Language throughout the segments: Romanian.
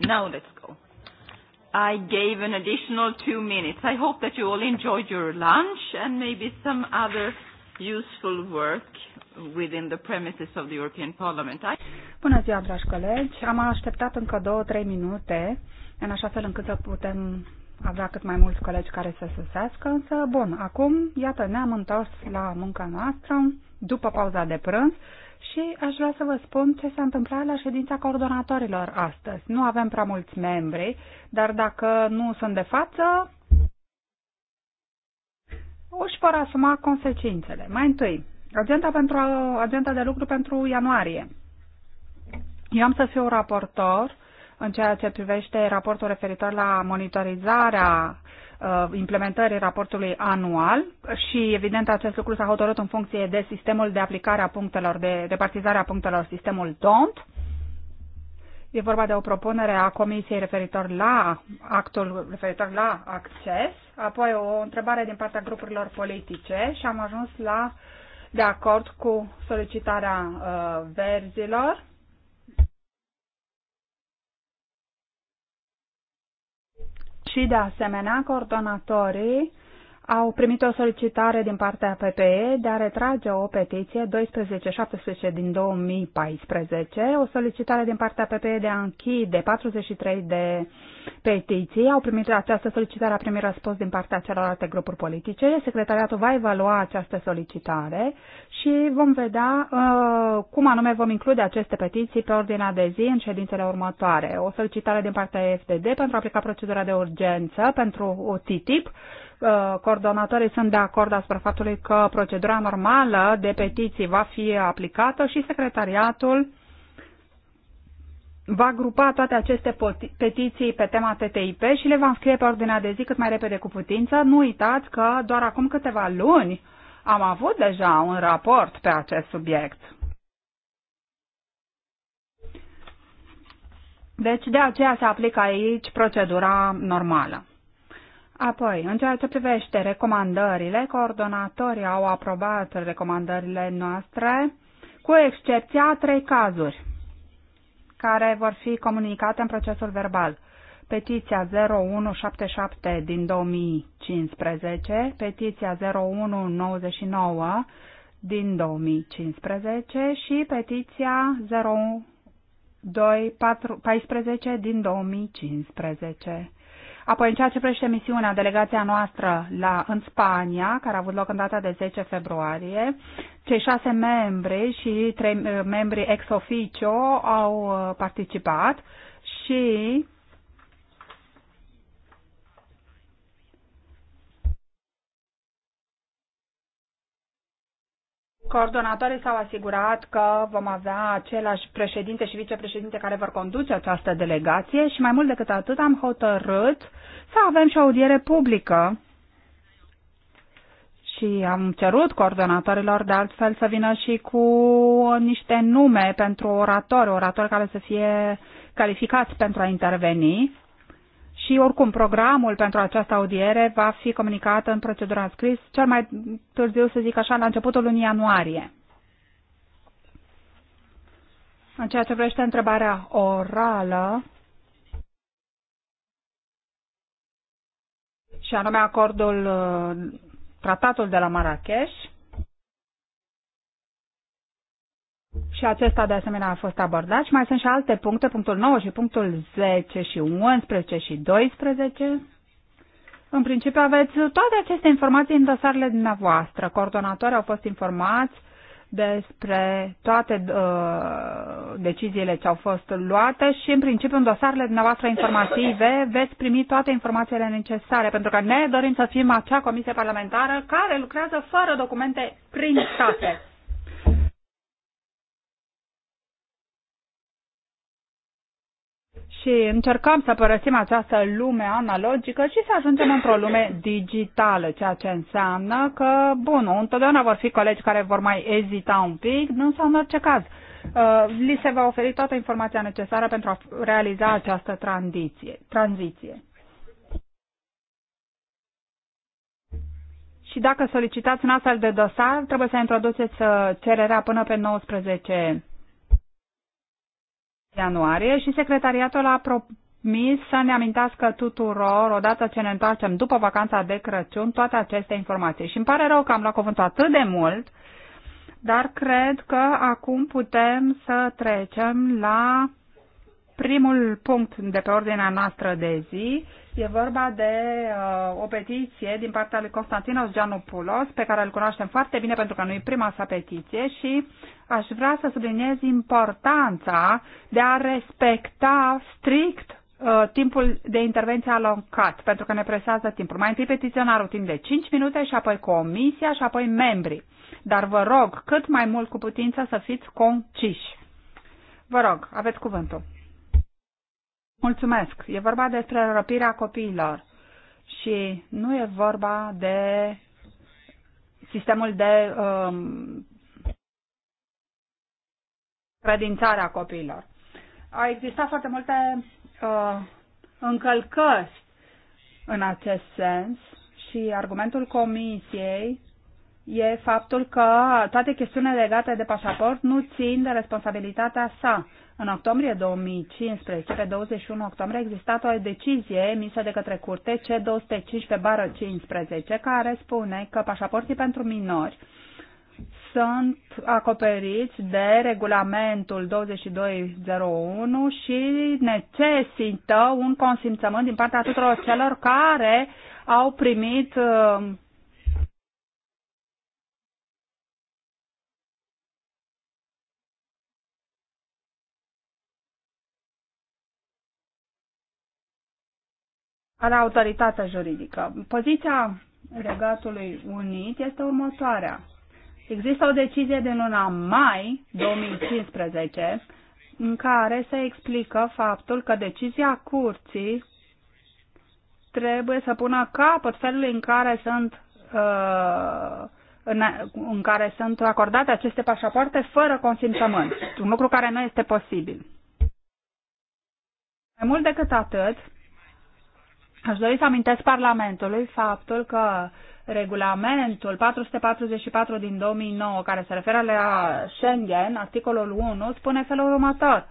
Now let's go. I gave an additional two minutes. I hope that you all enjoyed your lunch and maybe some other useful work within the premises of the European Parliament. I... Bună ziua, dragi colegi. Am așteptat încă două-trei minute, în așa fel încât să putem avea cât mai mulți colegi care să susească. însă, bun, acum, iată, ne-am întors la munca noastră, după pauza de prânz, și aș vrea să vă spun ce s-a întâmplat la ședința coordonatorilor astăzi. Nu avem prea mulți membri, dar dacă nu sunt de față, își vor asuma consecințele. Mai întâi, agenda, pentru, agenda de lucru pentru ianuarie. Eu am să fiu raportor în ceea ce privește raportul referitor la monitorizarea uh, Uh, implementării raportului anual și, evident, acest lucru s-a hotărât în funcție de sistemul de aplicare a punctelor, de repartizare a punctelor, sistemul DONT. E vorba de o propunere a Comisiei referitor la actul referitor la acces, apoi o întrebare din partea grupurilor politice și am ajuns la de acord cu solicitarea uh, verzilor Și, de asemenea, coordonatorii au primit o solicitare din partea PPE de a retrage o petiție 1217 din 2014, o solicitare din partea PPE de a închide 43 de petiții au primit această solicitare, a primit răspuns din partea celorlalte grupuri politice. Secretariatul va evalua această solicitare și vom vedea uh, cum anume vom include aceste petiții pe ordinea de zi în ședințele următoare. O solicitare din partea FDD pentru a aplica procedura de urgență pentru TTIP uh, coordonatorii sunt de acord asupra faptului că procedura normală de petiții va fi aplicată și secretariatul va grupa toate aceste petiții pe tema TTIP și le vom scrie pe ordinea de zi cât mai repede cu putință. Nu uitați că doar acum câteva luni am avut deja un raport pe acest subiect. Deci de aceea se aplică aici procedura normală. Apoi, în ceea ce privește recomandările, coordonatorii au aprobat recomandările noastre, cu excepția a trei cazuri care vor fi comunicate în procesul verbal. Petiția 0177 din 2015, petiția 0199 din 2015 și petiția 0214 din 2015. Apoi, în ceea ce prește misiunea, delegația noastră la, în Spania, care a avut loc în data de 10 februarie, cei șase membri și trei eh, membri ex officio au eh, participat și Coordonatorii s-au asigurat că vom avea același președinte și vicepreședinte care vor conduce această delegație și mai mult decât atât am hotărât să avem și o audiere publică și am cerut coordonatorilor de altfel să vină și cu niște nume pentru oratori, oratori care să fie calificați pentru a interveni și oricum, programul pentru această audiere va fi comunicat în procedura scris cel mai târziu, să zic așa, la începutul lunii ianuarie. În ceea ce vrește întrebarea orală, și anume acordul, uh, tratatul de la Marrakesh, și acesta de asemenea a fost abordat și mai sunt și alte puncte, punctul 9 și punctul 10 și 11 și 12. În principiu aveți toate aceste informații în dosarele dumneavoastră. Coordonatorii au fost informați despre toate uh, deciziile ce au fost luate și, în principiu, în dosarele dumneavoastră informative veți primi toate informațiile necesare, pentru că ne dorim să fim acea comisie parlamentară care lucrează fără documente printate. și încercăm să părăsim această lume analogică și să ajungem într-o lume digitală, ceea ce înseamnă că, bun, întotdeauna vor fi colegi care vor mai ezita un pic, nu sau în orice caz, uh, li se va oferi toată informația necesară pentru a realiza această tranziție. tranziție. Și dacă solicitați un astfel de dosar, trebuie să introduceți uh, cererea până pe 19 ianuarie și secretariatul a promis să ne amintească tuturor, odată ce ne întoarcem după vacanța de Crăciun, toate aceste informații. Și îmi pare rău că am luat cuvântul atât de mult, dar cred că acum putem să trecem la Primul punct de pe ordinea noastră de zi e vorba de uh, o petiție din partea lui Constantinos Gianopoulos, pe care îl cunoaștem foarte bine pentru că nu e prima sa petiție și aș vrea să subliniez importanța de a respecta strict uh, timpul de intervenție alocat, pentru că ne presează timpul. Mai întâi petiționarul timp de 5 minute și apoi comisia și apoi membrii. Dar vă rog, cât mai mult cu putință să fiți conciși. Vă rog, aveți cuvântul. Mulțumesc. E vorba despre răpirea copiilor și nu e vorba de sistemul de um, credințare a copiilor. Au existat foarte multe uh, încălcări în acest sens și argumentul comisiei e faptul că toate chestiunile legate de pașaport nu țin de responsabilitatea sa. În octombrie 2015, pe 21 octombrie, a existat o decizie emisă de către curte C205 pe 15, care spune că pașaporții pentru minori sunt acoperiți de regulamentul 2201 și necesită un consimțământ din partea tuturor celor care au primit uh, la autoritatea juridică. Poziția Regatului Unit este următoarea. Există o decizie din luna mai 2015 în care se explică faptul că decizia curții trebuie să pună capăt felului în care sunt uh, în, în care sunt acordate aceste pașapoarte fără consimțământ, un lucru care nu este posibil. Mai mult decât atât, Aș dori să amintesc Parlamentului faptul că regulamentul 444 din 2009, care se referă la Schengen, articolul 1, spune felul următor.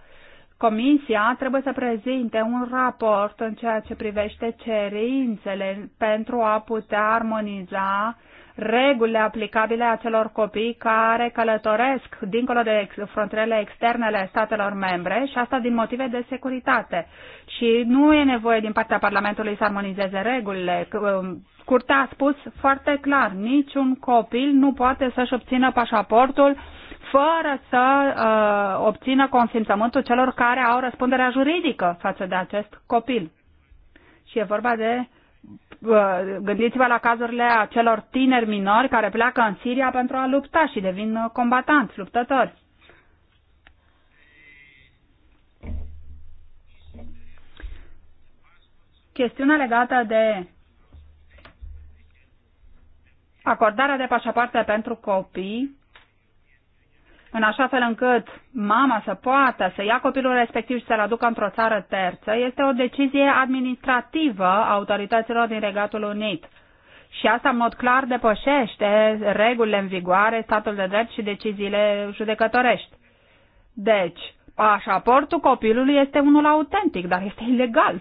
Comisia trebuie să prezinte un raport în ceea ce privește cerințele pentru a putea armoniza regulile aplicabile acelor copii care călătoresc dincolo de frontierele externe ale statelor membre și asta din motive de securitate. Și nu e nevoie din partea Parlamentului să armonizeze regulile. Um, curtea a spus foarte clar, niciun copil nu poate să-și obțină pașaportul fără să uh, obțină consimțământul celor care au răspunderea juridică față de acest copil. Și e vorba de gândiți-vă la cazurile acelor tineri minori care pleacă în Siria pentru a lupta și devin uh, combatanți, luptători. Chestiunea legată de acordarea de pașapoarte pentru copii în așa fel încât mama să poată să ia copilul respectiv și să-l aducă într-o țară terță, este o decizie administrativă a autorităților din Regatul Unit. Și asta, în mod clar, depășește regulile în vigoare, statul de drept și deciziile judecătorești. Deci, pașaportul copilului este unul autentic, dar este ilegal.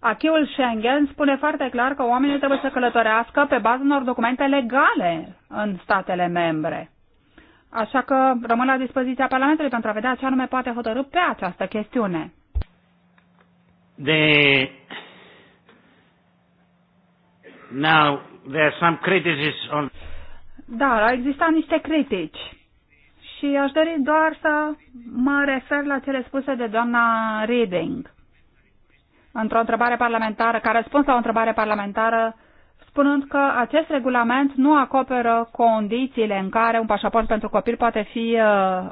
Acheul Schengen spune foarte clar că oamenii trebuie să călătorească pe baza unor documente legale în statele membre. Așa că rămân la dispoziția Parlamentului pentru a vedea ce anume poate hotărâ pe această chestiune. The... Now, there are some criticism on... Da, au existat niște critici și aș dori doar să mă refer la cele spuse de doamna Reading într-o întrebare parlamentară, ca răspuns la o întrebare parlamentară, spunând că acest regulament nu acoperă condițiile în care un pașaport pentru copil poate fi uh, uh,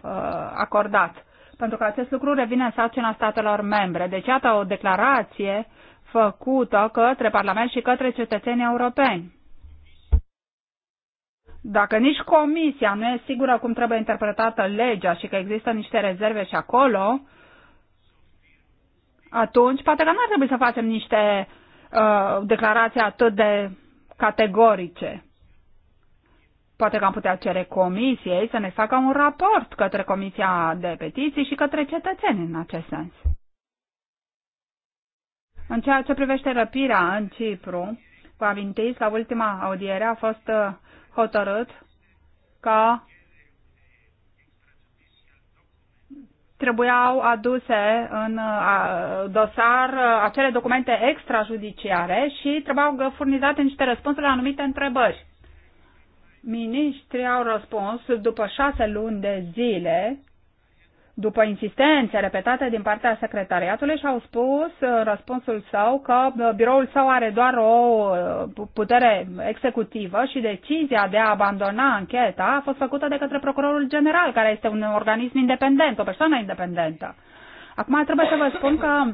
acordat, pentru că acest lucru revine în sarcina statelor membre. Deci, iată o declarație făcută către Parlament și către cetățenii europeni. Dacă nici Comisia nu e sigură cum trebuie interpretată legea și că există niște rezerve și acolo, atunci poate că nu ar trebui să facem niște uh, declarații atât de categorice. Poate că am putea cere comisiei să ne facă un raport către Comisia de Petiții și către cetățeni în acest sens. În ceea ce privește răpirea în Cipru, vă amintiți, la ultima audiere a fost uh, hotărât ca trebuiau aduse în uh, dosar uh, acele documente extrajudiciare și trebuiau furnizate niște răspunsuri la anumite întrebări. Miniștrii au răspuns după șase luni de zile după insistențe repetate din partea secretariatului și au spus în uh, răspunsul său că uh, biroul său are doar o uh, putere executivă și decizia de a abandona ancheta a fost făcută de către procurorul general, care este un organism independent, o persoană independentă. Acum trebuie să vă spun că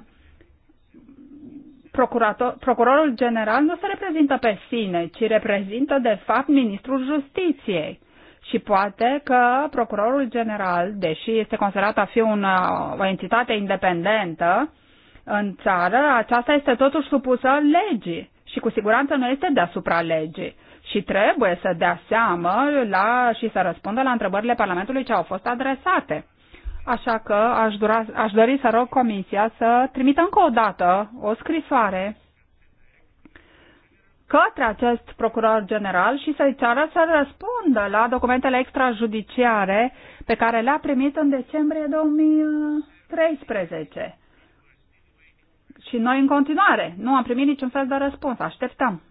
procurorul general nu se reprezintă pe sine, ci reprezintă de fapt ministrul justiției și poate că procurorul general, deși este considerat a fi un, uh, o entitate independentă în țară, aceasta este totuși supusă legii și cu siguranță nu este deasupra legii și trebuie să dea seamă la, și să răspundă la întrebările Parlamentului ce au fost adresate. Așa că aș, dura, aș dori să rog Comisia să trimită încă o dată o scrisoare către acest procuror general și să-i ceară să răspundă la documentele extrajudiciare pe care le-a primit în decembrie 2013. Și noi în continuare nu am primit niciun fel de răspuns. Așteptăm.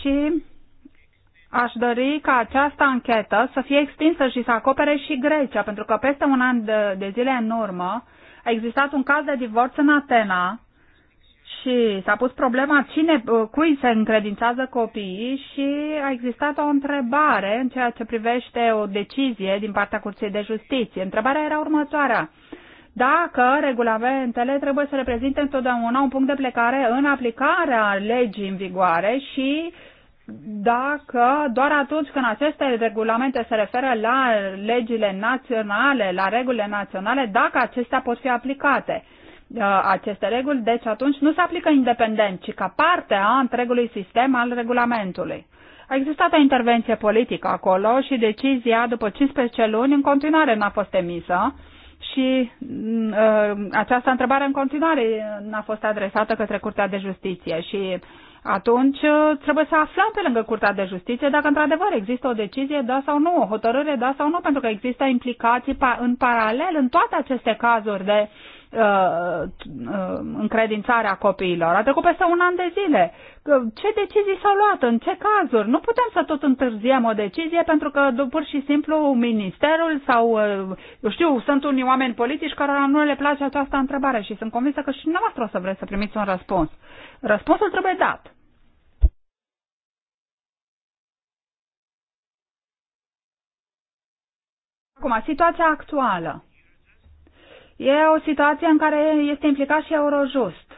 Și aș dori ca această anchetă să fie extinsă și să acopere și Grecia, pentru că peste un an de, de zile în urmă, a existat un caz de divorț în Atena și s-a pus problema cine, uh, cui se încredințează copiii și a existat o întrebare în ceea ce privește o decizie din partea Curții de Justiție. Întrebarea era următoarea dacă regulamentele trebuie să reprezinte întotdeauna un punct de plecare în aplicarea legii în vigoare și dacă doar atunci când aceste regulamente se referă la legile naționale, la regulile naționale, dacă acestea pot fi aplicate uh, aceste reguli, deci atunci nu se aplică independent, ci ca parte a întregului sistem al regulamentului. A existat o intervenție politică acolo și decizia după 15 luni în continuare n-a fost emisă și mm, uh, această întrebare în continuare n-a fost adresată către Curtea de Justiție și atunci uh, trebuie să aflăm pe lângă Curtea de Justiție dacă într-adevăr există o decizie da sau nu, o hotărâre da sau nu, pentru că există implicații în paralel în toate aceste cazuri de uh, uh, încredințarea copiilor. A trecut peste un an de zile. Ce decizii s-au luat? În ce cazuri? Nu putem să tot întârziem o decizie pentru că pur și simplu ministerul sau, uh, eu știu, sunt unii oameni politici care nu le place această întrebare și sunt convinsă că și dumneavoastră o să vreți să primiți un răspuns. Răspunsul trebuie dat. Acum, situația actuală. E o situație în care este implicat și Eurojust.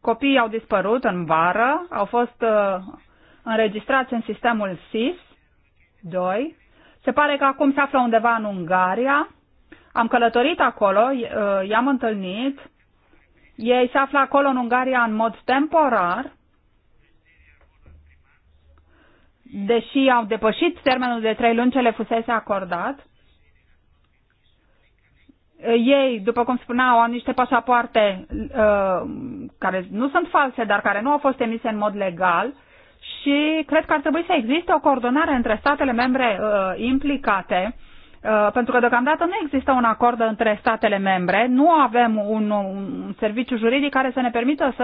Copiii au dispărut în vară, au fost uh, înregistrați în sistemul SIS 2. Se pare că acum se află undeva în Ungaria. Am călătorit acolo, uh, i-am întâlnit. Ei se află acolo în Ungaria în mod temporar, deși au depășit termenul de trei luni ce le fusese acordat. Eh, ei, după cum spuneau, au niște pașapoarte uh, care nu sunt false, dar care nu au fost emise în mod legal și cred că ar trebui să existe o coordonare între statele membre uh, implicate, uh, pentru că deocamdată nu există un acord între statele membre, nu avem un, un serviciu juridic care să ne permită să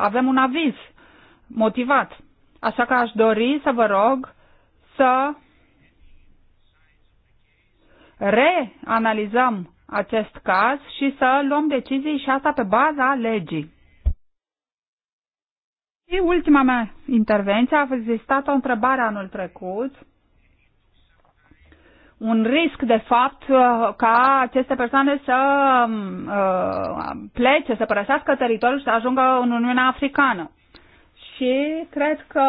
avem un aviz motivat. Așa că aș dori să vă rog să reanalizăm acest caz și să luăm decizii și asta pe baza legii. Și ultima mea intervenție, a existat o întrebare anul trecut, un risc de fapt uh, ca aceste persoane să uh, plece, să părăsească teritoriul și să ajungă în Uniunea Africană și cred că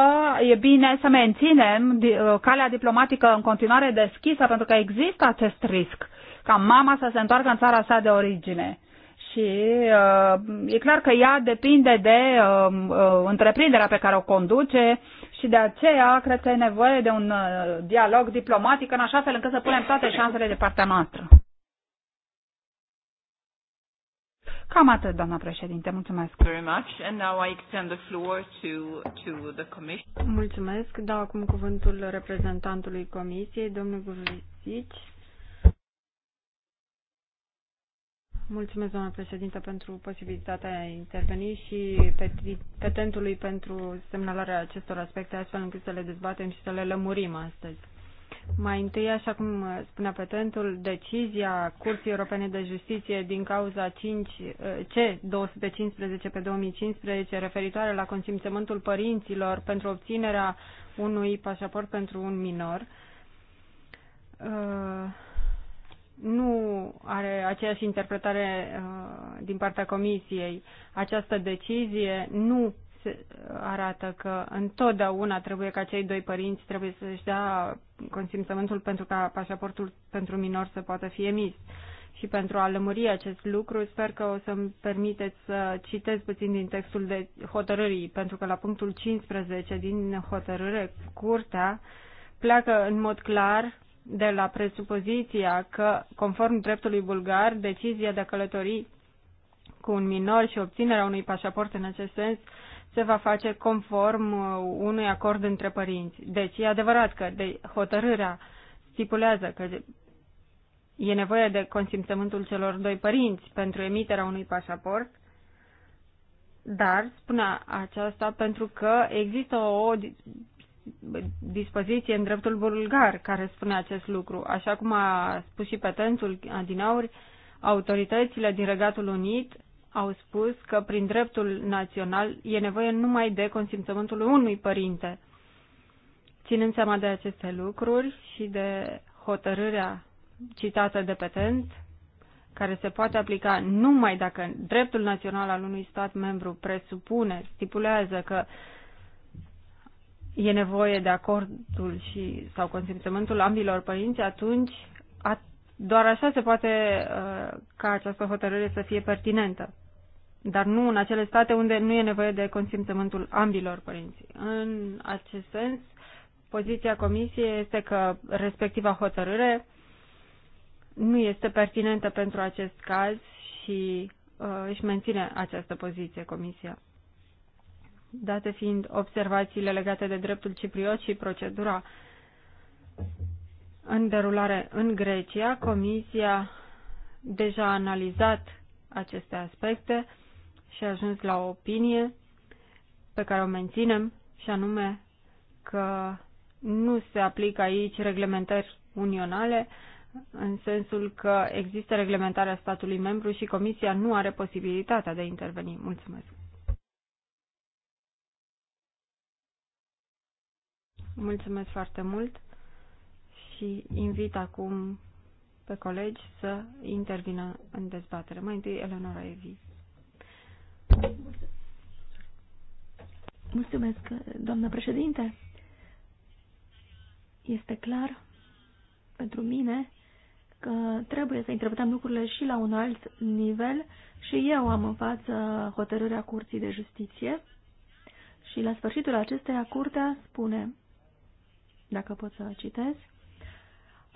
e bine să menținem uh, calea diplomatică în continuare deschisă, pentru că există acest risc ca mama să se întoarcă în țara sa de origine. Și uh, e clar că ea depinde de uh, uh, întreprinderea pe care o conduce și de aceea cred că e nevoie de un uh, dialog diplomatic în așa fel încât să punem toate șansele de partea noastră. Cam atât, doamna președinte. Mulțumesc. Mulțumesc. Dau acum cuvântul reprezentantului comisiei, domnul Gurlițici. Mulțumesc, doamna președinte, pentru posibilitatea de a interveni și petentului pentru semnalarea acestor aspecte, astfel încât să le dezbatem și să le lămurim astăzi. Mai întâi, așa cum spunea petentul, decizia Curții Europene de Justiție din cauza 5, eh, C215 pe 2015 referitoare la consimțământul părinților pentru obținerea unui pașaport pentru un minor eh, nu are aceeași interpretare eh, din partea Comisiei. Această decizie nu arată că întotdeauna trebuie ca cei doi părinți trebuie să-și dea consimțământul pentru ca pașaportul pentru minor să poată fi emis. Și pentru a lămuri acest lucru, sper că o să-mi permiteți să citez puțin din textul de hotărârii, pentru că la punctul 15 din hotărâre, curtea pleacă în mod clar de la presupoziția că, conform dreptului bulgar, decizia de a călători cu un minor și obținerea unui pașaport în acest sens se va face conform uh, unui acord între părinți. Deci e adevărat că de hotărârea stipulează că e nevoie de consimțământul celor doi părinți pentru emiterea unui pașaport, dar spunea aceasta pentru că există o dispoziție în dreptul bulgar care spune acest lucru. Așa cum a spus și din Adinauri, autoritățile din Regatul Unit au spus că prin dreptul național e nevoie numai de consimțământul unui părinte. Ținând seama de aceste lucruri și de hotărârea citată de petent, care se poate aplica numai dacă dreptul național al unui stat membru presupune, stipulează că e nevoie de acordul și sau consimțământul ambilor părinți, atunci doar așa se poate uh, ca această hotărâre să fie pertinentă dar nu în acele state unde nu e nevoie de consimțământul ambilor părinți. În acest sens, poziția Comisiei este că respectiva hotărâre nu este pertinentă pentru acest caz și uh, își menține această poziție Comisia. Date fiind observațiile legate de dreptul cipriot și procedura în derulare în Grecia, Comisia deja a analizat aceste aspecte și a ajuns la o opinie pe care o menținem și anume că nu se aplică aici reglementări unionale, în sensul că există reglementarea statului membru și Comisia nu are posibilitatea de a interveni. Mulțumesc. Mulțumesc foarte mult și invit acum pe colegi să intervină în dezbatere. Mai întâi Eleonora Evi. Mulțumesc, doamnă președinte. Este clar pentru mine că trebuie să interpretăm lucrurile și la un alt nivel și eu am în față hotărârea Curții de Justiție și la sfârșitul acesteia Curtea spune, dacă pot să citesc,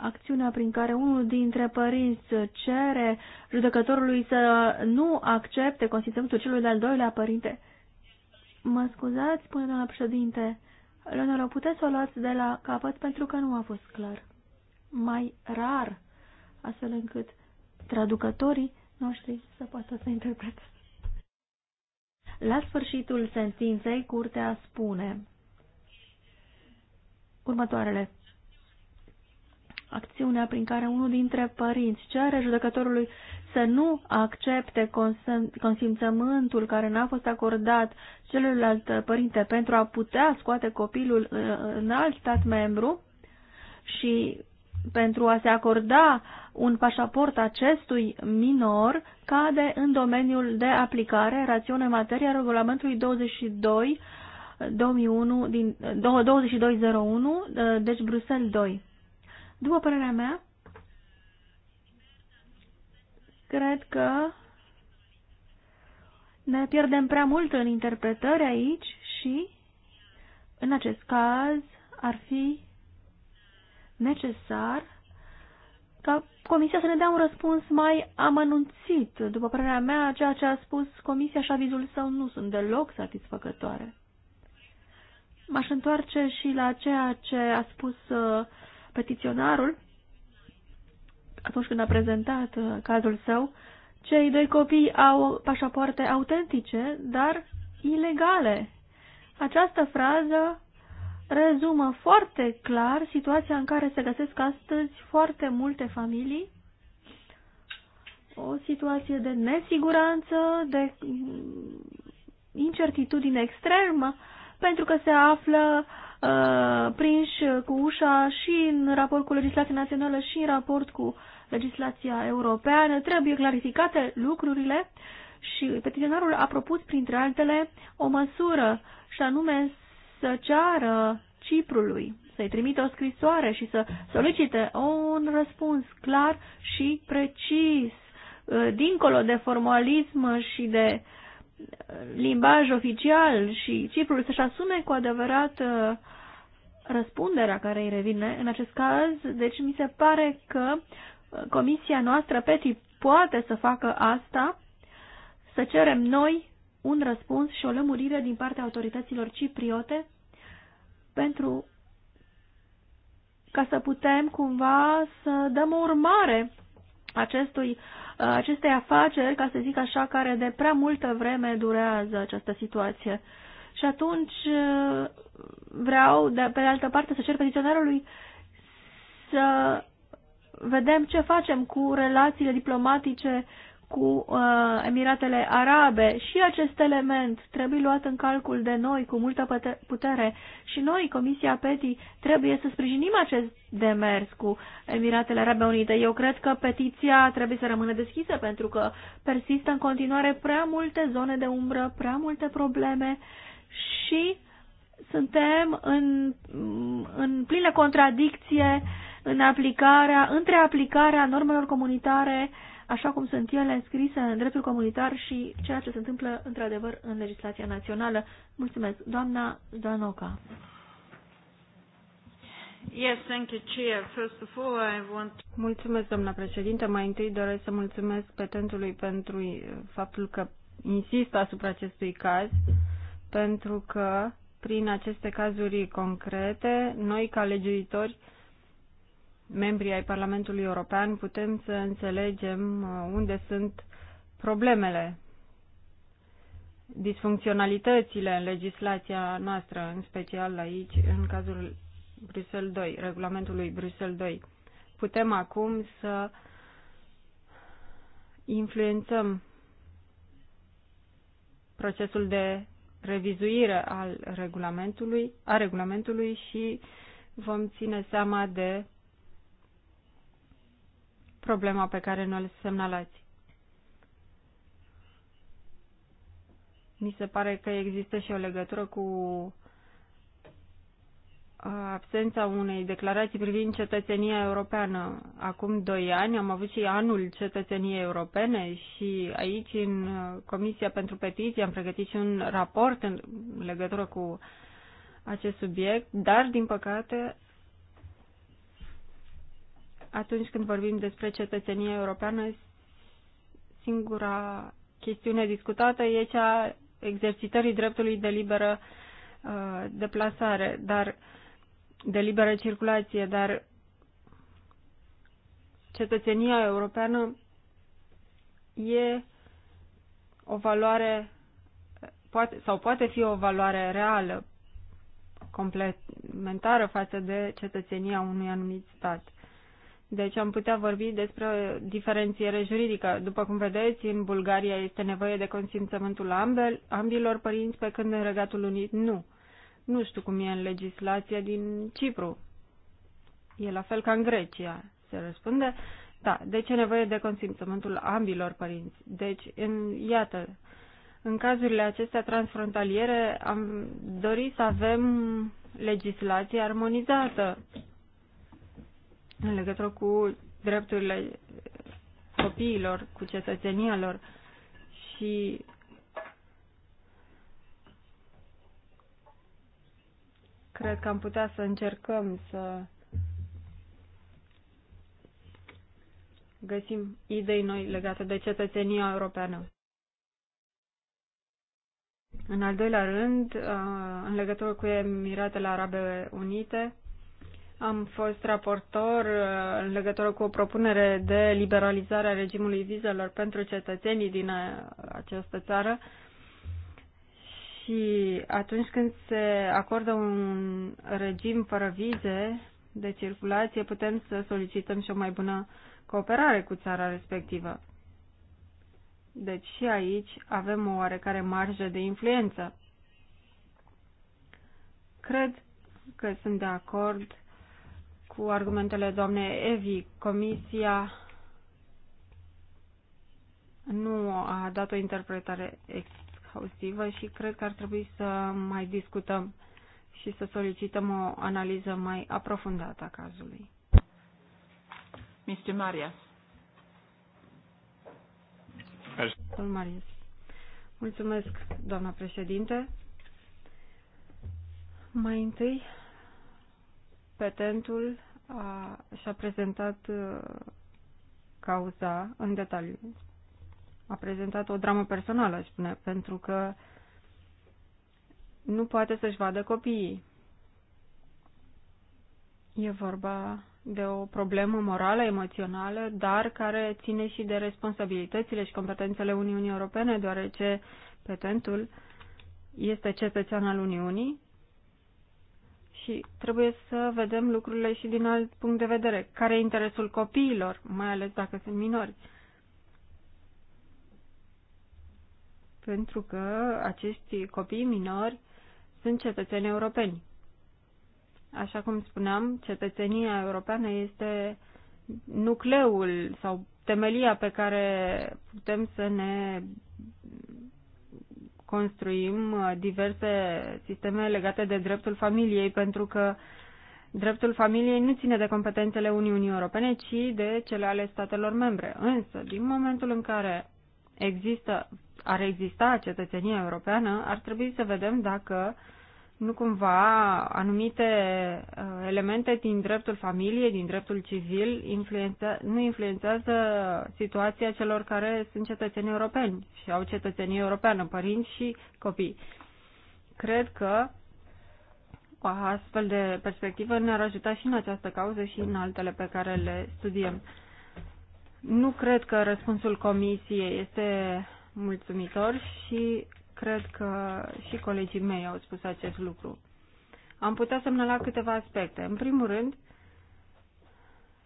acțiunea prin care unul dintre părinți cere judecătorului să nu accepte consimțământul celui de-al doilea părinte. Mă scuzați, spune doamna președinte, o puteți să o luați de la capăt pentru că nu a fost clar. Mai rar, astfel încât traducătorii noștri să poată să interpreteze. La sfârșitul sentinței, curtea spune următoarele acțiunea prin care unul dintre părinți cere judecătorului să nu accepte consimțământul care n-a fost acordat celuilalt părinte pentru a putea scoate copilul uh, în alt stat membru și pentru a se acorda un pașaport acestui minor cade în domeniul de aplicare rațiune materia regulamentului 22 2001 din 2201 uh, deci Bruxelles 2 după părerea mea, cred că ne pierdem prea mult în interpretări aici și, în acest caz, ar fi necesar ca Comisia să ne dea un răspuns mai amănunțit. După părerea mea, ceea ce a spus Comisia și avizul său nu sunt deloc satisfăcătoare. M-aș întoarce și la ceea ce a spus uh, Petiționarul, atunci când a prezentat uh, cazul său, cei doi copii au pașapoarte autentice, dar ilegale. Această frază rezumă foarte clar situația în care se găsesc astăzi foarte multe familii, o situație de nesiguranță, de incertitudine extremă, pentru că se află Uh, prinși cu ușa și în raport cu legislația națională și în raport cu legislația europeană. Trebuie clarificate lucrurile și petiționarul a propus, printre altele, o măsură și anume să ceară Ciprului să-i trimită o scrisoare și să solicite un răspuns clar și precis, uh, dincolo de formalism și de uh, limbaj oficial și Ciprul să-și asume cu adevărat uh, răspunderea care îi revine în acest caz. Deci mi se pare că uh, comisia noastră, PETI, poate să facă asta, să cerem noi un răspuns și o lămurire din partea autorităților cipriote pentru ca să putem cumva să dăm o urmare acestui uh, acestei afaceri, ca să zic așa, care de prea multă vreme durează această situație. Și atunci uh, vreau, de, pe de altă parte, să cer petiționarului să vedem ce facem cu relațiile diplomatice cu uh, Emiratele Arabe și acest element trebuie luat în calcul de noi cu multă putere și noi, Comisia PETI, trebuie să sprijinim acest demers cu Emiratele Arabe Unite. Eu cred că petiția trebuie să rămână deschisă pentru că persistă în continuare prea multe zone de umbră, prea multe probleme și suntem în, în plină contradicție în aplicarea, între aplicarea normelor comunitare uh, așa cum sunt ele scrise în dreptul comunitar și ceea ce se întâmplă într-adevăr în legislația națională. Mulțumesc. Doamna Danoca. Yes, thank you, Chair. First of all, I want... Mulțumesc, doamna președinte. Mai întâi doresc să mulțumesc petentului pentru eh, faptul că insistă asupra acestui caz, pentru că prin aceste cazuri concrete, noi ca legiuitori membrii ai Parlamentului European putem să înțelegem uh, unde sunt problemele, disfuncționalitățile în legislația noastră, în special aici, în cazul Bruxelles 2, regulamentului Bruxelles 2. Putem acum să influențăm procesul de revizuire al regulamentului, a regulamentului și vom ține seama de problema pe care nu o semnalați. Mi se pare că există și o legătură cu uh, absența unei declarații privind cetățenia europeană. Acum doi ani am avut și anul cetățeniei europene și aici în uh, Comisia pentru Petiții am pregătit și un raport în legătură cu acest subiect, dar din păcate atunci când vorbim despre cetățenie europeană, singura chestiune discutată e cea exercitării dreptului de liberă uh, deplasare, dar de liberă circulație, dar cetățenia europeană e o valoare poate, sau poate fi o valoare reală, complementară față de cetățenia unui anumit stat. Deci am putea vorbi despre diferențiere juridică. După cum vedeți, în Bulgaria este nevoie de consimțământul ambel, ambilor părinți, pe când în Regatul Unit nu. Nu știu cum e în legislația din Cipru. E la fel ca în Grecia, se răspunde. Da, deci e nevoie de consimțământul ambilor părinți. Deci, în, iată, în cazurile acestea transfrontaliere am dorit să avem legislație armonizată în legătură cu drepturile copiilor, cu cetățenia lor și cred că am putea să încercăm să găsim idei noi legate de cetățenia europeană. În al doilea rând, uh, în legătură cu Emiratele Arabe Unite, am fost raportor uh, în legătură cu o propunere de liberalizare a regimului vizelor pentru cetățenii din uh, această țară și atunci când se acordă un regim fără vize de circulație, putem să solicităm și o mai bună cooperare cu țara respectivă. Deci și aici avem o oarecare marjă de influență. Cred că sunt de acord cu argumentele doamnei Evi. Comisia nu a dat o interpretare exhaustivă și cred că ar trebui să mai discutăm și să solicităm o analiză mai aprofundată a cazului. Mr. Marias. Domnul Marias. Mulțumesc, doamna președinte. Mai întâi petentul a, și-a prezentat uh, cauza în detaliu. A prezentat o dramă personală, aș spune, pentru că nu poate să-și vadă copiii. E vorba de o problemă morală, emoțională, dar care ține și de responsabilitățile și competențele Uniunii Europene, deoarece petentul este cetățean al Uniunii și trebuie să vedem lucrurile și din alt punct de vedere. Care e interesul copiilor, mai ales dacă sunt minori? Pentru că acești copii minori sunt cetățeni europeni. Așa cum spuneam, cetățenia europeană este nucleul sau temelia pe care putem să ne construim uh, diverse sisteme legate de dreptul familiei, pentru că dreptul familiei nu ține de competențele Uniunii Europene, ci de cele ale statelor membre. Însă, din momentul în care există, ar exista cetățenia europeană, ar trebui să vedem dacă uh, nu cumva anumite uh, elemente din dreptul familiei, din dreptul civil, influența, nu influențează situația celor care sunt cetățeni europeni și au cetățenie europeană, părinți și copii. Cred că o astfel de perspectivă ne-ar ajuta și în această cauză și în altele pe care le studiem. Nu cred că răspunsul comisiei este mulțumitor și Cred că și colegii mei au spus acest lucru. Am putea semnala câteva aspecte. În primul rând,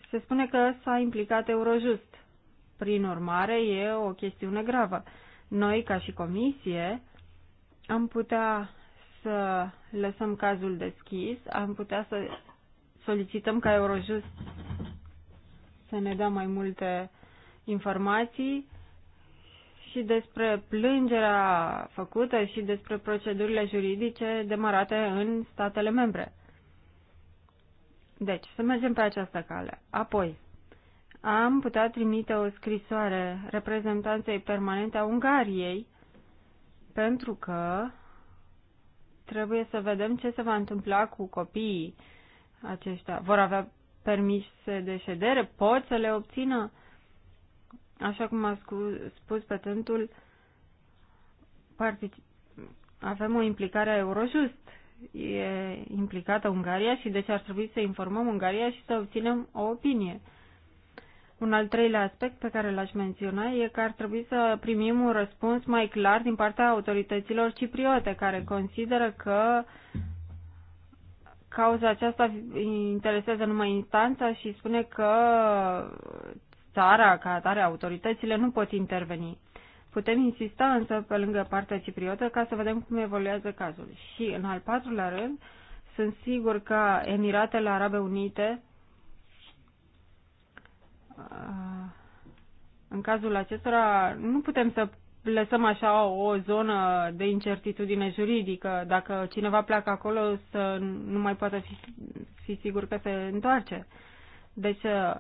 se spune că s-a implicat Eurojust. Prin urmare, e o chestiune gravă. Noi, ca și comisie, am putea să lăsăm cazul deschis, am putea să solicităm ca Eurojust să ne dea mai multe informații și despre plângerea făcută și despre procedurile juridice demarate în statele membre. Deci, să mergem pe această cale. Apoi, am putea trimite o scrisoare reprezentanței permanente a Ungariei, pentru că trebuie să vedem ce se va întâmpla cu copiii aceștia. Vor avea permise de ședere? Pot să le obțină? Așa cum a spus patentul, avem o implicare a Eurojust. E implicată Ungaria și deci ar trebui să informăm Ungaria și să obținem o opinie. Un al treilea aspect pe care l-aș menționa e că ar trebui să primim un răspuns mai clar din partea autorităților cipriote, care consideră că cauza aceasta interesează numai instanța și spune că țara ca atare, autoritățile nu pot interveni. Putem insista însă pe lângă partea cipriotă ca să vedem cum evoluează cazul. Și în al patrulea rând, sunt sigur că Emiratele Arabe Unite, uh, în cazul acestora, nu putem să lăsăm așa o zonă de incertitudine juridică. Dacă cineva pleacă acolo, să nu mai poată fi, fi sigur că se întoarce. Deci, uh,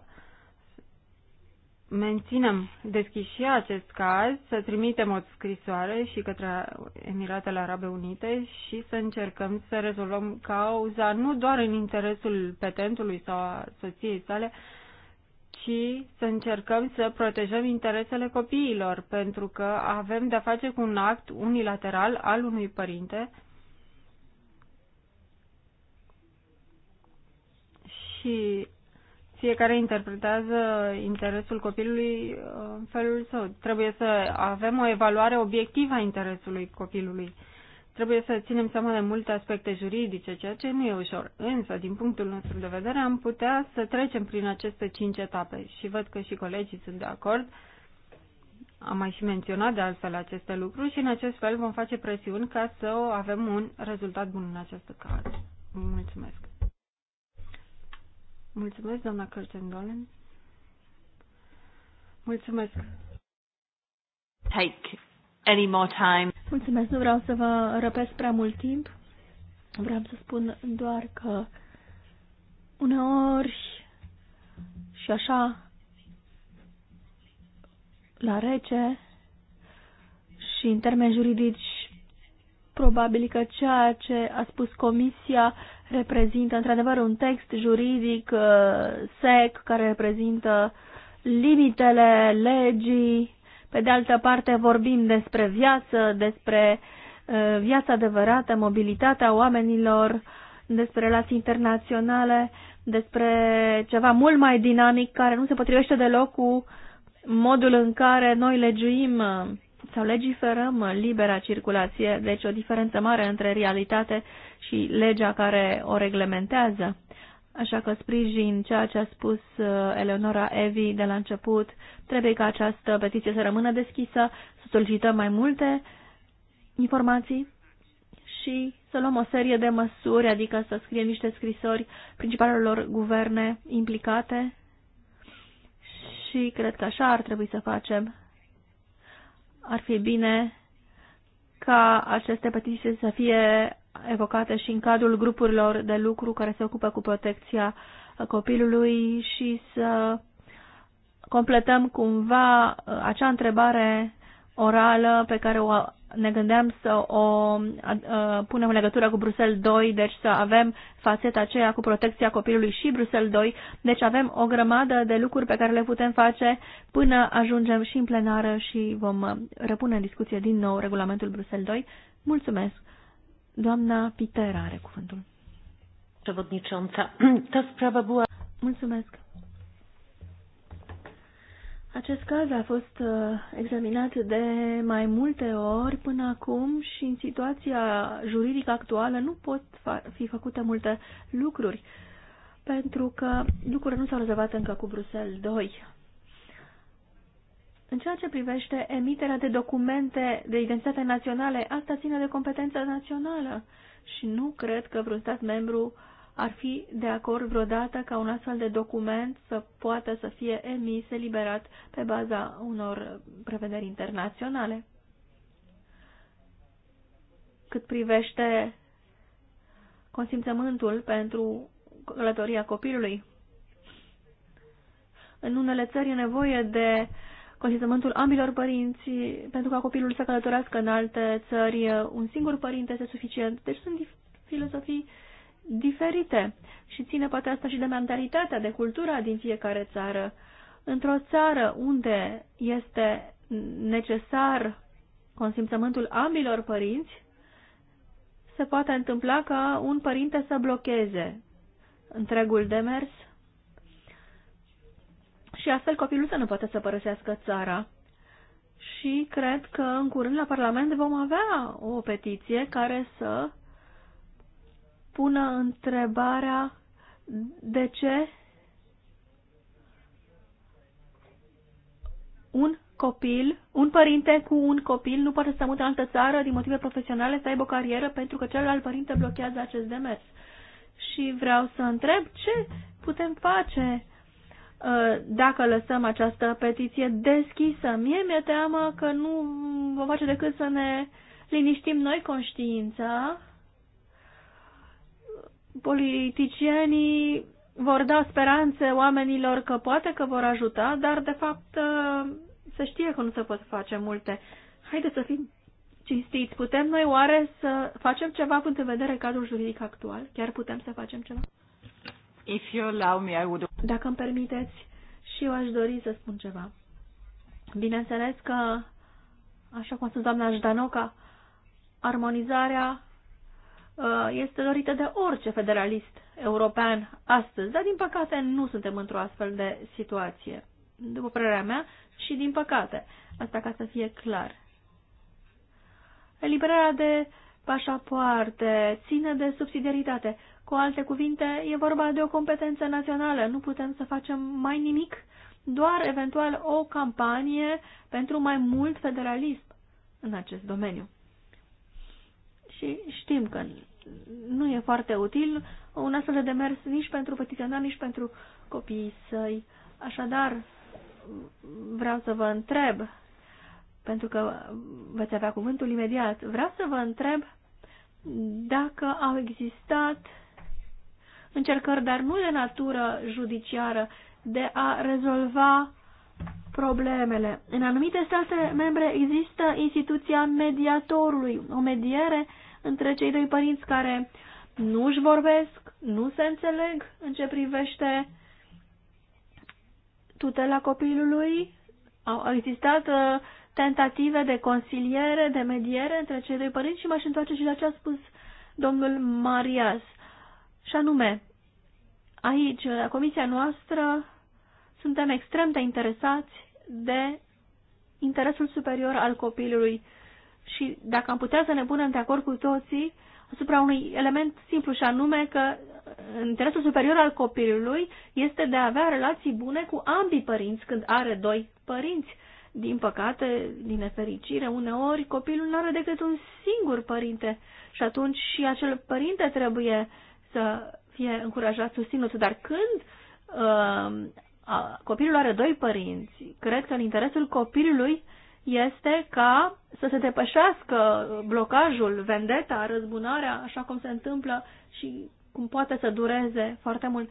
menținem deschis și acest caz, să trimitem o scrisoare și către Emiratele Arabe Unite și să încercăm să rezolvăm cauza nu doar în interesul petentului sau a soției sale, ci să încercăm să protejăm interesele copiilor, pentru că avem de-a face cu un act unilateral al unui părinte și fiecare interpretează interesul copilului uh, în felul său. Trebuie să avem o evaluare obiectivă a interesului copilului. Trebuie să ținem seama de multe aspecte juridice, ceea ce nu e ușor. Însă, din punctul nostru de vedere, am putea să trecem prin aceste cinci etape și văd că și colegii sunt de acord. Am mai și menționat de altfel aceste lucruri și în acest fel vom face presiuni ca să avem un rezultat bun în această caz. Mulțumesc! Mulțumesc, doamna Kirsten Dolan. Mulțumesc. Take any more time. Mulțumesc, nu vreau să vă răpesc prea mult timp. Vreau să spun doar că uneori și așa la rece și în termeni juridici Probabil că ceea ce a spus Comisia reprezintă într-adevăr un text juridic uh, sec care reprezintă limitele legii. Pe de altă parte vorbim despre viață, despre uh, viața adevărată, mobilitatea oamenilor, despre relații internaționale, despre ceva mult mai dinamic care nu se potrivește deloc cu modul în care noi legiuim uh, sau legiferăm libera circulație, deci o diferență mare între realitate și legea care o reglementează. Așa că sprijin ceea ce a spus uh, Eleonora Evi de la început. Trebuie ca această petiție să rămână deschisă, să solicităm mai multe informații și să luăm o serie de măsuri, adică să scriem niște scrisori principalelor guverne implicate și cred că așa ar trebui să facem ar fi bine ca aceste petiții să fie evocate și în cadrul grupurilor de lucru care se ocupă cu protecția copilului și să completăm cumva uh, acea întrebare orală pe care o ne gândeam să o punem în legătură cu Bruxelles 2, deci să avem fațeta aceea cu protecția copilului și Bruxelles 2, deci avem o grămadă de lucruri pe care le putem face până ajungem și în plenară și vom repune în discuție din nou regulamentul Bruxelles 2. Mulțumesc! Doamna Pitera are cuvântul. Przewodnicząca, ta sprawa była... Mulțumesc! Acest caz a fost uh, examinat de mai multe ori până acum și în situația juridică actuală nu pot fi făcute multe lucruri, pentru că lucrurile nu s-au rezolvat încă cu Bruxelles 2. În ceea ce privește emiterea de documente de identitate naționale, asta ține de competența națională și nu cred că vreun stat membru uh, ar fi de acord vreodată ca un astfel de document să poată să fie emis, eliberat pe baza unor prevederi internaționale. Cât privește consimțământul pentru călătoria copilului, în unele țări e nevoie de consimțământul ambilor părinți pentru ca copilul să călătorească în alte țări. Un singur părinte este suficient. Deci sunt filozofii uh, diferite și ține poate asta și de mentalitatea, de cultura din fiecare țară. Într-o țară unde este necesar consimțământul ambilor părinți, se poate întâmpla ca un părinte să blocheze întregul demers și astfel copilul să nu poate să părăsească țara. Și cred că în curând la Parlament vom avea o petiție care să pună întrebarea de ce un copil, un părinte cu un copil nu poate să mute în altă țară din motive profesionale să aibă o carieră pentru că celălalt părinte blochează acest demers. Și vreau să întreb ce putem face uh, dacă lăsăm această petiție deschisă. Mie mi-e teamă că nu vă face decât să ne liniștim noi conștiința politicienii vor da speranțe oamenilor că poate că vor ajuta, dar de fapt uh, să știe că nu se pot face multe. Haideți să fim cinstiți. Putem noi oare să facem ceva având în vedere cadrul juridic actual? Chiar putem să facem ceva? If you allow me, I would... Dacă îmi permiteți, și eu aș dori să spun ceva. Bineînțeles că, așa cum a spus doamna Jdanoca, armonizarea Uh, este dorită de orice federalist european astăzi, dar din păcate nu suntem într-o astfel de situație, după părerea mea, și din păcate, asta ca să fie clar. Eliberarea de pașapoarte ține de subsidiaritate. Cu alte cuvinte, e vorba de o competență națională, nu putem să facem mai nimic, doar eventual o campanie pentru mai mult federalism în acest domeniu. Și știm că nu e foarte util un astfel de demers nici pentru petiționar, nici pentru copiii săi. Așadar, vreau să vă întreb, pentru că veți avea cuvântul imediat, vreau să vă întreb dacă au existat încercări, dar nu de natură judiciară, de a rezolva problemele. În anumite state membre există instituția mediatorului, o mediere între cei doi părinți care nu își vorbesc, nu se înțeleg în ce privește tutela copilului. Au existat uh, tentative de consiliere, de mediere între cei doi părinți și m-aș întoarce și la ce a spus domnul Marias. Și anume, aici, la comisia noastră, suntem extrem de interesați de interesul superior al copilului și dacă am putea să ne punem de acord cu toții asupra unui element simplu și anume că interesul superior al copilului este de a avea relații bune cu ambii părinți când are doi părinți. Din păcate, din nefericire, uneori copilul nu are decât un singur părinte și atunci și acel părinte trebuie să fie încurajat, susținut. Dar când uh, copilul are doi părinți, cred că în interesul copilului este ca să se depășească blocajul, vendeta, răzbunarea, așa cum se întâmplă și cum poate să dureze foarte mult.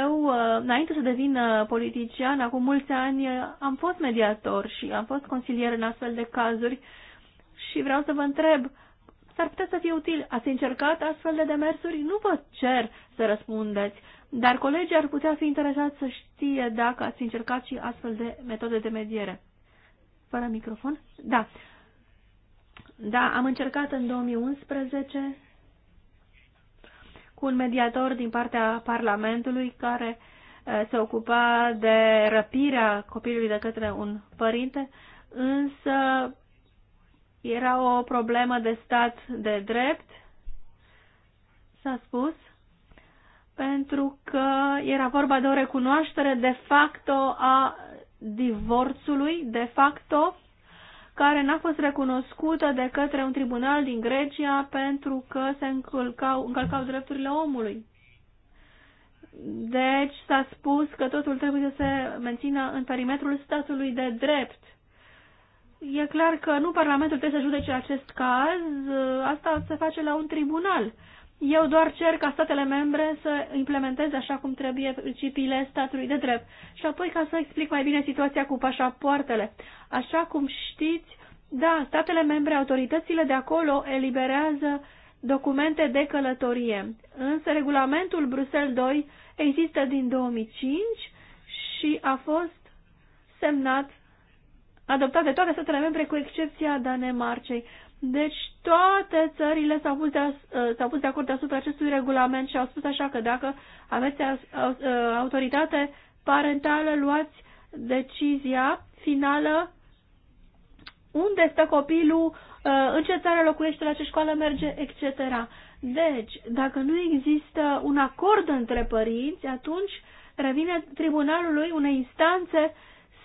Eu, uh, înainte să devin uh, politician, acum mulți ani, uh, am fost mediator și am fost consilier în astfel de cazuri și vreau să vă întreb, s-ar putea să fie util. Ați încercat astfel de demersuri? Nu vă cer să răspundeți, dar colegii ar putea fi interesați să știe dacă ați încercat și astfel de metode de mediere. Fără microfon? Da. Da, am încercat în 2011 cu un mediator din partea Parlamentului care se ocupa de răpirea copilului de către un părinte, însă era o problemă de stat de drept, s-a spus, pentru că era vorba de o recunoaștere de facto a divorțului de facto, care n-a fost recunoscută de către un tribunal din Grecia pentru că se încălcau, încălcau drepturile omului. Deci s-a spus că totul trebuie să se mențină în perimetrul statului de drept. E clar că nu Parlamentul trebuie să judece acest caz, asta se face la un tribunal. Eu doar cer ca statele membre să implementeze așa cum trebuie principiile statului de drept. Și apoi ca să explic mai bine situația cu pașapoartele. Așa cum știți, da, statele membre, autoritățile de acolo eliberează documente de călătorie. Însă regulamentul Bruxelles 2 există din 2005 și a fost semnat, adoptat de toate statele membre cu excepția Danemarcei. Deci toate țările s-au pus, de, uh, s-au pus de acord asupra acestui regulament și au spus așa că dacă aveți uh, autoritate parentală, luați decizia finală unde stă copilul, uh, în ce țară locuiește, la ce școală merge, etc. Deci, dacă nu există un acord între părinți, atunci revine tribunalului unei instanțe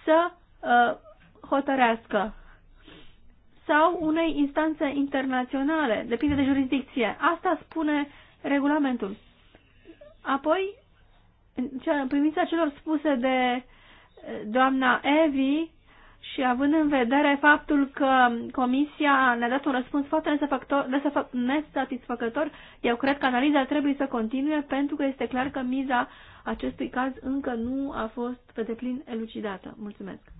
să uh, hotărească sau unei instanțe internaționale, depinde de jurisdicție. Asta spune regulamentul. Apoi, în privința celor spuse de eh, doamna Evi și având în vedere faptul că Comisia ne-a dat un răspuns foarte nesatisfăcător, eu cred că analiza trebuie să continue pentru că este clar că miza acestui caz încă nu a fost pe deplin elucidată. Mulțumesc!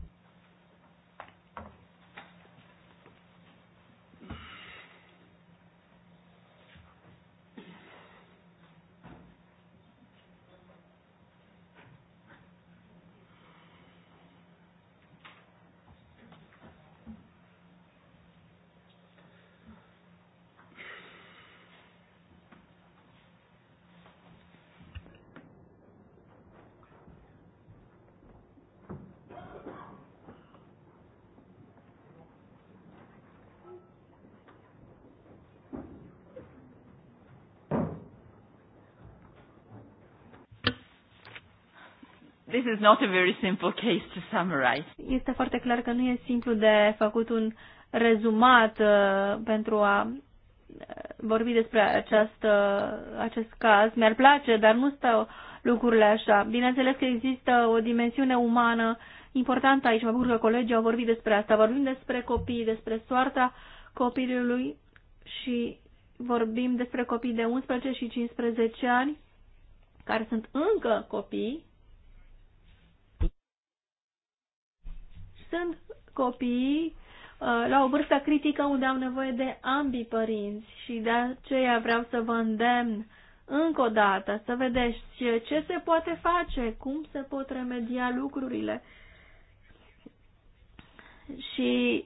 this is not a very simple case to summarize. Este foarte clar că nu e simplu de făcut un rezumat uh, pentru a uh, vorbi despre această, uh, acest caz. Mi-ar place, dar nu stau lucrurile așa. Bineînțeles că există o dimensiune umană importantă aici. Mă bucur că colegii au vorbit despre asta. Vorbim despre copii, despre soarta copilului și vorbim despre copii de 11 și 15 ani care sunt încă copii sunt copii uh, la o vârstă critică unde au nevoie de ambii părinți și de aceea vreau să vă îndemn încă o dată să vedeți ce se poate face, cum se pot remedia lucrurile. Și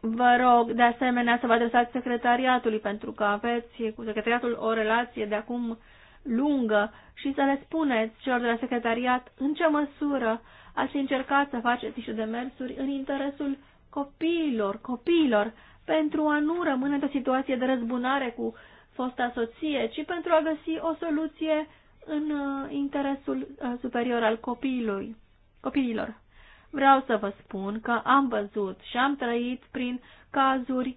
vă rog de asemenea să vă adresați secretariatului pentru că aveți cu secretariatul o relație de acum lungă și să le spuneți celor de la secretariat în ce măsură ați încercat să faceți și demersuri în interesul copiilor, copiilor, pentru a nu rămâne într-o situație de răzbunare cu fosta soție, ci pentru a găsi o soluție în uh, interesul uh, superior al copiilor. copiilor. Vreau să vă spun că am văzut și am trăit prin cazuri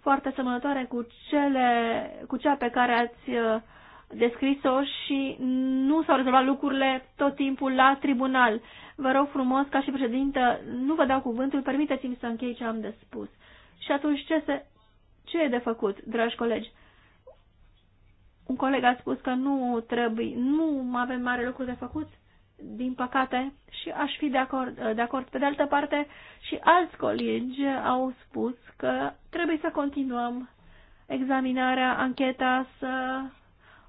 foarte asemănătoare cu, cele, cu cea pe care ați uh, descris-o și nu s-au rezolvat lucrurile tot timpul la tribunal. Vă rog frumos, ca și președintă, nu vă dau cuvântul, permiteți-mi să închei ce am de spus. Și atunci ce, se, ce e de făcut, dragi colegi? Un coleg a spus că nu trebuie, nu avem mare lucru de făcut, din păcate, și aș fi de acord, de acord. Pe de altă parte, și alți colegi au spus că trebuie să continuăm examinarea, ancheta, să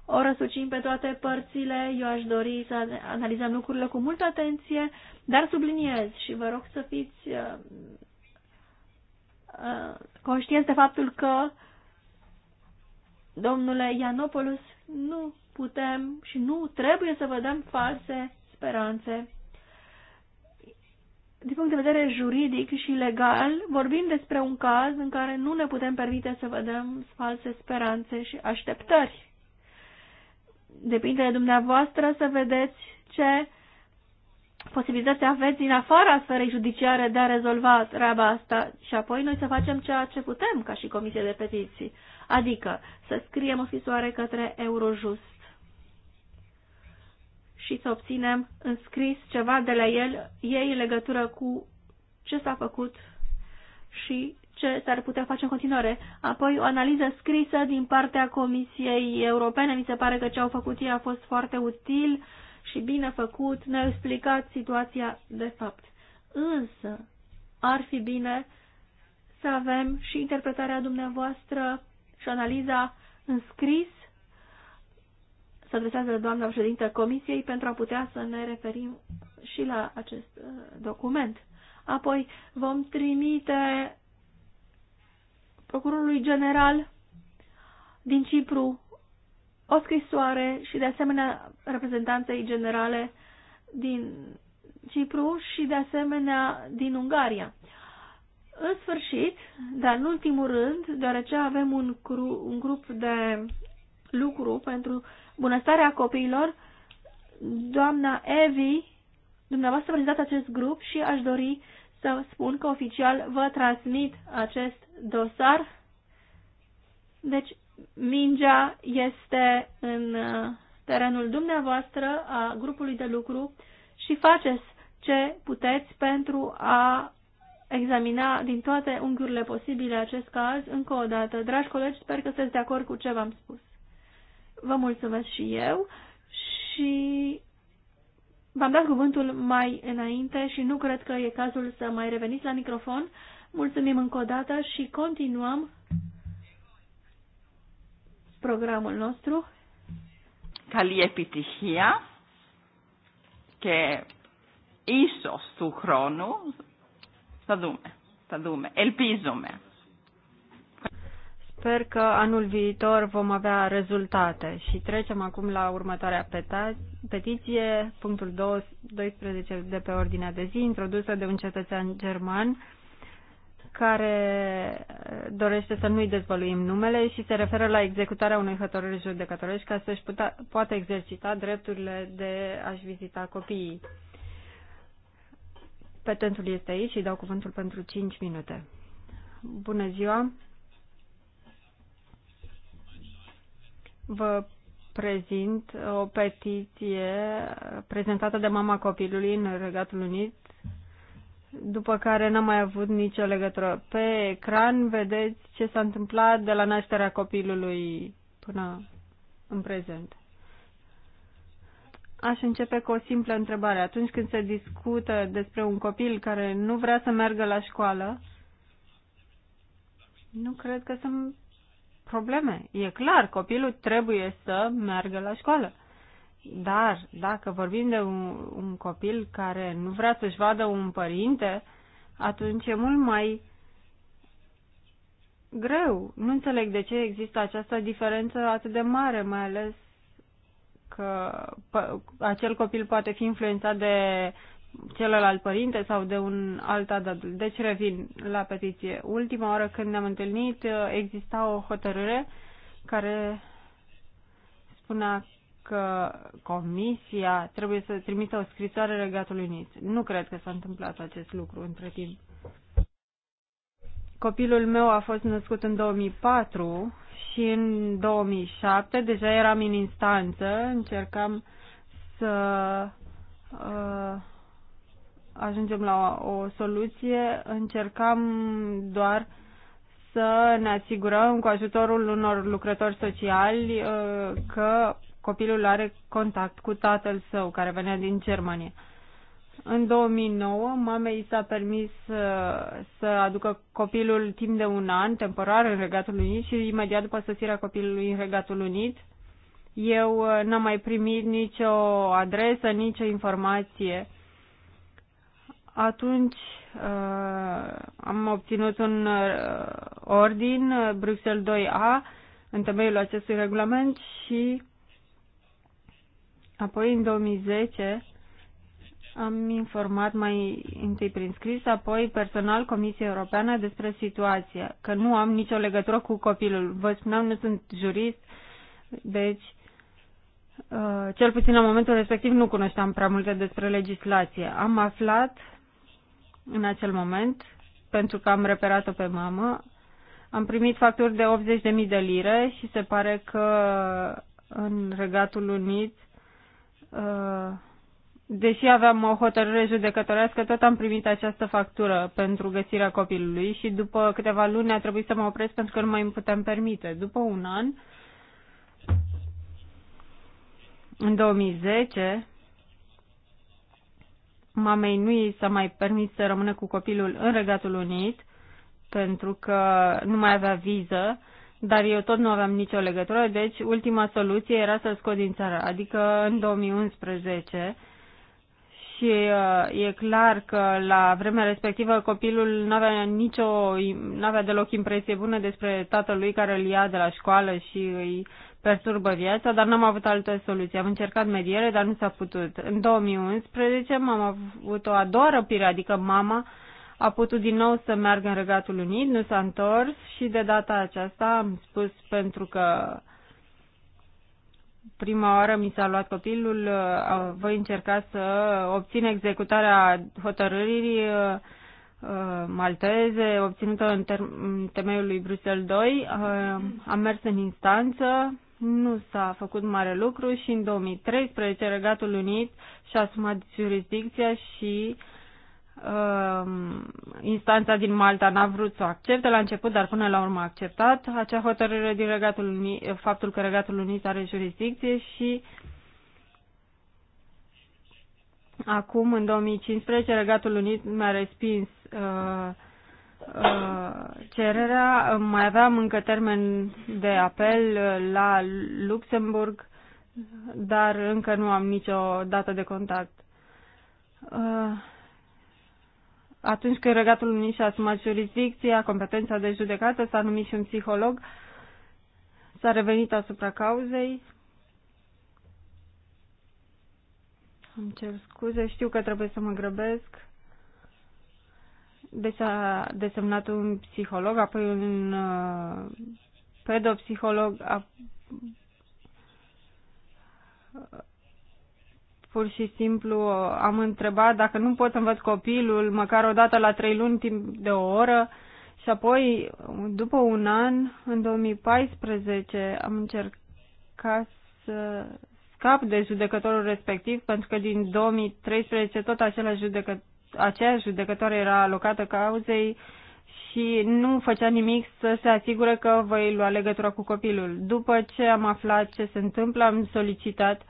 o răsucim pe toate părțile. Eu aș dori să analizăm lucrurile cu multă atenție, dar subliniez și vă rog să fiți uh, uh, conștienți de faptul că, domnule Ianopoulos, nu putem și nu trebuie să vă dăm false speranțe. Din punct de vedere juridic și legal, vorbim despre un caz în care nu ne putem permite să vă dăm false speranțe și așteptări depinde de dumneavoastră să vedeți ce posibilități aveți din afara sferei judiciare de a rezolva treaba asta și apoi noi să facem ceea ce putem ca și Comisie de Petiții. Adică să scriem o scrisoare către Eurojust și să obținem în scris ceva de la el, ei în legătură cu ce s-a făcut și ce s-ar putea face în continuare. Apoi o analiză scrisă din partea Comisiei Europene, mi se pare că ce au făcut ei a fost foarte util și bine făcut, ne-au explicat situația de fapt. Însă ar fi bine să avem și interpretarea dumneavoastră și analiza în scris să adresează doamna președintă Comisiei pentru a putea să ne referim și la acest uh, document. Apoi vom trimite procurorului general din Cipru o scrisoare și de asemenea reprezentanței generale din Cipru și de asemenea din Ungaria. În sfârșit, dar în ultimul rând, deoarece avem un, cru, un grup de lucru pentru bunăstarea copiilor, doamna Evi, dumneavoastră prezentați acest grup și aș dori să spun că oficial vă transmit acest dosar. Deci, mingea este în uh, terenul dumneavoastră a grupului de lucru și faceți ce puteți pentru a examina din toate unghiurile posibile acest caz încă o dată. Dragi colegi, sper că sunteți de acord cu ce v-am spus. Vă mulțumesc și eu și V-am dat cuvântul mai înainte și nu cred că e cazul să mai reveniți la microfon. Mulțumim încă o dată și continuăm programul nostru. Καλή επιτυχία και ίσως του χρόνου θα δούμε, θα δούμε, ελπίζουμε. Sper că anul viitor vom avea rezultate și trecem acum la următoarea petiție, punctul 12 de pe ordinea de zi, introdusă de un cetățean german care uh, dorește să nu-i dezvăluim numele și se referă la executarea unei hotărâri judecătorești ca să-și poată exercita drepturile de a-și vizita copiii. Petentul este aici și dau cuvântul pentru 5 minute. Bună ziua! vă prezint o petiție prezentată de mama copilului în Regatul Unit, după care n-am mai avut nicio legătură. Pe ecran vedeți ce s-a întâmplat de la nașterea copilului până în prezent. Aș începe cu o simplă întrebare. Atunci când se discută despre un copil care nu vrea să meargă la școală, nu cred că sunt probleme. E clar, copilul trebuie să meargă la școală. Dar dacă vorbim de un, un copil care nu vrea să-și vadă un părinte, atunci e mult mai greu. Nu înțeleg de ce există această diferență atât de mare, mai ales că acel copil poate fi influențat de celălalt părinte sau de un alt adult. Deci revin la petiție. Ultima oară când ne-am întâlnit exista o hotărâre care spunea că comisia trebuie să trimită o scrisoare Regatului Unit. Nu cred că s-a întâmplat acest lucru între timp. Copilul meu a fost născut în 2004 și în 2007 deja eram în instanță, încercam să uh, ajungem la o soluție, încercam doar să ne asigurăm cu ajutorul unor lucrători sociali uh, că copilul are contact cu tatăl său care venea din Germania. În 2009, mamei s-a permis uh, să aducă copilul timp de un an, temporar, în Regatul Unit și imediat după sosirea copilului în Regatul Unit, eu uh, n-am mai primit nicio adresă, nicio informație atunci uh, am obținut un uh, ordin, uh, Bruxelles 2A, în temeiul acestui regulament și apoi în 2010 am informat mai întâi prin scris, apoi personal Comisia Europeană despre situație, că nu am nicio legătură cu copilul. Vă spuneam, nu sunt jurist, deci uh, cel puțin la momentul respectiv nu cunoșteam prea multe despre legislație. Am aflat în acel moment, pentru că am reperat-o pe mamă. Am primit facturi de 80.000 de lire și se pare că în Regatul Unit, uh, deși aveam o hotărâre judecătorească, tot am primit această factură pentru găsirea copilului și după câteva luni a trebuit să mă opresc pentru că nu mai îmi puteam permite. După un an, în 2010, mamei nu i s-a mai permis să rămână cu copilul în Regatul Unit, pentru că nu mai avea viză, dar eu tot nu aveam nicio legătură, deci ultima soluție era să-l scot din țară, adică în 2011. Și uh, e clar că la vremea respectivă copilul nu avea, nicio, nu avea deloc impresie bună despre tatălui care îl ia de la școală și îi perturbă viața, dar n-am avut altă soluție. Am încercat mediere, dar nu s-a putut. În 2011 am avut o a doua răpire, adică mama a putut din nou să meargă în Regatul Unit, nu s-a întors și de data aceasta am spus pentru că prima oară mi s-a luat copilul, voi încerca să obțin executarea hotărârii malteze obținută în, ter- în temeiul lui Bruxelles 2. Am mers în instanță, nu s-a făcut mare lucru și în 2013 Regatul Unit și-a asumat jurisdicția și uh, instanța din Malta n-a vrut să o accepte la început, dar până la urmă a acceptat acea hotărâre din Regatul Unit, faptul că Regatul Unit are jurisdicție și acum, în 2015, Regatul Unit mi-a respins uh, Uh, cererea, mai aveam încă termen de apel uh, la Luxemburg, dar încă nu am nicio dată de contact. Uh, atunci când Regatul unii și-a asumat jurisdicția, competența de judecată, s-a numit și un psiholog, s-a revenit asupra cauzei. Îmi cer scuze, știu că trebuie să mă grăbesc. Deci a desemnat un psiholog, apoi un uh, pedopsiholog, a, pur și simplu am întrebat dacă nu pot să învăț copilul măcar o dată la trei luni timp de o oră și apoi după un an, în 2014, am încercat să scap de judecătorul respectiv pentru că din 2013 tot același judecător aceea judecătoare era alocată cauzei și nu făcea nimic să se asigure că voi lua legătura cu copilul. După ce am aflat ce se întâmplă, am solicitat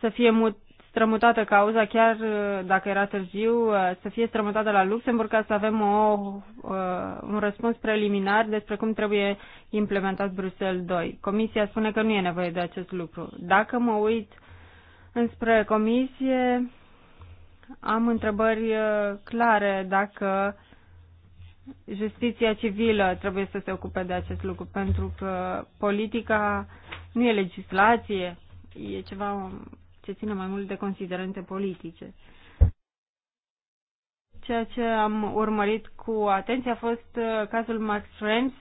să fie mut, strămutată cauza, chiar uh, dacă era târziu, uh, să fie strămutată la Luxemburg ca să avem o, uh, un răspuns preliminar despre cum trebuie implementat Bruxelles 2. Comisia spune că nu e nevoie de acest lucru. Dacă mă uit înspre comisie, am întrebări uh, clare dacă justiția civilă trebuie să se ocupe de acest lucru, pentru că politica nu e legislație, e ceva ce ține mai mult de considerente politice. Ceea ce am urmărit cu atenție a fost uh, cazul Max Friends,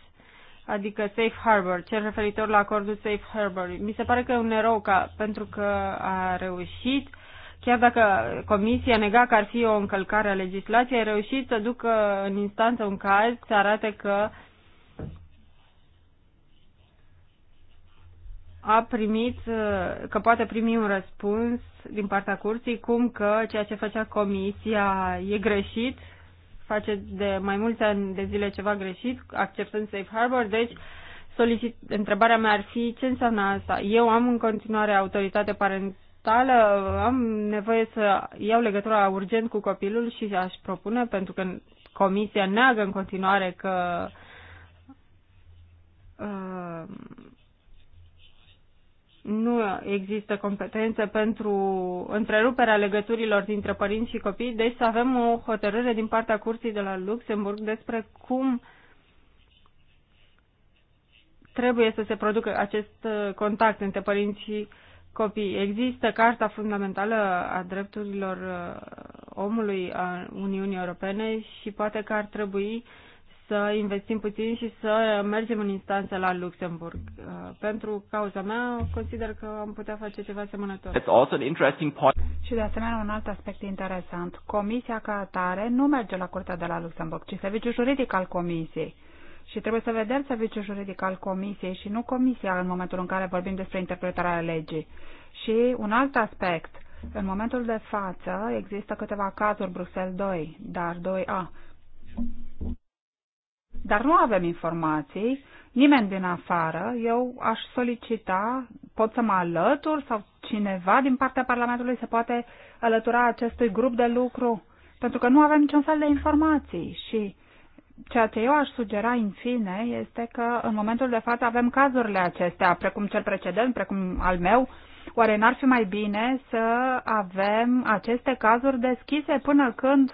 adică Safe Harbor, cel referitor la acordul Safe Harbor. Mi se pare că e un erou ca, pentru că a reușit chiar dacă Comisia nega că ar fi o încălcare a legislației, a reușit să ducă în instanță un caz să arate că a primit, că poate primi un răspuns din partea curții, cum că ceea ce făcea Comisia e greșit, face de mai mulți ani de zile ceva greșit, acceptând safe harbor, deci solicit, întrebarea mea ar fi ce înseamnă asta. Eu am în continuare autoritate parentală totală, am nevoie să iau legătura urgent cu copilul și aș propune, pentru că comisia neagă în continuare că uh, nu există competențe pentru întreruperea legăturilor dintre părinți și copii, deci să avem o hotărâre din partea curții de la Luxemburg despre cum trebuie să se producă acest uh, contact între părinți și copii. Există Carta Fundamentală a Drepturilor uh, Omului a Uniunii Europene și poate că ar trebui să investim puțin și să mergem în instanță la Luxemburg. Uh, pentru cauza mea, consider că am putea face ceva asemănător. Și de asemenea, un alt aspect interesant. Comisia ca atare nu merge la Curtea de la Luxemburg, ci serviciul juridic al Comisiei și trebuie să vedem serviciul juridic al Comisiei și nu Comisia în momentul în care vorbim despre interpretarea legii. Și un alt aspect, în momentul de față există câteva cazuri Bruxelles 2, dar 2A. Dar nu avem informații, nimeni din afară, eu aș solicita, pot să mă alătur sau cineva din partea Parlamentului se poate alătura acestui grup de lucru, pentru că nu avem niciun fel de informații și Ceea ce eu aș sugera, în fine, este că în momentul de față avem cazurile acestea, precum cel precedent, precum al meu, Oare n-ar fi mai bine să avem aceste cazuri deschise până când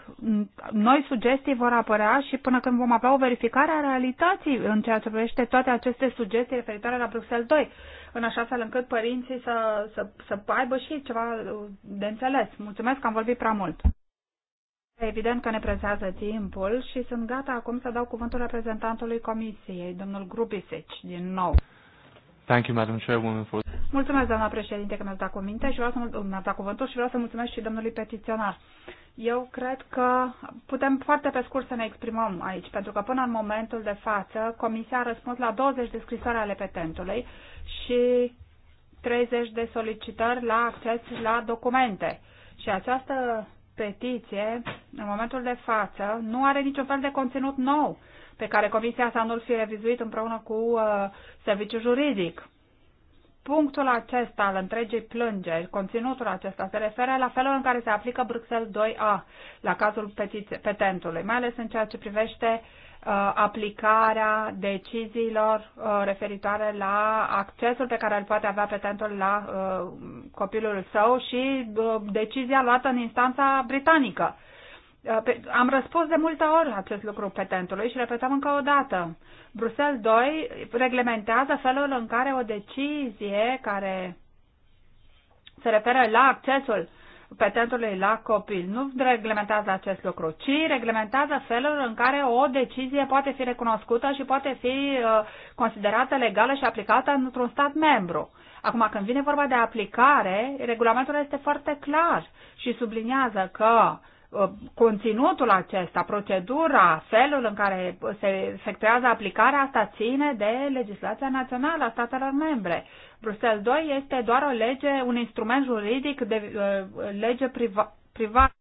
noi sugestii vor apărea și până când vom avea o verificare a realității în ceea ce privește toate aceste sugestii referitoare la Bruxelles 2, în așa fel încât părinții să, să, să aibă și ceva de înțeles. Mulțumesc că am vorbit prea mult. Evident că ne prezează timpul și sunt gata acum să dau cuvântul reprezentantului Comisiei, domnul Grubisic, din nou. Thank you, Madam Chairwoman, for... Mulțumesc, doamna președinte, că mi-ați dat, cuvinte și vreau să, mi dat cuvântul și vreau să mulțumesc și domnului petiționar. Eu cred că putem foarte pe scurt să ne exprimăm aici, pentru că până în momentul de față Comisia a răspuns la 20 de scrisoare ale petentului și 30 de solicitări la acces la documente. Și această petiție, în momentul de față, nu are niciun fel de conținut nou pe care Comisia să nu-l fi revizuit împreună cu uh, serviciul juridic. Punctul acesta al întregii plângeri, conținutul acesta, se referă la felul în care se aplică Bruxelles 2A la cazul petentului, mai ales în ceea ce privește Uh, aplicarea deciziilor uh, referitoare la accesul pe care îl poate avea petentul la uh, copilul său și decizia luată în instanța britanică. Am răspuns de multe ori acest lucru petentului și repetăm încă o dată. Bruxelles 2 reglementează felul în care o decizie care se referă la accesul petentului la copil. Nu reglementează acest lucru, ci reglementează felul în care o decizie poate fi recunoscută și poate fi uh, considerată legală și aplicată într-un stat membru. Acum, când vine vorba de aplicare, regulamentul este foarte clar și subliniază că uh, Uh, conținutul acesta, procedura, felul în care se efectuează aplicarea, asta ține de legislația națională a statelor membre. Bruxelles 2 este doar o lege, un instrument juridic de uh, lege priva, privată.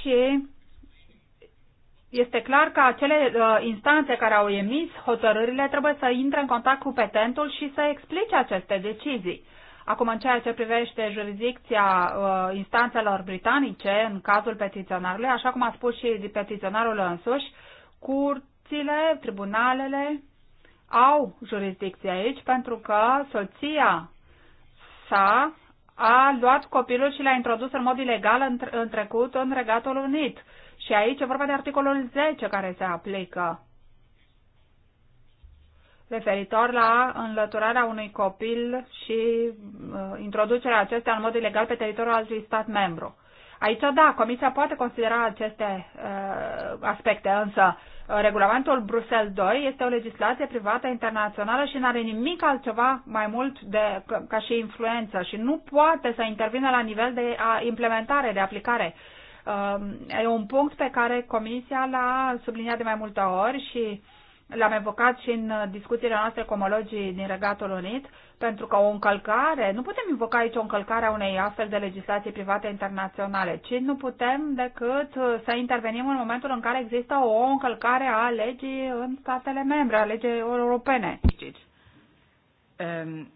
Și este clar că acele uh, instanțe care au emis hotărârile trebuie să intre în contact cu petentul și să explice aceste decizii. Acum, în ceea ce privește jurisdicția uh, instanțelor britanice, în cazul petiționarului, așa cum a spus și petiționarul însuși, curțile, tribunalele au jurisdicție aici pentru că soția sa a luat copilul și l-a introdus în mod ilegal în, în trecut în Regatul Unit. Și aici e vorba de articolul 10 care se aplică referitor la înlăturarea unui copil și uh, introducerea acestea în mod ilegal pe teritoriul altui stat membru. Aici, da, Comisia poate considera aceste uh, aspecte, însă uh, regulamentul Bruxelles 2 este o legislație privată internațională și nu are nimic altceva mai mult de, ca și influență și nu poate să intervină la nivel de a implementare, de aplicare. Uh, e un punct pe care Comisia l-a subliniat de mai multe ori și uh, l-am evocat și în uh, discuțiile noastre cu omologii din Regatul Unit, pentru că o încălcare, nu putem invoca aici o încălcare a unei astfel de legislații private internaționale, ci nu putem decât uh, să intervenim în momentul în care există o încălcare a legii în statele membre, a legii europene. Deci, um,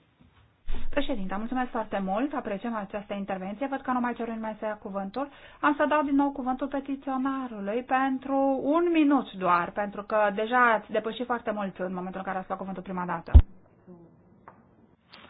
Președinte, mulțumesc foarte mult, apreciem această intervenție, văd că nu mai cer mai să ia cuvântul. Am să dau din nou cuvântul petiționarului pentru un minut doar, pentru că deja ați depășit foarte mult în momentul în care ați luat cuvântul prima dată.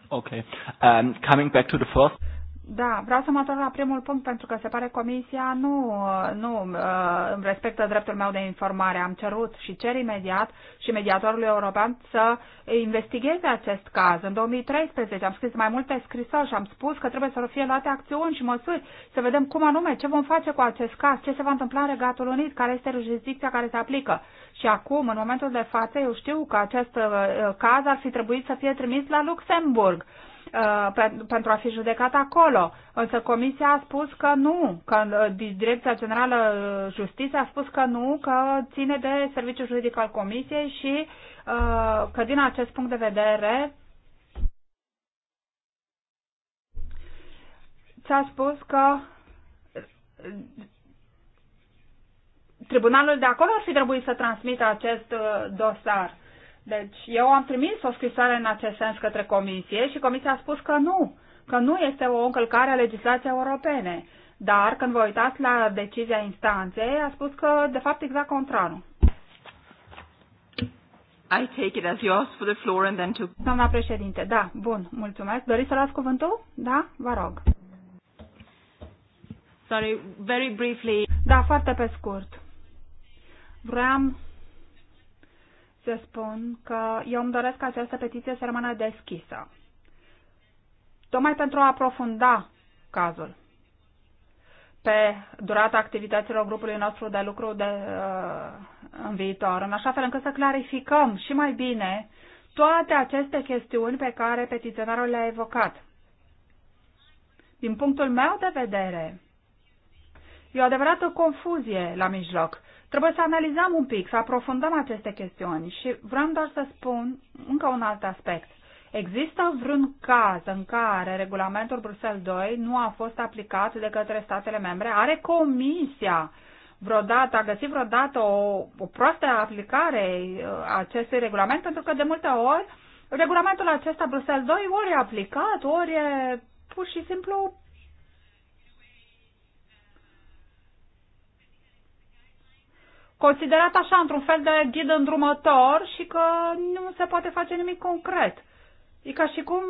Okay. Um, coming back to the first... Da, vreau să mă întorc la primul punct pentru că se pare comisia nu, nu uh, respectă dreptul meu de informare. Am cerut și cer imediat și mediatorului european să investigheze acest caz. În 2013 am scris mai multe scrisori și am spus că trebuie să fie luate acțiuni și măsuri să vedem cum anume, ce vom face cu acest caz, ce se va întâmpla în Regatul Unit, care este jurisdicția care se aplică. Și acum, în momentul de față, eu știu că acest uh, caz ar fi trebuit să fie trimis la Luxemburg Uh, pentru a fi judecat acolo. Însă Comisia a spus că nu, că uh, Direcția Generală Justiție a spus că nu, că ține de serviciul juridic al Comisiei și uh, că din acest punct de vedere ți-a spus că tribunalul de acolo ar fi trebuit să transmită acest dosar. Deci eu am trimis o scrisoare în acest sens către Comisie și Comisia a spus că nu, că nu este o încălcare a legislației europene. Dar când vă uitați la decizia instanței, a spus că de fapt exact contrarul. I take it as yours for the floor and then to... Doamna președinte, da, bun, mulțumesc. Doriți să luați cuvântul? Da? Vă rog. Sorry, very briefly. Da, foarte pe scurt. Vreau să spun că eu îmi doresc ca această petiție să rămână deschisă. Tocmai pentru a aprofunda cazul pe durata activităților grupului nostru de lucru de, uh, în viitor, în așa fel încât să clarificăm și mai bine toate aceste chestiuni pe care petiționarul le-a evocat. Din punctul meu de vedere, e o adevărată confuzie la mijloc Trebuie să analizăm un pic, să aprofundăm aceste chestiuni și vreau doar să spun încă un alt aspect. Există vreun caz în care regulamentul Bruxelles 2 nu a fost aplicat de către statele membre? Are comisia vreodată, a găsit vreodată o, o proastă aplicare a uh, acestui regulament? Pentru că de multe ori regulamentul acesta Bruxelles 2 ori e aplicat, ori e pur și simplu considerat așa, într-un fel de ghid îndrumător și că nu se poate face nimic concret. E ca și cum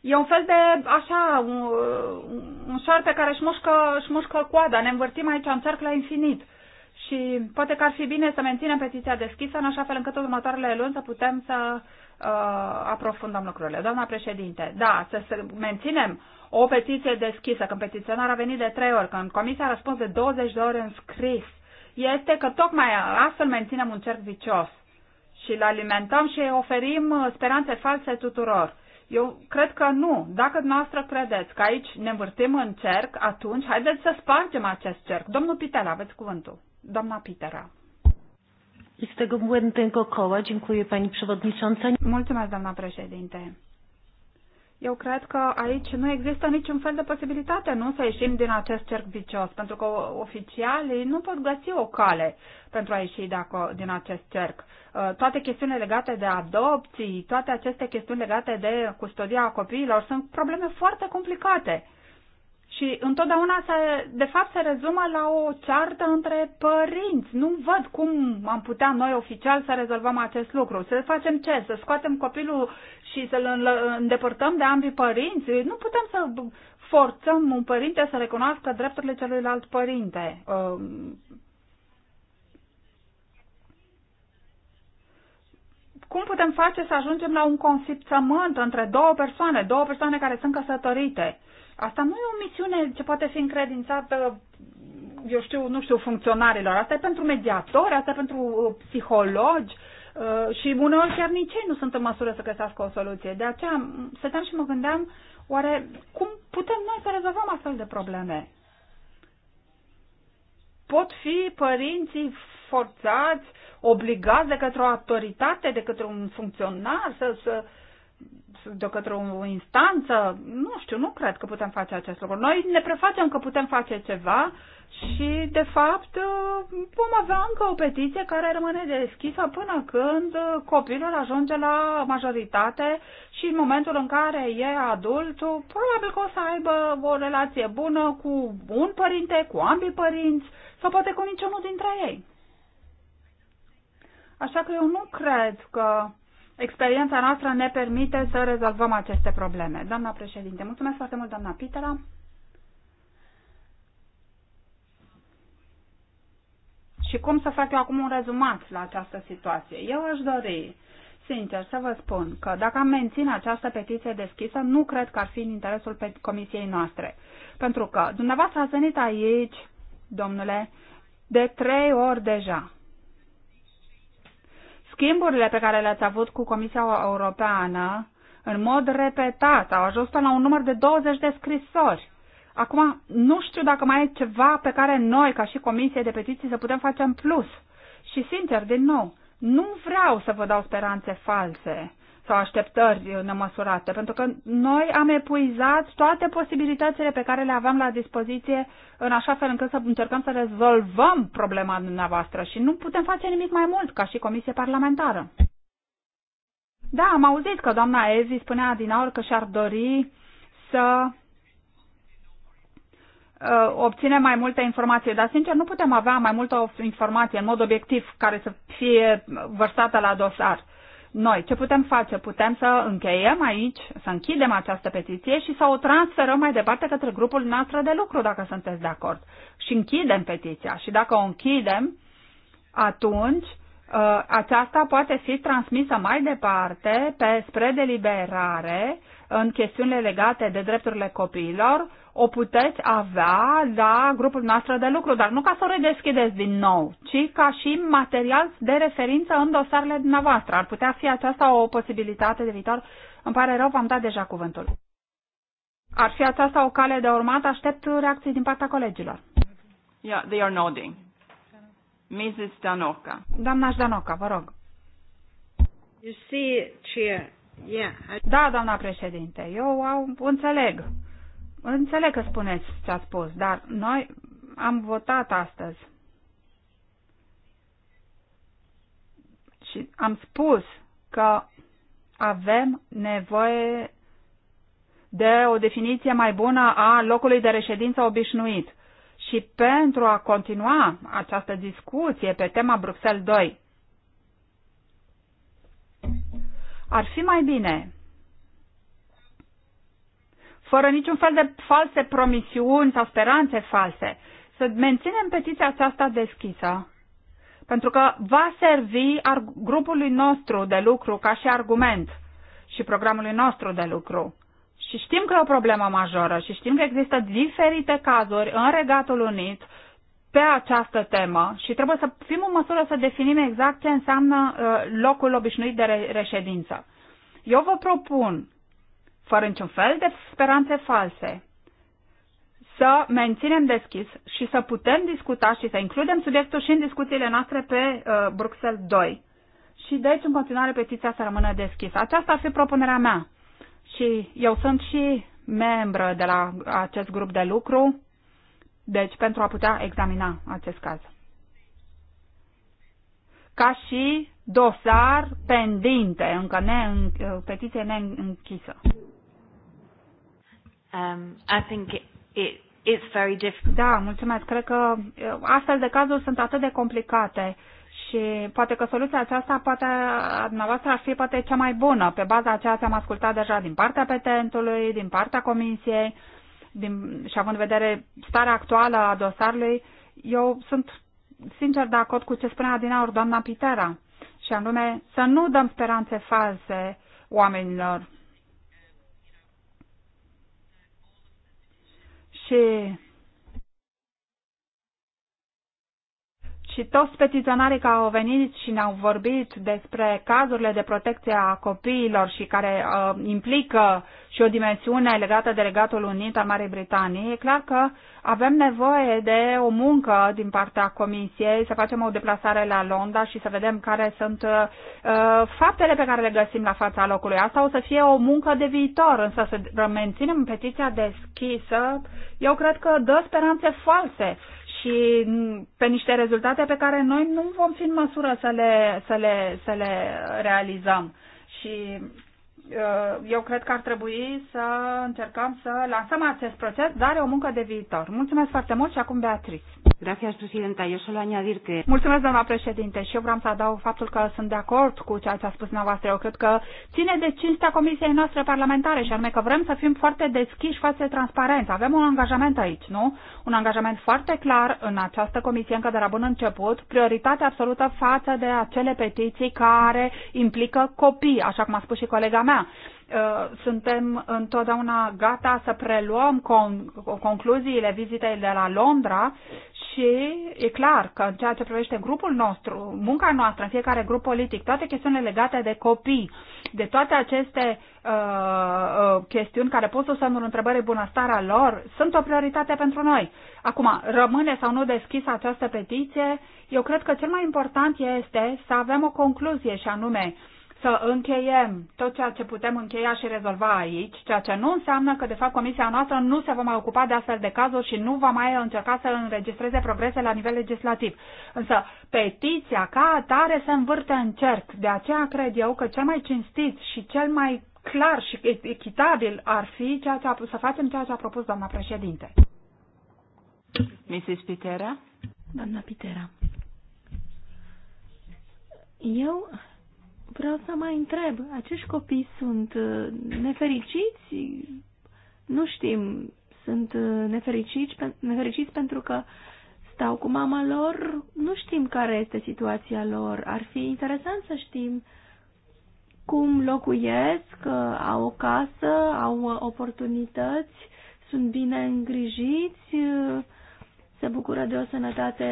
E un fel de, așa, un, un șarpe care își mușcă, își mușcă coada. Ne învârtim aici în cerc la infinit. Și poate că ar fi bine să menținem petiția deschisă în așa fel încât următoarele luni să putem să uh, aprofundăm lucrurile. Doamna președinte, da, să, să menținem o petiție deschisă, când petiționarul a venit de trei ori, când comisia a răspuns de 20 de ori în scris, este că tocmai astfel menținem un cerc vicios și îl alimentăm și oferim uh, speranțe false tuturor. Eu cred că nu. Dacă noastră credeți că aici ne învârtim în cerc, atunci haideți să spargem acest cerc. Domnul Pitela, aveți cuvântul. Doamna Pitera. I z tego błędnego koła dziękuję Pani Przewodnicząca. Mulțumesc, doamna președinte. Eu cred că aici nu există niciun fel de posibilitate, nu, să ieșim din acest cerc vicios, pentru că oficialii nu pot găsi o cale pentru a ieși din acest cerc. Uh, toate chestiunile legate de adopții, toate aceste chestiuni legate de custodia copiilor sunt probleme foarte complicate și întotdeauna, se, de fapt, se rezumă la o ceartă între părinți. Nu văd cum am putea noi oficial să rezolvăm acest lucru. Să facem ce? Să scoatem copilul și să-l îndepărtăm de ambii părinți? Nu putem să forțăm un părinte să recunoască drepturile celuilalt părinte. Um, cum putem face să ajungem la un consipțământ între două persoane, două persoane care sunt căsătorite? Asta nu e o misiune ce poate fi încredințată, eu știu, nu știu, funcționarilor. Asta e pentru mediatori, asta e pentru uh, psihologi uh, și uneori chiar nici ei nu sunt în măsură să găsească o soluție. De aceea stăteam și mă gândeam, oare cum putem noi să rezolvăm astfel de probleme? Pot fi părinții forțați, obligați de către o autoritate, de către un funcționar să, să uh, de către o instanță, nu știu, nu cred că putem face acest lucru. Noi ne prefacem că putem face ceva și, de fapt, vom avea încă o petiție care rămâne deschisă până când copilul ajunge la majoritate și în momentul în care e adult, probabil că o să aibă o relație bună cu un părinte, cu ambii părinți sau poate cu niciunul dintre ei. Așa că eu nu cred că experiența noastră ne permite să rezolvăm aceste probleme. Doamna președinte, mulțumesc foarte mult, doamna Pitera. Și cum să fac eu acum un rezumat la această situație? Eu aș dori, sincer, să vă spun că dacă am menține această petiție deschisă, nu cred că ar fi în interesul comisiei noastre. Pentru că dumneavoastră ați venit aici, domnule, de trei ori deja schimburile pe care le-ați avut cu Comisia Europeană, în mod repetat, au ajuns până la un număr de 20 de scrisori. Acum, nu știu dacă mai e ceva pe care noi, ca și Comisie de Petiții, să putem face în plus. Și, sincer, din nou, nu vreau să vă dau speranțe false sau așteptări nemăsurate, pentru că noi am epuizat toate posibilitățile pe care le aveam la dispoziție în așa fel încât să încercăm să rezolvăm problema dumneavoastră și nu putem face nimic mai mult ca și comisie parlamentară. Da, am auzit că doamna Ezi spunea din aur că și-ar dori să uh, obține mai multe informații, dar sincer nu putem avea mai multă informație în mod obiectiv care să fie vărsată la dosar. Noi ce putem face? Putem să încheiem aici, să închidem această petiție și să o transferăm mai departe către grupul nostru de lucru, dacă sunteți de acord. Și închidem petiția. Și dacă o închidem, atunci uh, aceasta poate fi transmisă mai departe pe, spre deliberare în chestiunile legate de drepturile copiilor o puteți avea la grupul noastră de lucru, dar nu ca să o redeschideți din nou, ci ca și material de referință în dosarele dumneavoastră. Ar putea fi aceasta o posibilitate de viitor? Îmi pare rău, v-am dat deja cuvântul. Ar fi aceasta o cale de urmat? Aștept reacții din partea colegilor. Yeah, they are nodding. Mrs. Danoka. Doamna Danoka, vă rog. You see, cheer. Yeah. I... Da, doamna președinte, eu au, înțeleg. Înțeleg că spuneți ce ați spus, dar noi am votat astăzi. Și am spus că avem nevoie de o definiție mai bună a locului de reședință obișnuit. Și pentru a continua această discuție pe tema Bruxelles 2, ar fi mai bine fără niciun fel de false promisiuni sau speranțe false. Să menținem petiția aceasta deschisă, pentru că va servi grupului nostru de lucru ca și argument și programului nostru de lucru. Și știm că e o problemă majoră și știm că există diferite cazuri în Regatul Unit pe această temă și trebuie să fim în măsură să definim exact ce înseamnă uh, locul obișnuit de reședință. Eu vă propun fără niciun fel de speranțe false, să menținem deschis și să putem discuta și să includem subiectul și în discuțiile noastre pe uh, Bruxelles 2. Și deci, în continuare, petiția să rămână deschisă. Aceasta ar fi propunerea mea. Și eu sunt și membră de la acest grup de lucru, deci pentru a putea examina acest caz. Ca și dosar pendinte, încă ne, în, uh, petiție neînchisă. Um, I think it, it, it's very Da, mulțumesc. Cred că uh, astfel de cazuri sunt atât de complicate și poate că soluția aceasta poate, a dumneavoastră ar fi poate cea mai bună pe baza a ceea ce am ascultat deja din partea petentului, din partea comisiei din, și având în vedere starea actuală a dosarului, eu sunt sincer de acord cu ce spunea din aur doamna Pitera și anume să nu dăm speranțe false oamenilor ce și toți petiționarii care au venit și ne-au vorbit despre cazurile de protecție a copiilor și care uh, implică și o dimensiune legată de Regatul Unit al Marii Britanii, e clar că avem nevoie de o muncă din partea Comisiei, să facem o deplasare la Londra și să vedem care sunt uh, faptele pe care le găsim la fața locului. Asta o să fie o muncă de viitor, însă să menținem petiția deschisă, eu cred că dă speranțe false și pe niște rezultate pe care noi nu vom fi în măsură să le, să le, să le realizăm. Și Eh, eu cred că ar trebui să încercăm să lansăm acest proces, dar e o muncă de viitor. Mulțumesc foarte mult și acum Beatriz. Gracias, presidenta. Eu solo añadir que... Mulțumesc, doamna președinte, și eu vreau să adaug faptul că sunt de acord cu ceea ce a spus dumneavoastră. Eu cred că ține de cinstea comisiei noastre parlamentare și anume că vrem să fim foarte deschiși față de transparență. Avem un angajament aici, nu? Un angajament foarte clar în această comisie încă de la bun început, prioritate absolută față de acele petiții care implică copii, așa cum a spus și colega mea mea, ă, suntem întotdeauna gata să preluăm con- concluziile vizitei de la Londra și e clar că în ceea ce privește grupul nostru, munca noastră în fiecare grup politic, toate chestiunile legate de copii, de toate aceste uh, chestiuni care pot să semnul întrebării bunăstarea lor, sunt o prioritate pentru noi. Acum, rămâne sau nu deschisă această petiție, eu cred că cel mai important este să avem o concluzie și anume, uh, să încheiem tot ceea ce putem încheia și rezolva aici, ceea ce nu înseamnă că, de fapt, Comisia noastră nu se va mai ocupa de astfel de cazuri și nu va mai încerca să înregistreze progrese la nivel legislativ. Însă, petiția ca atare se învârte în cerc. De aceea cred eu că cel mai cinstit și cel mai clar și echitabil ar fi ceea ce a, să facem ceea ce a propus doamna președinte. Mrs. Pitera? Doamna Pitera. Eu vreau să mai întreb, acești copii sunt uh, nefericiți? Nu știm, sunt uh, nefericiți, nefericiți pentru că stau cu mama lor? Nu știm care este situația lor. Ar fi interesant să știm cum locuiesc, uh, au o casă, au oportunități, sunt bine îngrijiți, se bucură de o sănătate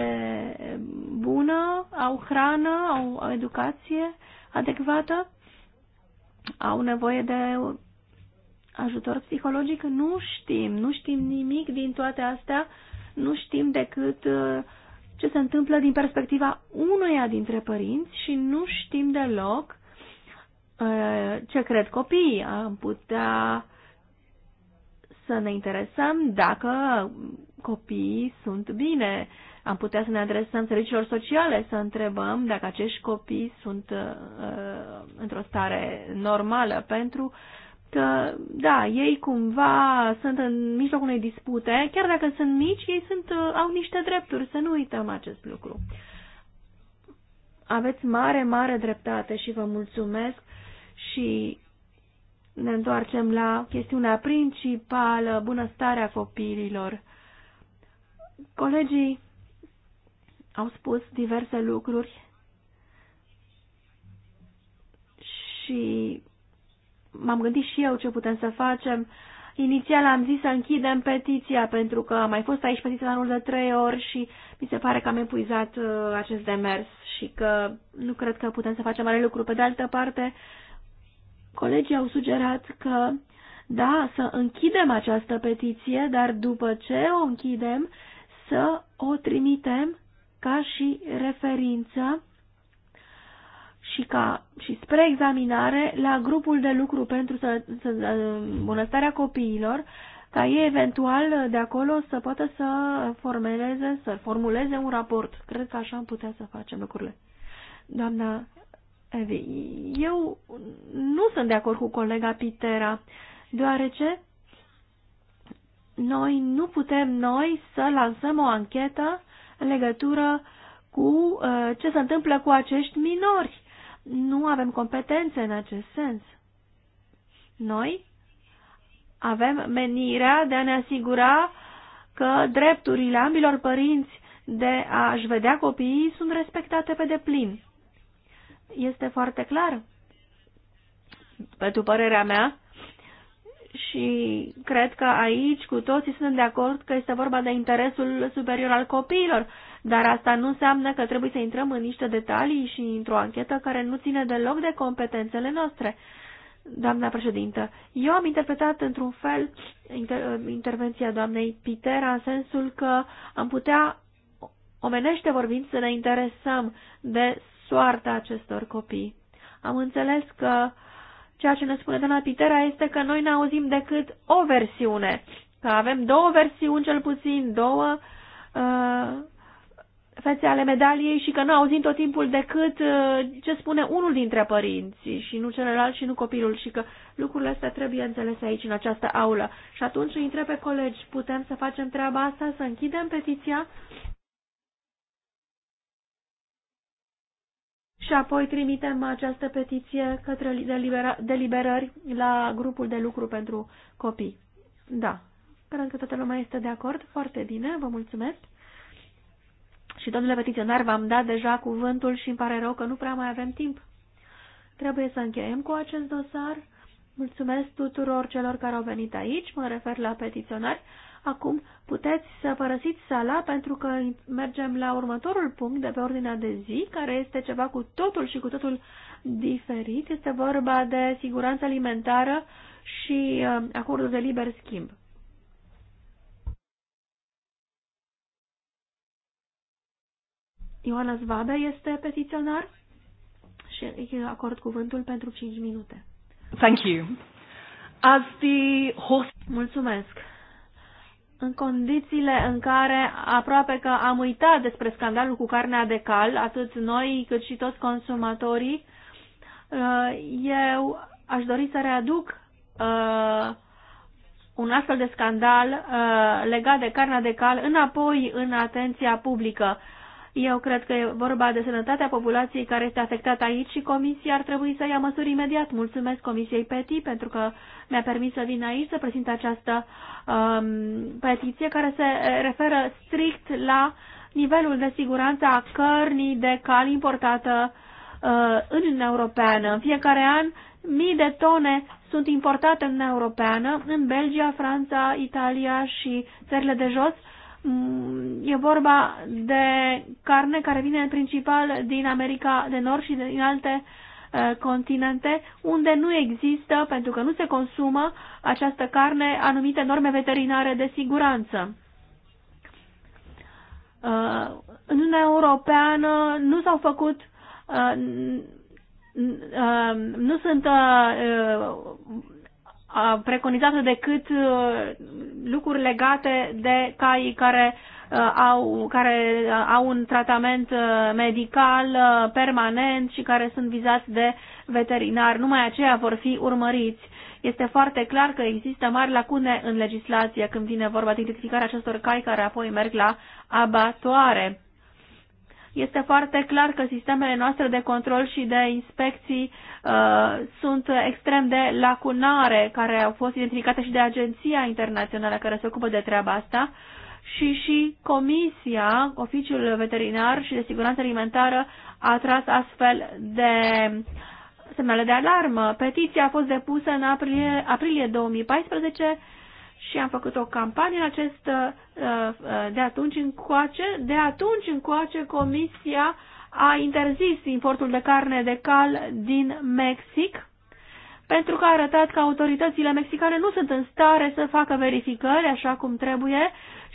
bună, au hrană, au educație adecvată, au nevoie de ajutor psihologic, nu știm, nu știm nimic din toate astea, nu știm decât uh, ce se întâmplă din perspectiva unuia dintre părinți și nu știm deloc uh, ce cred copiii. Am putea să ne interesăm dacă copiii sunt bine. Am putea să ne adresăm serviciilor sociale, să întrebăm dacă acești copii sunt uh, uh, într-o stare normală, pentru că, da, ei cumva sunt în mijlocul unei dispute, chiar dacă sunt mici, ei sunt, uh, au niște drepturi, să nu uităm acest lucru. Aveți mare, mare dreptate și vă mulțumesc și ne întoarcem la chestiunea principală, bunăstarea copiilor. Colegii au spus diverse lucruri și m-am gândit și eu ce putem să facem. Inițial am zis să închidem petiția pentru că am mai fost aici petiția anul de trei ori și mi se pare că am epuizat uh, acest demers și că nu cred că putem să facem mare lucru. Pe de altă parte, colegii au sugerat că da, să închidem această petiție, dar după ce o închidem, să o trimitem ca și referință și, ca, și spre examinare la grupul de lucru pentru să, să, bunăstarea copiilor, ca ei eventual de acolo să poată să formuleze, să formuleze un raport. Cred că așa am putea să facem lucrurile. Doamna Evi, eu nu sunt de acord cu colega Pitera, deoarece noi nu putem noi să lansăm o anchetă în legătură cu uh, ce se întâmplă cu acești minori. Nu avem competențe în acest sens. Noi avem menirea de a ne asigura că drepturile ambilor părinți de a-și vedea copiii sunt respectate pe deplin. Este foarte clar, pentru părerea mea, și cred că aici cu toții suntem de acord că este vorba de interesul superior al copiilor, dar asta nu înseamnă că trebuie să intrăm în niște detalii și într-o anchetă care nu ține deloc de competențele noastre. Doamna președintă, eu am interpretat într-un fel inter intervenția doamnei Pitera în sensul că am putea, omenește vorbind, să ne interesăm de soarta acestor copii. Am înțeles că uh, Ceea ce ne spune Dana Pitera este că noi ne auzim decât o versiune, că avem două versiuni cel puțin, două uh, fețe ale medaliei și că nu auzim tot timpul decât uh, ce spune unul dintre părinți și nu celălalt și nu copilul și că lucrurile astea trebuie înțelese aici, în această aulă. Și atunci îi întreb pe colegi, putem să facem treaba asta, să închidem petiția? și apoi trimitem această petiție către deliberări la grupul de lucru pentru copii. Da, cred că toată lumea este de acord. Foarte bine, vă mulțumesc. Și, domnule petiționar, v-am dat deja cuvântul și îmi pare rău că nu prea mai avem timp. Trebuie să încheiem cu acest dosar. Mulțumesc tuturor celor care au venit aici, mă refer la petiționari. Acum puteți să părăsiți sala pentru că mergem la următorul punct de pe ordinea de zi, care este ceva cu totul și cu totul diferit. Este vorba de siguranță alimentară și uh, acordul de liber schimb. Ioana Zvabe este petiționar și acord cuvântul pentru 5 minute. Thank you. As the host... Mulțumesc în condițiile în care aproape că am uitat despre scandalul cu carnea de cal, atât noi cât și toți consumatorii, uh, eu aș dori să readuc uh, un astfel de scandal uh, legat de carnea de cal înapoi în atenția publică. Eu cred că e vorba de sănătatea populației care este afectată aici și Comisia ar trebui să ia măsuri imediat. Mulțumesc Comisiei PETI pentru că mi-a permis să vin aici să prezint această um, petiție care se referă strict la nivelul de siguranță a cărnii de cal importată uh, în Uniunea Europeană. În fiecare an, mii de tone sunt importate în Uniunea Europeană, în Belgia, Franța, Italia și țările de jos, Mm, e vorba de carne care vine în principal din America de Nord și din alte uh, continente unde nu există, pentru că nu se consumă această carne, anumite norme veterinare de siguranță. Uh, în Uniunea Europeană nu s-au făcut uh, nu sunt preconizată decât uh, lucruri legate de cai care uh, au, care uh, au un tratament medical permanent și care sunt vizați de veterinar. Numai aceia vor fi urmăriți. Este foarte clar că există mari lacune în legislație când vine vorba de identificarea acestor cai care apoi merg la abatoare este foarte clar că sistemele noastre de control și de inspecții uh, sunt extrem de lacunare, care au fost identificate și de Agenția Internațională care se ocupă de treaba asta și și Comisia, Oficiul Veterinar și de Siguranță Alimentară a tras astfel de semnale de alarmă. Petiția a fost depusă în aprilie, aprilie 2014 și am făcut o campanie în acest, uh, uh, de atunci încoace. De atunci încoace Comisia a interzis importul de carne de cal din Mexic pentru că a arătat că autoritățile mexicane nu sunt în stare să facă verificări așa cum trebuie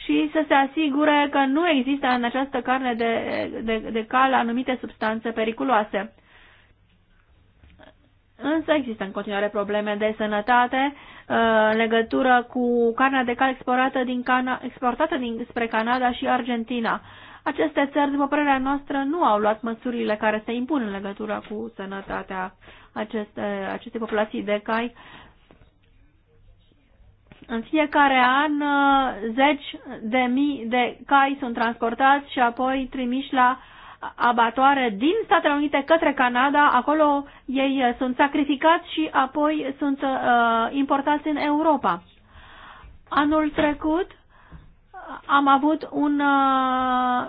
și să se asigure că nu există în această carne de, de, de cal anumite substanțe periculoase. Însă există în continuare probleme de sănătate uh, în legătură cu carnea de cal exportată, din cana, exportată din, spre Canada și Argentina. Aceste țări, după părerea noastră, nu au luat măsurile care se impun în legătură cu sănătatea acestei aceste populații de cai. În fiecare an, uh, zeci de mii de cai sunt transportați și apoi trimiși la uh, abatoare din Statele Unite către Canada, acolo ei uh, sunt sacrificați și apoi sunt uh, importați în Europa. Anul trecut uh, am avut un uh,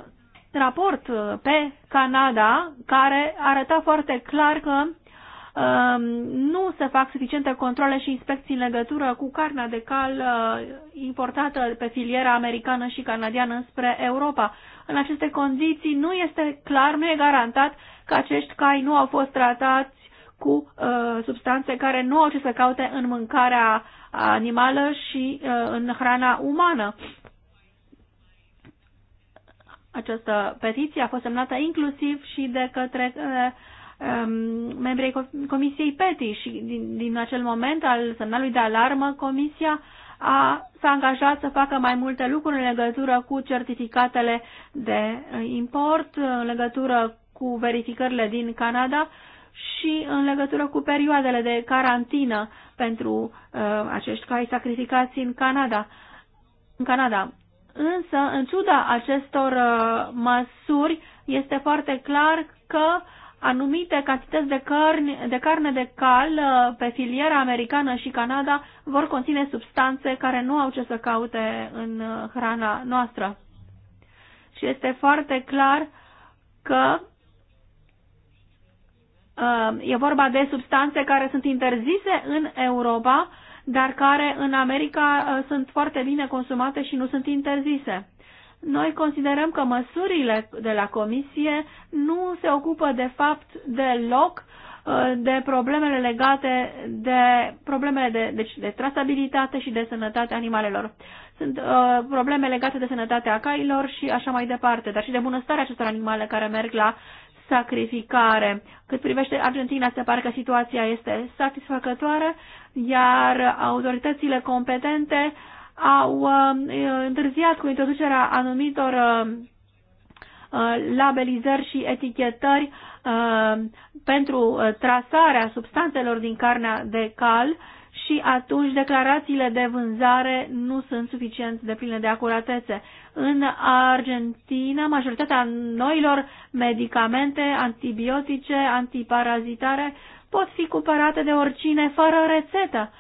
raport uh, pe Canada care arăta foarte clar că uh, nu se fac suficiente controle și inspecții în legătură cu carnea de cal uh, importată pe filiera americană și canadiană spre Europa în aceste condiții nu este clar, nu e garantat că acești cai nu au fost tratați cu uh, substanțe care nu au ce să caute în mâncarea animală și uh, în hrana umană. Această petiție a fost semnată inclusiv și de către uh, um, membrii Comisiei PETI și din, din acel moment al semnalului de alarmă, Comisia a, s-a angajat să facă mai multe lucruri în legătură cu certificatele de uh, import, în legătură cu verificările din Canada și în legătură cu perioadele de carantină pentru uh, acești cai sacrificați în Canada. În Canada. Însă, în ciuda acestor uh, măsuri, este foarte clar că uh, anumite cantități de carne, de carne de cal uh, pe filiera americană și Canada vor conține substanțe care nu au ce să caute în uh, hrana noastră. Și este foarte clar că uh, e vorba de substanțe care sunt interzise în Europa, dar care în America sunt foarte bine consumate și nu sunt interzise. Noi considerăm că măsurile de la Comisie nu se ocupă de fapt deloc uh, de problemele legate de problemele de, deci de trasabilitate și de sănătate animalelor. Sunt uh, probleme legate de sănătatea cailor și așa mai departe, dar și de bunăstarea acestor animale care merg la sacrificare. Cât privește Argentina, se pare că situația este satisfăcătoare, iar autoritățile competente uh, au um, întârziat cu introducerea anumitor um, uh, labelizări și etichetări um, pentru uh, trasarea substanțelor din carnea de cal și atunci declarațiile de vânzare nu sunt suficient de pline de acuratețe. În Argentina, majoritatea noilor medicamente antibiotice, antiparazitare, pot fi cumpărate de oricine fără rețetă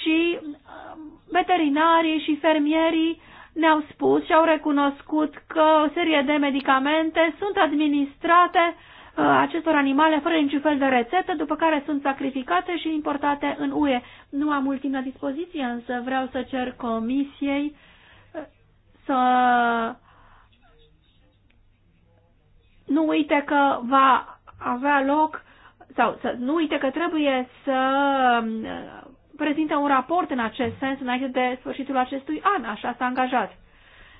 și um, veterinarii și fermierii ne-au spus și au recunoscut că o serie de medicamente sunt administrate uh, acestor animale fără niciun fel de rețetă, după care sunt sacrificate și importate în UE. Nu am mult timp la dispoziție, însă vreau să cer comisiei uh, să nu uite că va avea loc sau să nu uite că trebuie să um, prezinte un raport în acest sens înainte de sfârșitul acestui an, așa s-a angajat.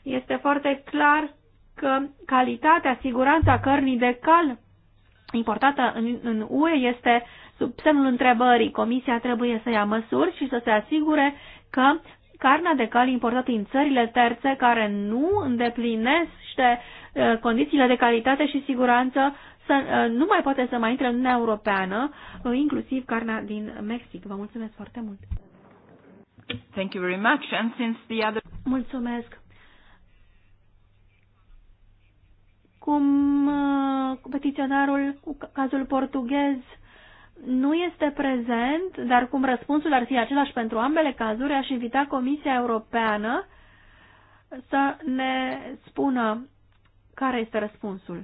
Este foarte clar că calitatea, siguranța cărnii de cal importată în, în UE este sub semnul întrebării. Comisia trebuie să ia măsuri și să se asigure că carnea de cal importată în țările terțe care nu îndeplinește eh, condițiile de calitate și siguranță să, uh, nu mai poate să mai intre în Uniunea Europeană, uh, inclusiv carnea din Mexic. Vă mulțumesc foarte mult! Thank you very much. And since the other... Mulțumesc! Cum uh, petiționarul cu cazul portughez nu este prezent, dar cum răspunsul ar fi același pentru ambele cazuri, aș invita Comisia Europeană să ne spună care este răspunsul.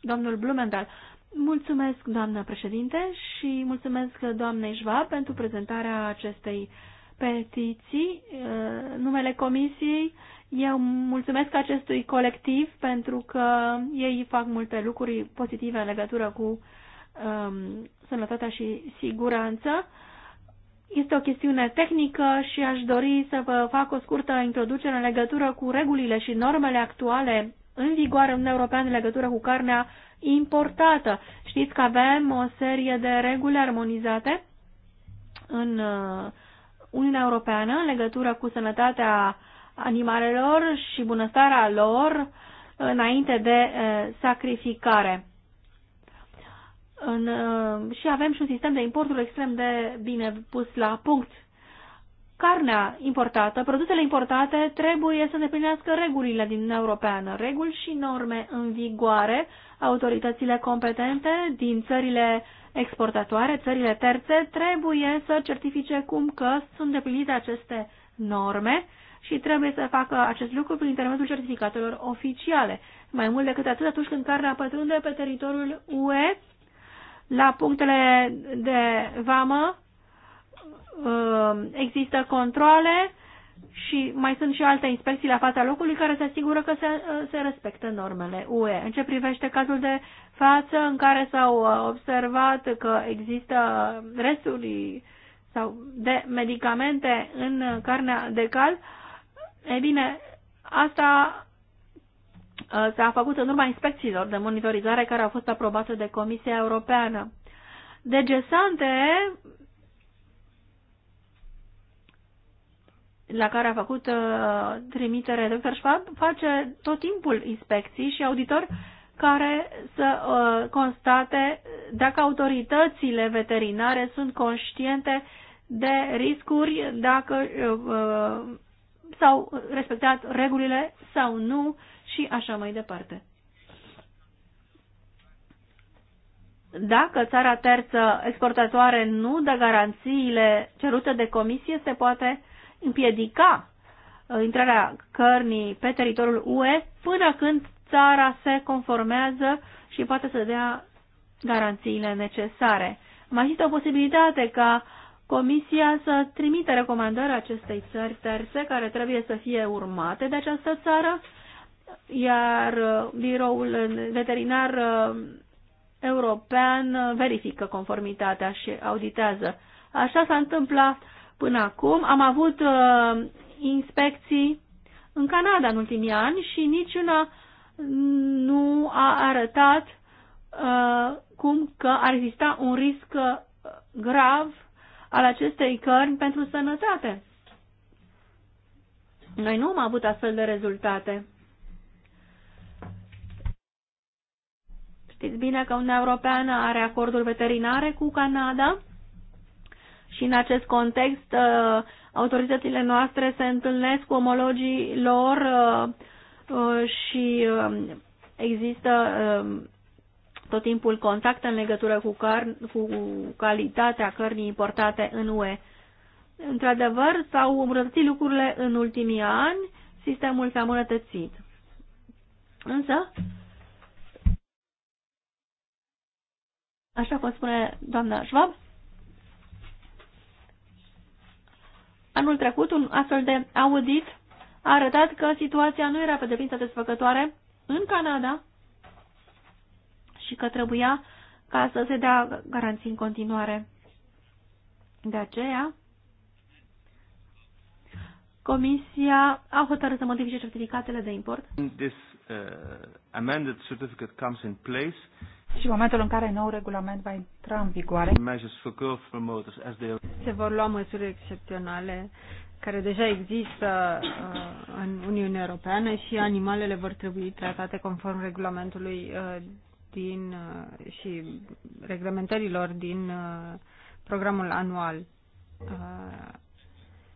Domnul Blumenthal. Mulțumesc, doamnă președinte, și mulțumesc doamnei Schwab pentru prezentarea acestei petiții, uh, numele comisiei. Eu mulțumesc acestui colectiv pentru că ei fac multe lucruri pozitive în legătură cu um, sănătatea și siguranța. Este o chestiune tehnică și aș dori să vă fac o scurtă introducere în legătură cu regulile și normele actuale în vigoare în european Europeană în legătură cu carnea importată. Știți că avem o serie de reguli armonizate în uh, Uniunea Europeană în legătură cu sănătatea animalelor și bunăstarea lor înainte de uh, sacrificare. În, uh, și avem și un sistem de importuri extrem de bine pus la punct carnea importată, produsele importate trebuie să îndeplinească regulile din Uniunea Europeană, reguli și norme în vigoare. Autoritățile competente din țările exportatoare, țările terțe, trebuie să certifice cum că sunt deplinite aceste norme și trebuie să facă acest lucru prin intermediul certificatelor oficiale. Mai mult decât atât, atunci când carnea pătrunde pe teritoriul UE, la punctele de vamă, Uh, există controle și mai sunt și alte inspecții la fața locului care se asigură că se, uh, se respectă normele UE. În ce privește cazul de față în care s-au uh, observat că există resturi sau de medicamente în carnea de cal, e bine, asta s-a făcut în urma inspecțiilor de monitorizare care au fost aprobate de Comisia Europeană. DG la care a făcut uh, trimitere Dr. Schwab, face tot timpul inspecții și auditori care să uh, constate dacă autoritățile veterinare sunt conștiente de riscuri, dacă uh, s-au respectat regulile sau nu și așa mai departe. Dacă țara terță exportatoare nu dă garanțiile cerute de comisie, se poate împiedica uh, intrarea cărnii pe teritoriul UE până când țara se conformează și poate să dea garanțiile necesare. Mai există o posibilitate ca Comisia să trimite recomandări acestei țări terse care trebuie să fie urmate de această țară, iar uh, biroul veterinar uh, european verifică conformitatea și auditează. Așa s-a întâmplat Până acum am avut uh, inspecții în Canada în ultimii ani și niciuna nu a arătat uh, cum că ar exista un risc uh, grav al acestei cărni pentru sănătate. Noi nu am avut astfel de rezultate. Știți bine că Uniunea Europeană are acorduri veterinare cu Canada și în acest context, uh, autoritățile noastre se întâlnesc cu omologii lor uh, uh, și um, există um, tot timpul contact în legătură cu, car- cu calitatea cărnii importate în UE. Într-adevăr, s-au îmbrățit lucrurile în ultimii ani, sistemul s-a îmbunătățit. Însă, așa cum spune doamna Schwab, Anul trecut, un astfel de audit a arătat că situația nu era pe deplin satisfăcătoare în Canada și că trebuia ca să se dea garanții în continuare. De aceea, Comisia a hotărât să modifice certificatele de import. This uh, amended certificate comes in place și în momentul în care nou regulament va intra în vigoare, se vor lua măsuri excepționale care deja există uh, în Uniunea Europeană și animalele vor trebui tratate conform regulamentului uh, din, uh, și reglementărilor din programul anual.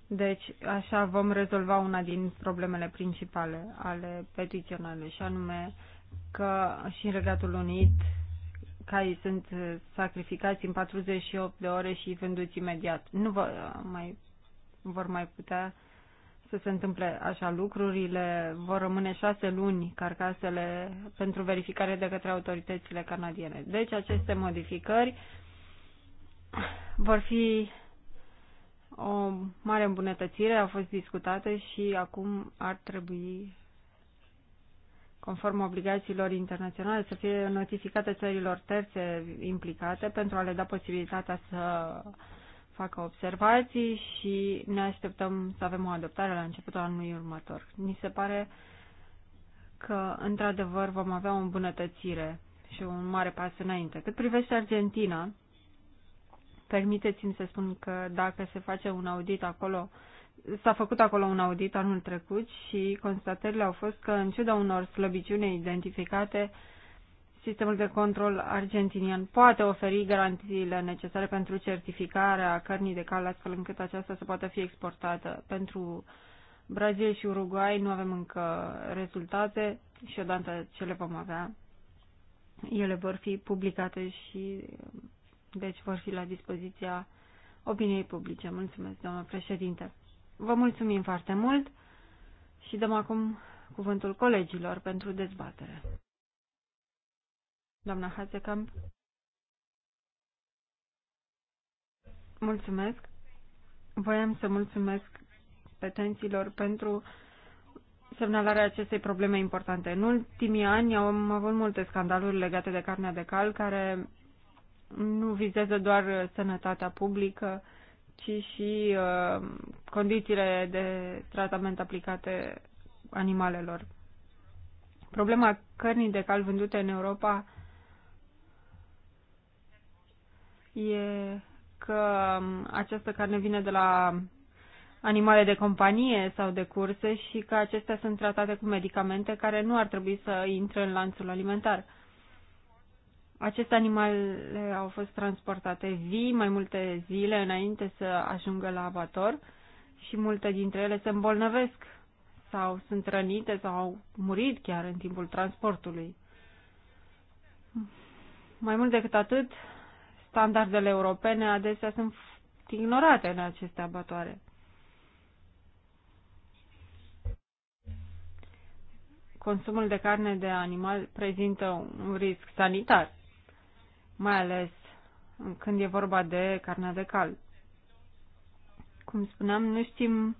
Deci, așa vom rezolva una din problemele principale ale petiționale, și anume că și în Regatul Unit cai sunt uh, sacrificați în 48 de ore și vânduți imediat. Nu vă, uh, mai, vor mai putea să se întâmple așa lucrurile. Vor rămâne șase luni carcasele pentru verificare de către autoritățile canadiene. Deci aceste modificări vor fi o mare îmbunătățire, au fost discutate și acum ar trebui conform obligațiilor internaționale, să fie notificate țărilor terțe implicate pentru a le da posibilitatea să facă observații și ne așteptăm să avem o adoptare la începutul anului următor. Mi se pare că, într-adevăr, vom avea o îmbunătățire și un mare pas înainte. Cât privește Argentina, permiteți-mi să spun că dacă se face un audit acolo, uh, S-a făcut acolo un audit anul trecut și constatările au fost că, în ciuda unor slăbiciune identificate, sistemul de control argentinian poate oferi garanțiile necesare pentru certificarea cărnii de cal, astfel încât aceasta să poată fi exportată. Pentru Brazil și Uruguay nu avem încă rezultate și odată ce le vom avea, ele vor fi publicate și deci vor fi la dispoziția opiniei publice. Mulțumesc, doamnă președinte. Vă mulțumim foarte mult și dăm acum cuvântul colegilor pentru dezbatere. Doamna Hazekamp. Mulțumesc. Voiam să mulțumesc petenților pentru semnalarea acestei probleme importante. În ultimii ani am avut multe scandaluri legate de carnea de cal care nu vizează doar sănătatea publică, ci și uh, condițiile de tratament aplicate animalelor. Problema cărnii de cal vândute în Europa e că um, această carne vine de la animale de companie sau de curse și că acestea sunt tratate cu medicamente care nu ar trebui să intre în lanțul alimentar. Aceste animale au fost transportate vii mai multe zile înainte să ajungă la abator și multe dintre ele se îmbolnăvesc sau sunt rănite sau au murit chiar în timpul transportului. Mai mult decât atât, standardele europene adesea sunt ignorate în aceste abatoare. Consumul de carne de animal prezintă un risc sanitar mai ales când e vorba de carnea de cal. Cum spuneam, nu știm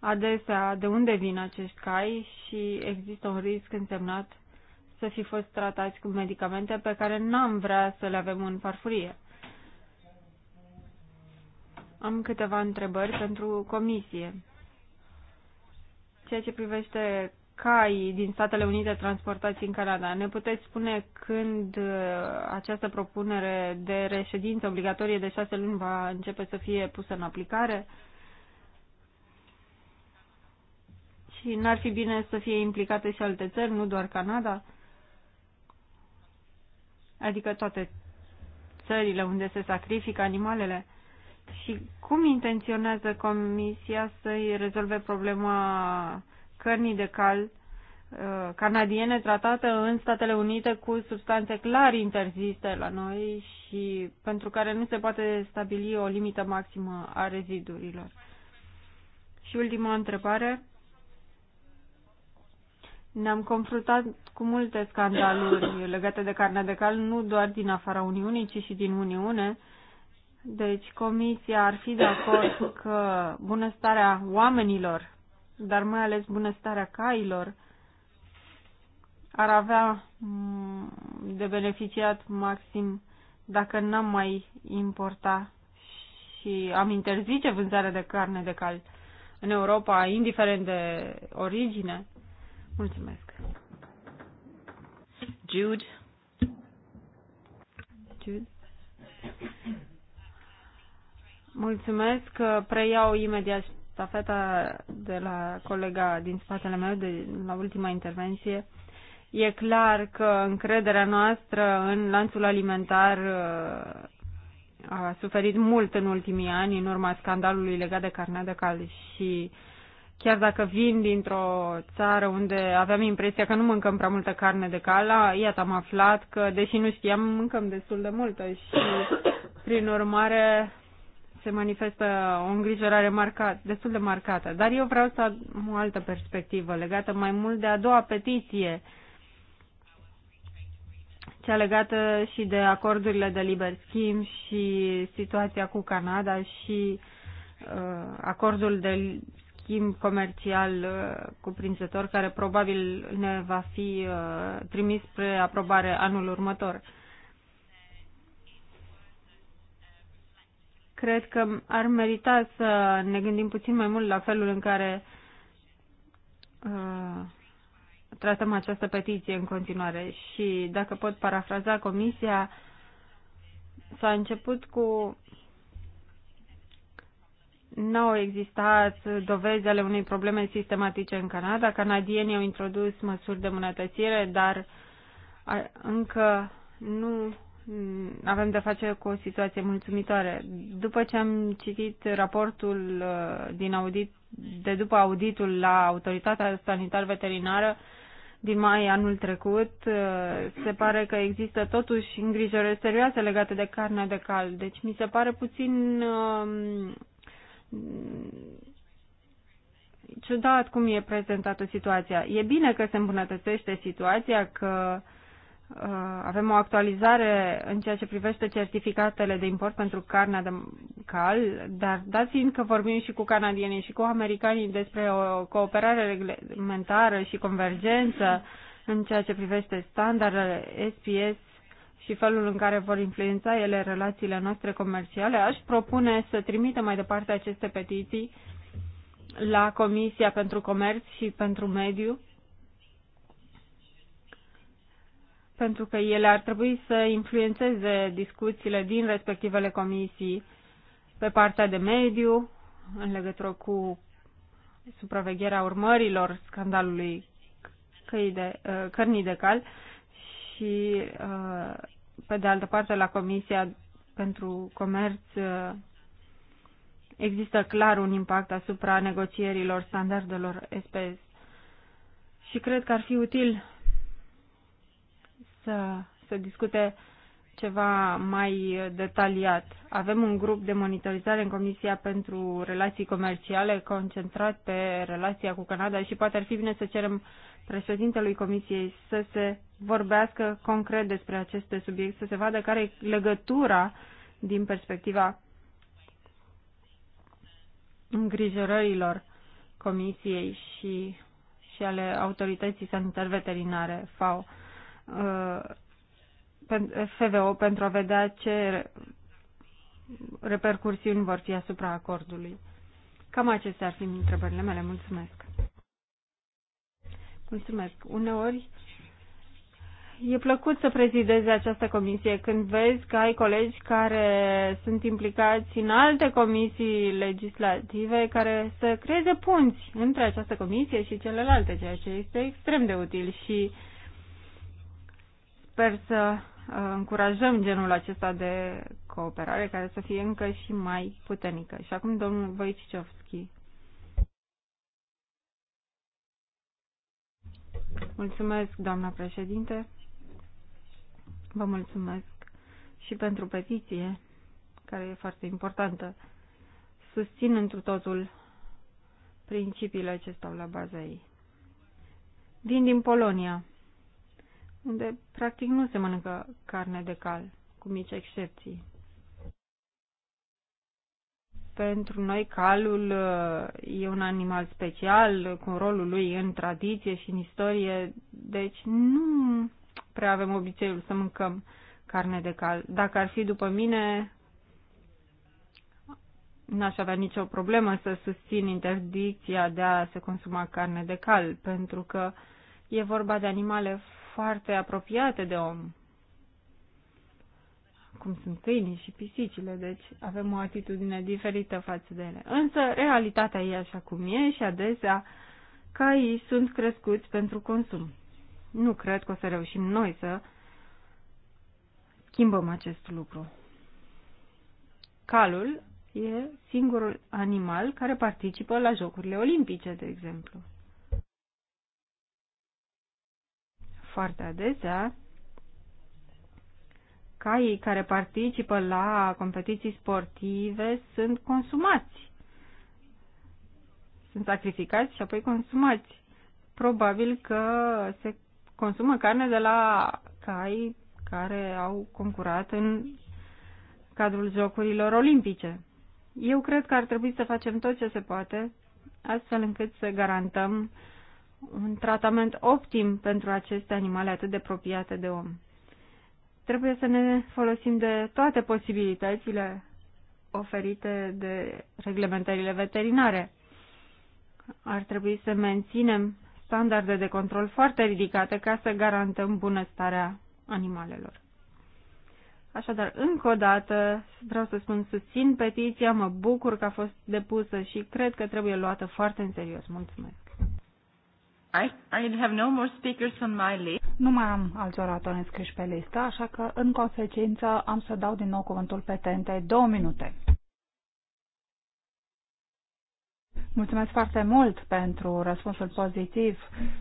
adesea de unde vin acești cai și există un risc însemnat să fi fost tratați cu medicamente pe care n-am vrea să le avem în farfurie. Am câteva întrebări pentru comisie. Ceea ce privește cai din Statele Unite transportați în Canada. Ne puteți spune când uh, această propunere de reședință obligatorie de șase luni va începe să fie pusă în aplicare? Și n-ar fi bine să fie implicate și alte țări, nu doar Canada? Adică toate țările unde se sacrifică animalele? Și cum intenționează Comisia să-i rezolve problema cărnii de cal uh, canadiene tratate în Statele Unite cu substanțe clar interzise la noi și pentru care nu se poate stabili o limită maximă a rezidurilor. Și ultima întrebare. Ne-am confruntat cu multe scandaluri legate de carnea de cal, nu doar din afara Uniunii, ci și din Uniune. Deci Comisia ar fi de acord că bunăstarea oamenilor dar mai ales bunăstarea cailor, ar avea mm, de beneficiat maxim dacă n-am mai importa și am interzice vânzarea de carne de cal în Europa, indiferent de origine. Mulțumesc. Jude. Jude. Mulțumesc. Preiau imediat stafeta de la colega din spatele meu de la ultima intervenție, e clar că încrederea noastră în lanțul alimentar uh, a suferit mult în ultimii ani în urma scandalului legat de carnea de cal și chiar dacă vin dintr-o țară unde aveam impresia că nu mâncăm prea multă carne de cal, iată am aflat că, deși nu știam, mâncăm destul de multă și, prin urmare, se manifestă o îngrijorare marcat, destul de marcată. Dar eu vreau să am o altă perspectivă legată mai mult de a doua petiție, cea legată și de acordurile de liber schimb și situația cu Canada și uh, acordul de schimb comercial uh, cuprinzător care probabil ne va fi uh, trimis spre aprobare anul următor. Uh, Cred că ar merita să ne gândim puțin mai mult la felul în care uh, tratăm această petiție în continuare. Și dacă pot parafraza comisia, s-a început cu n-au existat dovezi ale unei probleme sistematice în Canada. Canadienii au introdus măsuri de mânătățire, dar încă nu Mm, avem de face cu o situație mulțumitoare. După ce am citit raportul uh, din audit, de după auditul la Autoritatea Sanitar-Veterinară din mai anul trecut, uh, se pare că există totuși îngrijorări serioase legate de carne de cal. Deci mi se pare puțin um, ciudat cum e prezentată situația. E bine că se îmbunătățește situația, că Uh, avem o actualizare în ceea ce privește certificatele de import pentru carnea de cal, dar dat fiind că vorbim și cu canadienii și cu americanii despre o cooperare reglementară și convergență în ceea ce privește standardele SPS și felul în care vor influența ele relațiile noastre comerciale, aș propune să trimită mai departe aceste petiții la Comisia pentru Comerț și pentru Mediu, pentru că ele ar trebui să influențeze discuțiile din respectivele comisii pe partea de mediu, în legătură cu supravegherea urmărilor scandalului căi de, uh, cărnii de cal și, uh, pe de altă parte, la Comisia pentru Comerț uh, există clar un impact asupra negocierilor standardelor SPS. Și cred că ar fi util să să discute ceva mai detaliat. Avem un grup de monitorizare în Comisia pentru Relații Comerciale concentrat pe relația cu Canada și poate ar fi bine să cerem președintelui Comisiei să se vorbească concret despre aceste subiecte, să se vadă care e legătura din perspectiva îngrijorărilor Comisiei și, și ale autorității sanitar veterinare FAO. Uh, FVO pentru a vedea ce repercursiuni vor fi asupra acordului. Cam acestea ar fi întrebările mele. Mulțumesc. Mulțumesc. Uneori e plăcut să prezidezi această comisie când vezi că ai colegi care sunt implicați în alte comisii legislative care să creeze punți între această comisie și celelalte, ceea ce este extrem de util și uh, Sper să uh, încurajăm genul acesta de cooperare care să fie încă și mai puternică. Și acum domnul Voicicovski. Mulțumesc, doamna președinte. Vă mulțumesc și pentru petiție, care e foarte importantă. Susțin întru totul principiile ce stau la baza ei. Vin din Polonia unde practic nu se mănâncă carne de cal, cu mici excepții. Pentru noi calul uh, e un animal special, cu rolul lui în tradiție și în istorie, deci nu prea avem obiceiul să mâncăm carne de cal. Dacă ar fi după mine, n-aș avea nicio problemă să susțin interdicția de a se consuma carne de cal, pentru că e vorba de animale foarte apropiate de om, cum sunt câinii și pisicile, deci avem o atitudine diferită față de ele. Însă realitatea e așa cum e și adesea caii sunt crescuți pentru consum. Nu cred că o să reușim noi să schimbăm acest lucru. Calul e singurul animal care participă la Jocurile Olimpice, de exemplu. foarte adesea caii care participă la competiții sportive sunt consumați. Sunt sacrificați și apoi consumați. Probabil că se consumă carne de la cai care au concurat în cadrul jocurilor olimpice. Eu cred că ar trebui să facem tot ce se poate, astfel încât să garantăm uh, un tratament optim pentru aceste animale atât de apropiate de om. Trebuie să ne folosim de toate posibilitățile oferite de reglementările veterinare. Ar trebui să menținem standarde de control foarte ridicate ca să garantăm bunăstarea animalelor. Așadar, încă o dată, vreau să spun, susțin petiția, mă bucur că a fost depusă și cred că trebuie luată foarte în serios. Mulțumesc! I, I have no more speakers on my list. Nu mai am alți oratori înscriși pe listă, așa că, în consecință, am să dau din nou cuvântul petentei două minute. Mulțumesc foarte mult pentru răspunsul pozitiv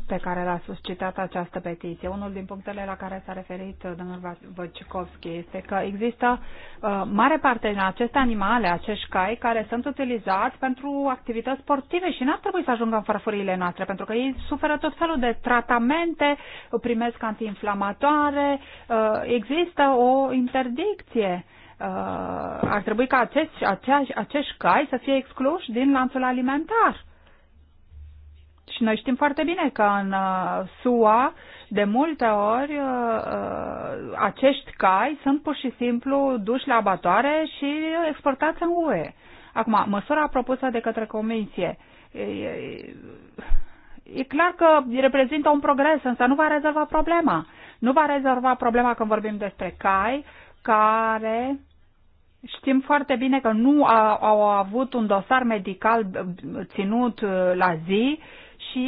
pe care l-a suscitat această petiție. Unul din punctele la care s-a referit domnul Văcicovski este că există uh, mare parte din aceste animale, acești cai, care sunt utilizați pentru activități sportive și n-ar trebui să ajungă în farfurile noastre, pentru că ei suferă tot felul de tratamente, primesc antiinflamatoare, uh, există o interdicție uh, Uh, ar trebui ca acești, aceași, acești cai să fie excluși din lanțul alimentar. Și noi știm foarte bine că în uh, SUA, de multe ori, uh, acești cai sunt pur și simplu duși la abatoare și exportați în UE. Acum, măsura propusă de către Comisie e clar că reprezintă un progres, însă nu va rezolva problema. Nu va rezolva problema când vorbim despre cai, care Știm foarte bine că nu au avut un dosar medical ținut uh, la zi și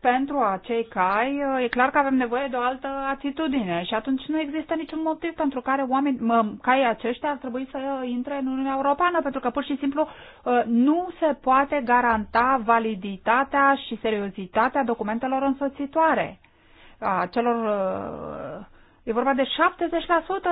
pentru acei cai uh, e clar că avem nevoie de o altă atitudine și atunci nu există niciun motiv pentru care oameni, mă, caii aceștia ar trebui să intre în Uniunea Europeană pentru că pur și simplu uh, nu se poate garanta validitatea și seriozitatea documentelor însoțitoare a celor E vorba de 70%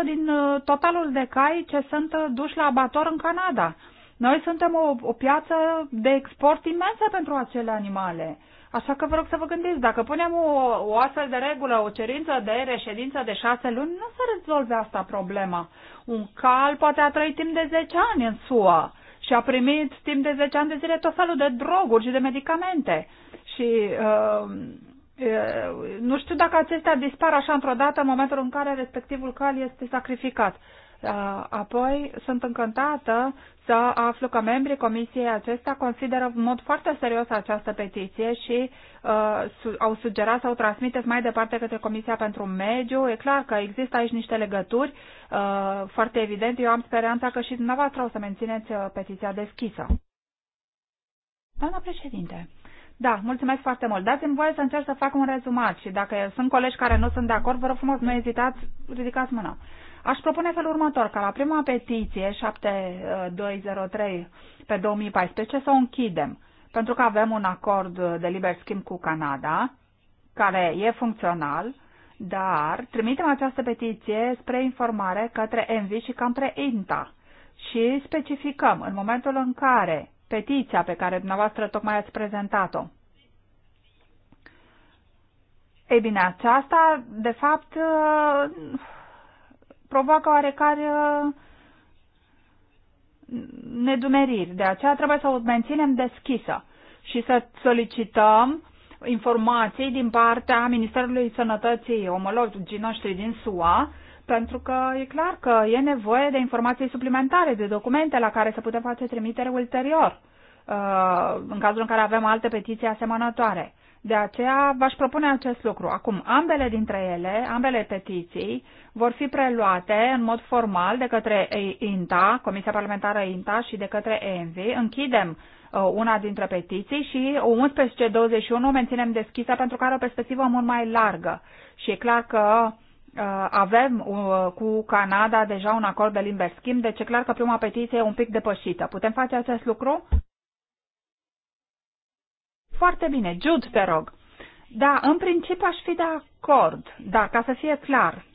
din uh, totalul de cai ce sunt uh, duși la abator în Canada. Noi suntem o, o piață de export imensă pentru acele animale. Așa că vă rog să vă gândiți, dacă punem o, o astfel de regulă, o cerință de reședință de șase luni, nu se rezolve asta problema. Un cal poate a trăit timp de 10 ani în SUA și a primit timp de 10 ani de zile tot felul de droguri și de medicamente. Și uh, nu știu dacă acestea dispar așa într-o dată în momentul în care respectivul cal este sacrificat. Apoi sunt încântată să aflu că membrii comisiei acesta consideră în mod foarte serios această petiție și uh, su- au sugerat sau transmiteți mai departe către Comisia pentru Mediu. E clar că există aici niște legături uh, foarte evidente. Eu am speranța că și dumneavoastră o să mențineți petiția deschisă. Doamna președinte, da, mulțumesc foarte mult. Dați-mi voie să încerc să fac un rezumat și dacă sunt colegi care nu sunt de acord, vă rog frumos, nu ezitați, ridicați mâna. Aș propune felul următor, ca la prima petiție 7203 uh, pe 2014 să o închidem, pentru că avem un acord de liber schimb cu Canada, care e funcțional, dar trimitem această petiție spre informare către Envi și către INTA și specificăm în momentul în care petiția pe care dumneavoastră tocmai ați prezentat-o. Ei bine, aceasta, de fapt, uh, provoacă oarecare uh, nedumeriri. De aceea trebuie să o menținem deschisă și să solicităm informații din partea Ministerului Sănătății din noștri din SUA pentru că e clar că e nevoie de informații suplimentare, de documente la care să putem face trimitere ulterior, uh, în cazul în care avem alte petiții asemănătoare. De aceea v-aș propune acest lucru. Acum, ambele dintre ele, ambele petiții, vor fi preluate în mod formal de către INTA, Comisia Parlamentară INTA și de către ENVI. Închidem uh, una dintre petiții și o 11-21 menținem deschisă pentru că are o perspectivă mult mai largă. Și e clar că Uh, avem uh, cu Canada deja un acord de liber schimb, deci e clar că prima petiție e un pic depășită. Putem face acest lucru? Foarte bine. Jude, te rog. Da, în principiu aș fi de acord, dar ca să fie clar,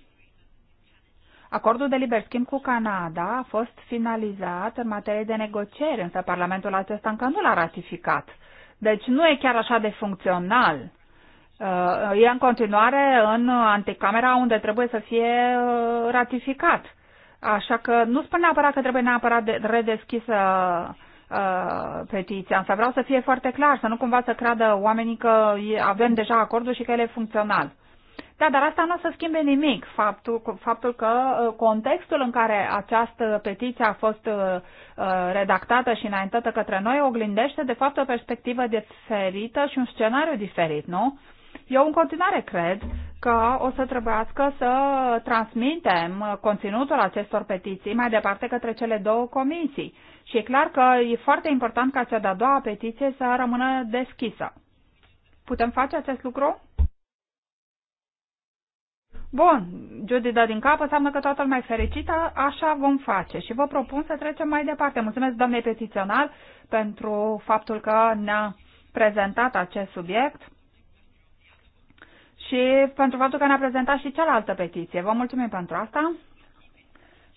Acordul de liber schimb cu Canada a fost finalizat în materie de negocieri, însă Parlamentul acesta încă nu l-a ratificat. Deci nu e chiar așa de funcțional Uh, e în continuare în anticamera unde trebuie să fie uh, ratificat. Așa că nu spun neapărat că trebuie neapărat de, redeschisă uh, petiția, însă vreau să fie foarte clar, să nu cumva să creadă oamenii că avem deja acordul și că el e funcțional. Da, dar asta nu o să schimbe nimic. Faptul, faptul că uh, contextul în care această petiție a fost redactată și înaintată către noi oglindește, de fapt, o perspectivă diferită și un scenariu diferit, nu? Uh, eu în continuare cred că o să trebuiască să transmitem conținutul acestor petiții mai departe către cele două comisii. Și e clar că e foarte important ca cea de-a doua petiție să rămână deschisă. Putem face acest lucru? Bun, Judy dă din cap, înseamnă că toată lumea e fericită, așa vom face și vă propun să trecem mai departe. Mulțumesc doamnei petițional pentru faptul că ne-a prezentat acest subiect și pentru faptul că ne-a prezentat și cealaltă petiție. Vă mulțumim pentru asta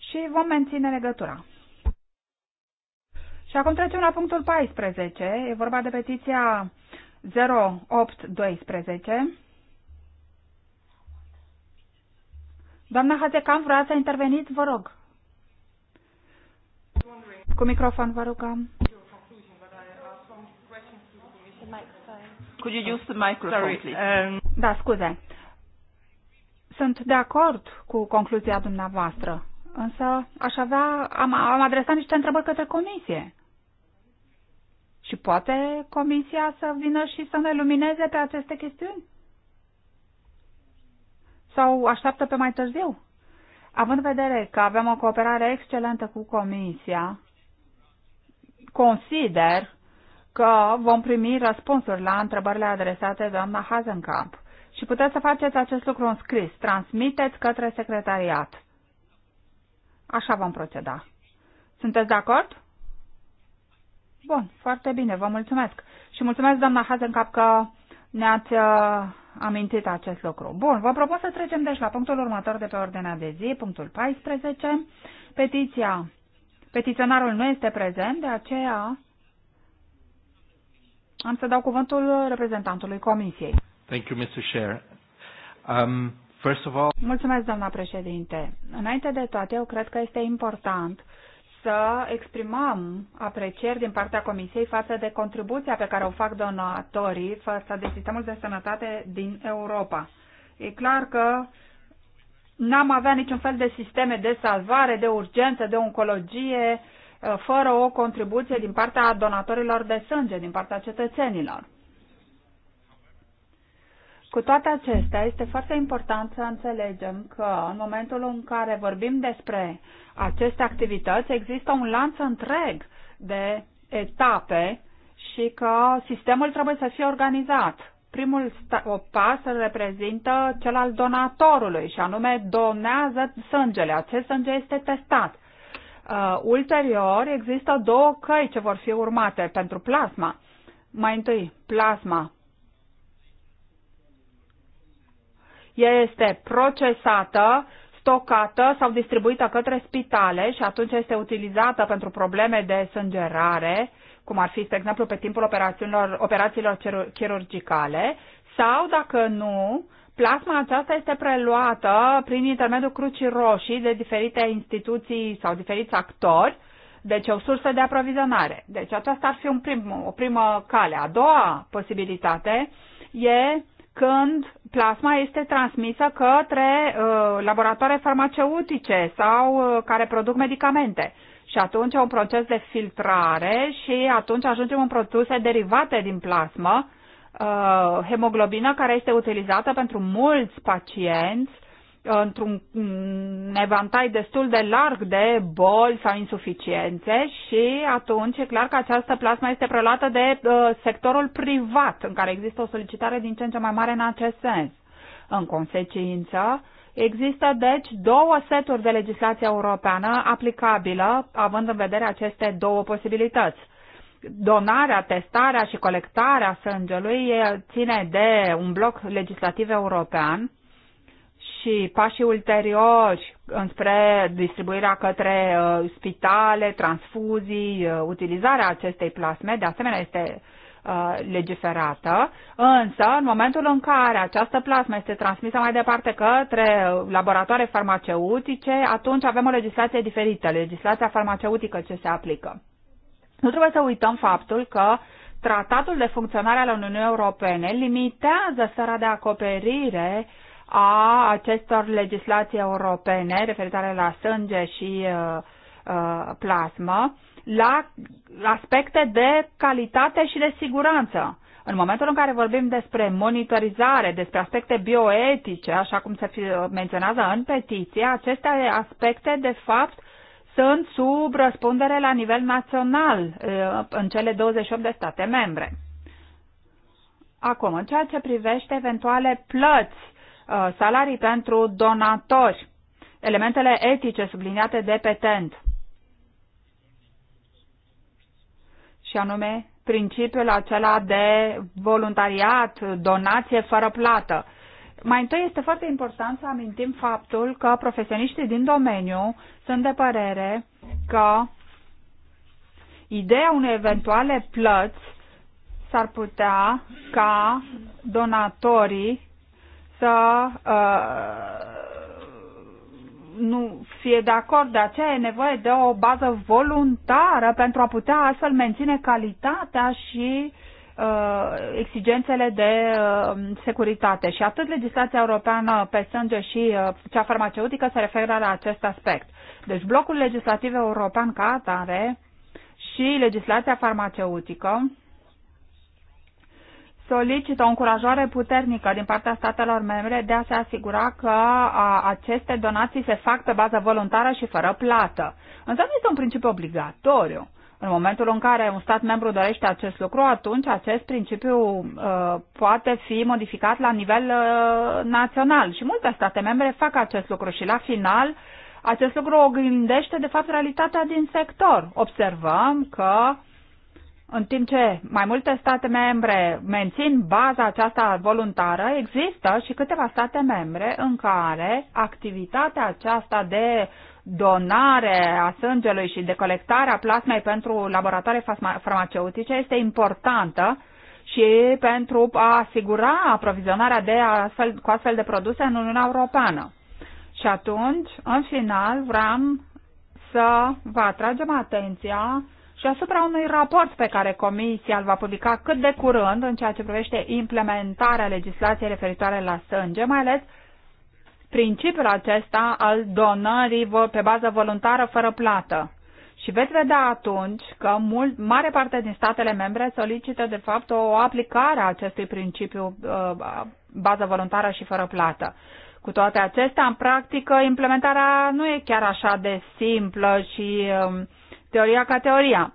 și vom menține legătura. Și acum trecem la punctul 14. E vorba de petiția 0812. Doamna Hazecam, vreau să interveniți, vă rog. Cu microfon, vă rugăm. Could you use the microphone, Sorry. please? Um, da, scuze. Sunt de acord cu concluzia dumneavoastră, însă aș avea, am, am adresat niște întrebări către comisie. Și poate comisia să vină și să ne lumineze pe aceste chestiuni? Sau așteaptă pe mai târziu? Având în vedere că avem o cooperare excelentă cu comisia, consider că vom primi răspunsuri la întrebările adresate doamna Hazenkamp. Și puteți să faceți acest lucru în scris. Transmiteți către secretariat. Așa vom proceda. Sunteți de acord? Bun, foarte bine, vă mulțumesc. Și mulțumesc, doamna Hazenkamp, că ne-ați uh, amintit acest lucru. Bun, vă propun să trecem deci la punctul următor de pe ordinea de zi, punctul 14. Petiția. Petiționarul nu este prezent, de aceea am să dau cuvântul reprezentantului Comisiei. Thank you, Mr. Chair. Um, first of all... Mulțumesc, doamna președinte. Înainte de toate, eu cred că este important să exprimăm aprecieri din partea Comisiei față de contribuția pe care o fac donatorii față de sistemul de sănătate din Europa. E clar că n-am avea niciun fel de sisteme de salvare, de urgență, de oncologie, Uh, fără o contribuție din partea donatorilor de sânge, din partea cetățenilor. Cu toate acestea, este foarte important să înțelegem că în momentul în care vorbim despre aceste activități, există un lanț întreg de etape și că sistemul trebuie să fie organizat. Primul pas reprezintă cel al donatorului și anume donează sângele. Acest sânge este testat Uh, ulterior, există două căi ce vor fi urmate pentru plasma. Mai întâi, plasma este procesată, stocată sau distribuită către spitale și atunci este utilizată pentru probleme de sângerare, cum ar fi, de exemplu, pe timpul operațiilor, operațiilor chirurgicale, sau, dacă nu, Plasma aceasta este preluată prin intermediul Crucii Roșii de diferite instituții sau diferiți actori, deci o sursă de aprovizionare. Deci aceasta ar fi un prim, o primă cale. A doua posibilitate e când plasma este transmisă către uh, laboratoare farmaceutice sau uh, care produc medicamente. Și atunci un proces de filtrare și atunci ajungem în produse derivate din plasmă uh, hemoglobină care este utilizată pentru mulți pacienți într-un evantai destul de larg de boli sau insuficiențe și atunci e clar că această plasmă este preluată de uh, sectorul privat, în care există o solicitare din ce în ce mai mare în acest sens. În consecință, există deci două seturi de legislație europeană aplicabilă, având în vedere aceste două posibilități donarea, testarea și colectarea sângelui ține de un bloc legislativ european și pașii ulteriori înspre distribuirea către uh, spitale, transfuzii, uh, utilizarea acestei plasme, de asemenea este uh, legiferată, însă în momentul în care această plasmă este transmisă mai departe către laboratoare farmaceutice, atunci avem o legislație diferită, legislația farmaceutică ce se aplică. Nu trebuie să uităm faptul că Tratatul de funcționare al Uniunii Europene limitează sfera de acoperire a acestor legislații europene referitoare la sânge și uh, uh, plasmă la aspecte de calitate și de siguranță. În momentul în care vorbim despre monitorizare, despre aspecte bioetice, așa cum se uh, menționează în petiție, aceste aspecte, de fapt, sunt sub răspundere la nivel național în cele 28 de state membre. Acum, în ceea ce privește eventuale plăți, salarii pentru donatori, elementele etice subliniate de petent, și anume principiul acela de voluntariat, donație fără plată. Mai întâi este foarte important să amintim faptul că profesioniștii din domeniu sunt de părere că ideea unei eventuale plăți s-ar putea ca donatorii să uh, nu fie de acord. De aceea e nevoie de o bază voluntară pentru a putea astfel menține calitatea și uh, exigențele de uh, securitate. Și atât legislația europeană pe sânge și uh, cea farmaceutică se referă la acest aspect. Deci blocul legislativ european ca atare și legislația farmaceutică solicită o încurajare puternică din partea statelor membre de a se asigura că aceste donații se fac pe bază voluntară și fără plată. Însă nu este un principiu obligatoriu. În momentul în care un stat membru dorește acest lucru, atunci acest principiu uh, poate fi modificat la nivel uh, național. Și multe state membre fac acest lucru și la final acest lucru oglindește de fapt realitatea din sector. Observăm că în timp ce mai multe state membre mențin baza aceasta voluntară, există și câteva state membre în care activitatea aceasta de donare a sângelui și de a plasmei pentru laboratoare farmaceutice este importantă și pentru a asigura aprovizionarea de astfel, cu astfel de produse în Uniunea Europeană. Și atunci, în final, vreau să vă atragem atenția și asupra unui raport pe care Comisia îl va publica cât de curând în ceea ce privește implementarea legislației referitoare la sânge, mai ales principiul acesta al donării pe bază voluntară fără plată. Și veți vedea atunci că mult, mare parte din statele membre solicită, de fapt, o aplicare a acestui principiu uh, bază voluntară și fără plată. Cu toate acestea, în practică, implementarea nu e chiar așa de simplă și um, teoria ca teoria.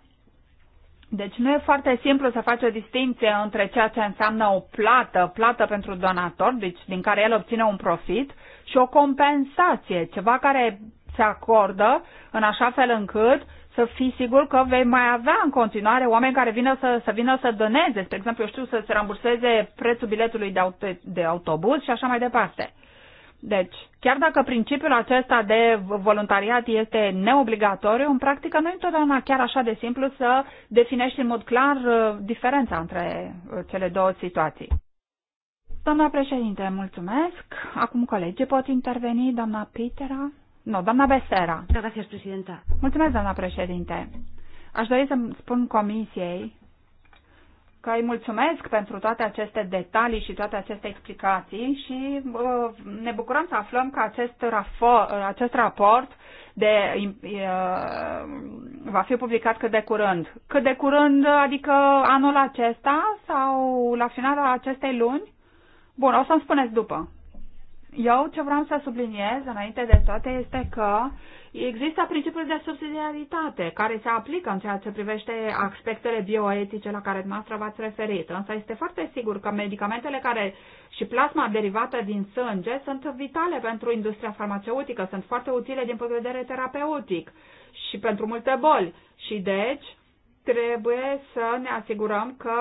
Deci nu e foarte simplu să faci o distinție între ceea ce înseamnă o plată, plată pentru donator, deci din care el obține un profit, și o compensație, ceva care se acordă în așa fel încât să fii sigur că vei mai avea în continuare oameni care vină să, să vină să doneze, spre exemplu, eu știu, să se ramburseze prețul biletului de, auto, de autobuz și așa mai departe. Deci, chiar dacă principiul acesta de voluntariat este neobligatoriu, în practică nu e întotdeauna chiar așa de simplu să definești în mod clar uh, diferența între uh, cele două situații. Doamna președinte, mulțumesc. Acum colegii pot interveni, doamna Pitera. Nu, doamna Besera. Gracias, președinta. Mulțumesc, doamna președinte. Aș dori să spun comisiei că îi mulțumesc pentru toate aceste detalii și toate aceste explicații și uh, ne bucurăm să aflăm că acest, rafor, acest raport de, uh, va fi publicat cât de curând. Cât de curând, adică anul acesta sau la finalul acestei luni? Bun, o să-mi spuneți după. Eu ce vreau să subliniez înainte de toate este că Există principiul de subsidiaritate care se aplică în ceea ce privește aspectele bioetice la care dumneavoastră v-ați referit, însă este foarte sigur că medicamentele care și plasma derivată din sânge sunt vitale pentru industria farmaceutică, sunt foarte utile din punct de vedere terapeutic și pentru multe boli. Și deci, trebuie să ne asigurăm că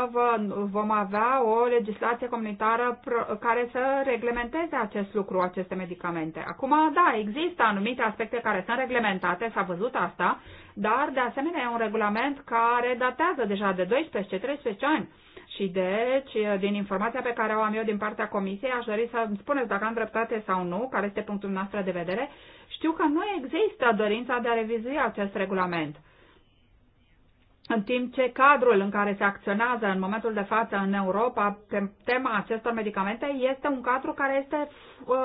vom avea o legislație comunitară care să reglementeze acest lucru, aceste medicamente. Acum, da, există anumite aspecte care sunt reglementate, s-a văzut asta, dar de asemenea e un regulament care datează deja de 12-13 ani. Și deci, din informația pe care o am eu din partea comisiei, aș dori să spuneți dacă am dreptate sau nu, care este punctul nostru de vedere. Știu că nu există dorința de a revizui acest regulament în timp ce cadrul în care se acționează în momentul de față în Europa tema acestor medicamente este un cadru care este uh,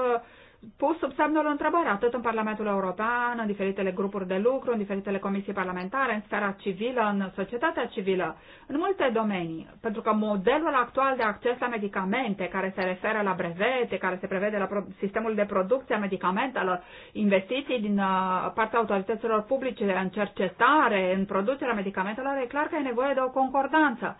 pus sub semnul întrebării, atât în Parlamentul European, în diferitele grupuri de lucru, în diferitele comisii parlamentare, în sfera civilă, în societatea civilă, în multe domenii. Pentru că modelul actual de acces la medicamente, care se referă la brevete, care se prevede la sistemul de producție a medicamentelor, investiții din uh, partea autorităților publice în cercetare, în producerea medicamentelor, e clar că e nevoie de o concordanță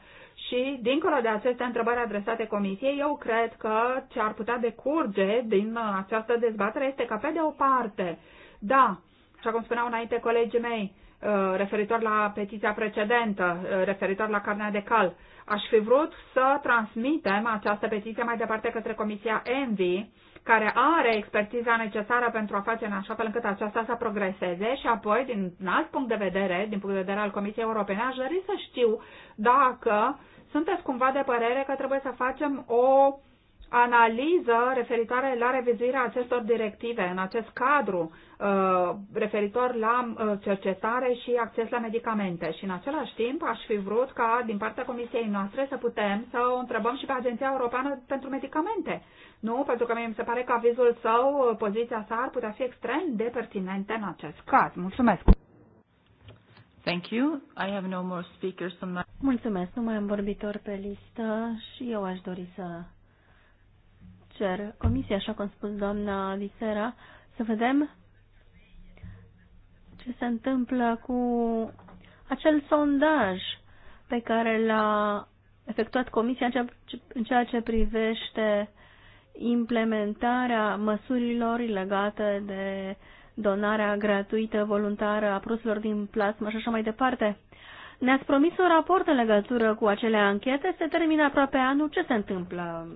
și, dincolo de aceste întrebări adresate Comisiei, eu cred că ce ar putea decurge din această dezbatere este ca, pe de o parte, da, așa cum spuneau înainte colegii mei, uh, referitor la petiția precedentă, uh, referitor la carnea de cal, aș fi vrut să transmitem această petiție mai departe către Comisia ENVI, care are expertiza necesară pentru a face în așa fel încât aceasta să progreseze și apoi, din alt punct de vedere, din punct de vedere al Comisiei Europene, aș dori să știu dacă uh, sunteți cumva de părere că trebuie să facem o analiză referitoare la revizuirea acestor directive în acest cadru uh, referitor la uh, cercetare și acces la medicamente. Și în același timp aș fi vrut ca din partea comisiei noastre să putem să o întrebăm și pe Agenția Europeană pentru Medicamente. Nu? Pentru că mi se pare că avizul său, uh, poziția sa ar putea fi extrem de pertinente în acest caz. Mulțumesc! Thank you. I have no more speakers on my... Mulțumesc, nu mai am vorbitor pe listă și eu aș dori să cer comisia, așa cum spus doamna Visera, să vedem ce se întâmplă cu acel sondaj pe care l-a efectuat comisia în ceea ce privește implementarea măsurilor legate de uh, donarea gratuită, voluntară a produselor din plasmă și așa mai departe. Ne-ați promis un raport în legătură cu acele anchete, se termină aproape anul. Ce se întâmplă?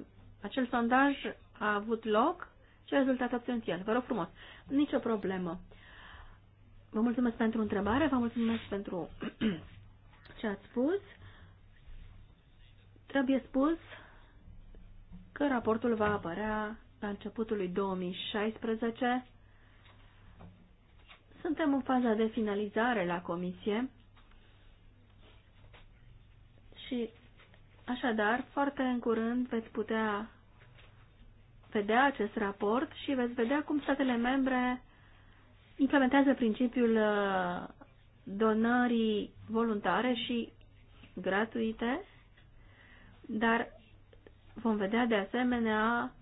Acel sondaj a avut loc? Ce rezultat obținut Vă rog frumos. Nicio problemă. Vă mulțumesc pentru întrebare, vă mulțumesc pentru ce ați spus. Trebuie spus că raportul va apărea la începutul lui 2016 suntem în faza de finalizare la comisie și așadar foarte în curând veți putea vedea acest raport și veți vedea cum statele membre implementează principiul uh, donării voluntare și gratuite, dar vom vedea de asemenea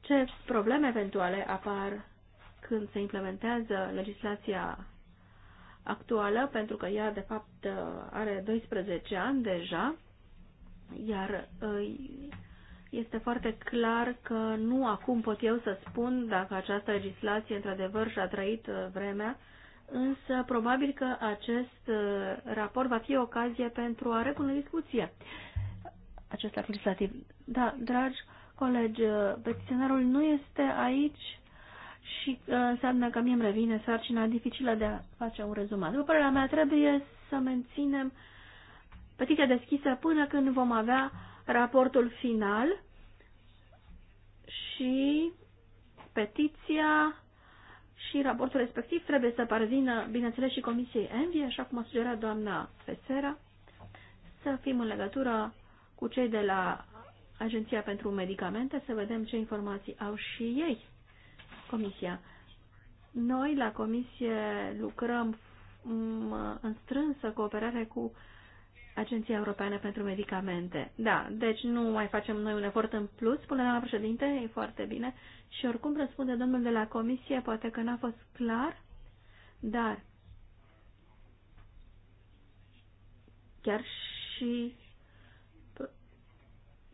ce probleme eventuale apar când se implementează legislația actuală, pentru că ea, de fapt, are 12 ani deja, iar uh, este foarte clar că nu acum pot eu să spun dacă această legislație într-adevăr și-a trăit uh, vremea, însă probabil că acest uh, raport va fi ocazie pentru a repune discuție acest legislativ. Da, dragi colegi, petiționarul nu este aici, și uh, înseamnă că mie îmi revine sarcina dificilă de a face un rezumat. După părerea mea, trebuie să menținem petiția deschisă până când vom avea raportul final și petiția și raportul respectiv trebuie să parvină, bineînțeles, și Comisiei Envie, așa cum a sugerat doamna Fesera, să fim în legătură cu cei de la Agenția pentru Medicamente, să vedem ce informații au și ei Comisia. Noi la Comisie lucrăm mm, în strânsă cooperare cu Agenția Europeană pentru Medicamente. Da, deci nu mai facem noi un efort în plus, spune doamna președinte, e foarte bine. Și oricum răspunde domnul de la Comisie, poate că n-a fost clar, dar chiar și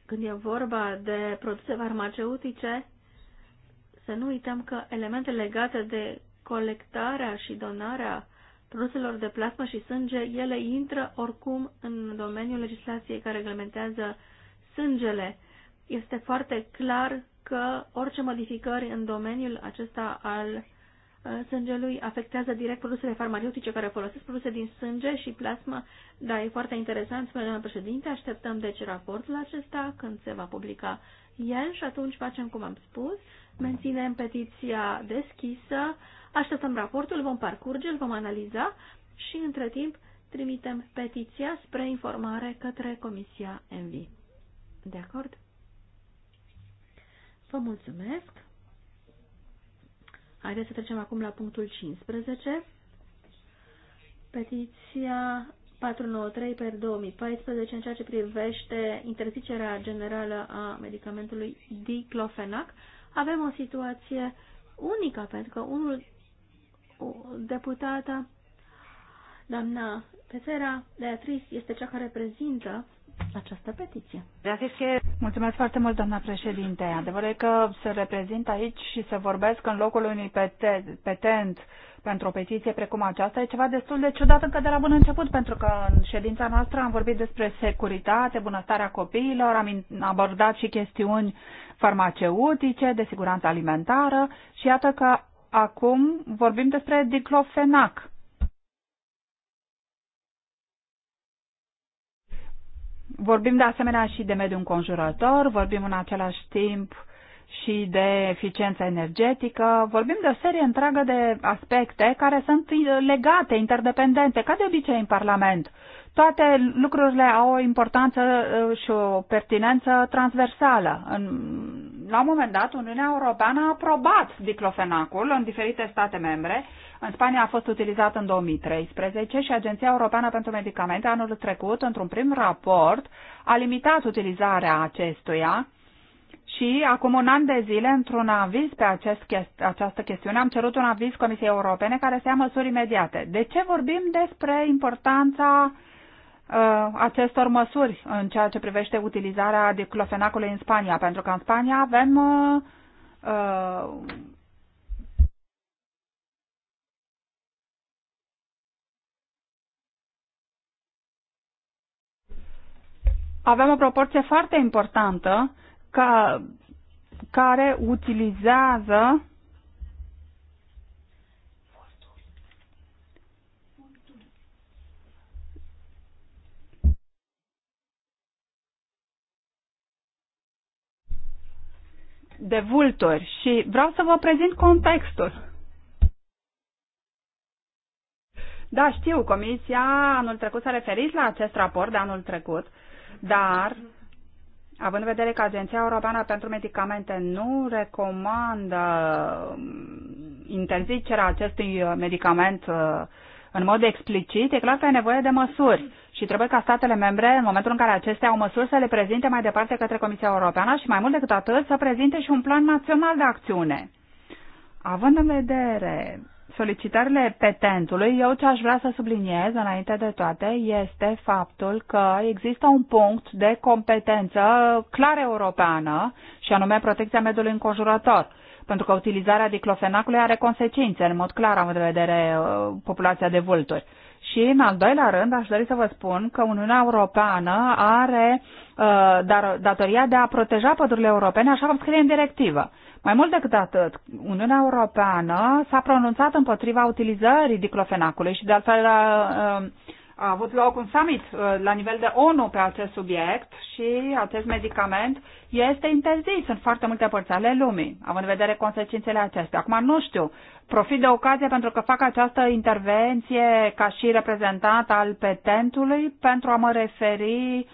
când e vorba de produse farmaceutice, să nu uităm că elementele legate de colectarea și donarea produselor de plasmă și sânge, ele intră oricum în domeniul legislației care reglementează sângele. Este foarte clar că orice modificări în domeniul acesta al uh, sângelui afectează direct produsele farmaceutice care folosesc produse din sânge și plasmă. Da, e foarte interesant, spune doamna președinte, așteptăm deci raportul acesta când se va publica yen și atunci facem cum am spus, menținem petiția deschisă, așteptăm raportul, vom parcurge, îl vom analiza și între timp trimitem petiția spre informare către Comisia MV. De acord? Vă mulțumesc! Haideți să trecem acum la punctul 15. Petiția 493 per 2014 în ceea ce privește interzicerea generală a medicamentului diclofenac, avem o situație unică, pentru că unul o deputată, doamna de Beatriz, este cea care prezintă această petiție. Mulțumesc foarte mult, doamna președinte. Adevărul e că se reprezint aici și se vorbesc în locul unui petent pentru o petiție precum aceasta e ceva destul de ciudat încă de la bun început, pentru că în ședința noastră am vorbit despre securitate, bunăstarea copiilor, am abordat și chestiuni farmaceutice, de siguranță alimentară și iată că acum vorbim despre diclofenac. Vorbim de asemenea și de mediul înconjurător, vorbim în același timp și de eficiență energetică, vorbim de o serie întreagă de aspecte care sunt legate, interdependente, ca de obicei în Parlament. Toate lucrurile au o importanță uh, și o pertinență transversală. În, la un moment dat, Uniunea Europeană a aprobat diclofenacul în diferite state membre în Spania a fost utilizat în 2013 și Agenția Europeană pentru Medicamente anul trecut, într-un prim raport, a limitat utilizarea acestuia și acum un an de zile, într-un aviz pe acest, această chestiune, am cerut un aviz Comisiei Europene care să ia măsuri imediate. De ce vorbim despre importanța uh, acestor măsuri în ceea ce privește utilizarea diclofenacului în Spania? Pentru că în Spania avem uh, uh aveam o proporție foarte importantă ca, care utilizează de vulturi și vreau să vă prezint contextul. Da, știu, Comisia anul trecut s-a referit la acest raport de anul trecut dar, având în vedere că Agenția Europeană pentru Medicamente nu recomandă um, interzicerea acestui uh, medicament uh, în mod explicit, e clar că e nevoie de măsuri și trebuie ca statele membre, în momentul în care acestea au măsuri, să le prezinte mai departe către Comisia Europeană și mai mult decât atât să prezinte și un plan național de acțiune. Având în vedere solicitările petentului, eu ce aș vrea să subliniez înainte de toate este faptul că există un punct de competență clar europeană și anume protecția mediului înconjurător. Pentru că utilizarea diclofenacului are consecințe, în mod clar am în vedere uh, populația de vulturi. Și, în al doilea rând, aș dori să vă spun că Uniunea Europeană are uh, dar, datoria de a proteja pădurile europene, așa cum scrie în directivă. Mai mult decât atât, Uniunea Europeană s-a pronunțat împotriva utilizării diclofenacului și de altfel a um, avut loc un summit uh, la nivel de ONU pe acest subiect și acest medicament este interzis în foarte multe părți ale lumii, având în vedere consecințele acestea. Acum nu știu, profit de ocazie pentru că fac această intervenție ca și reprezentant al petentului pentru a mă referi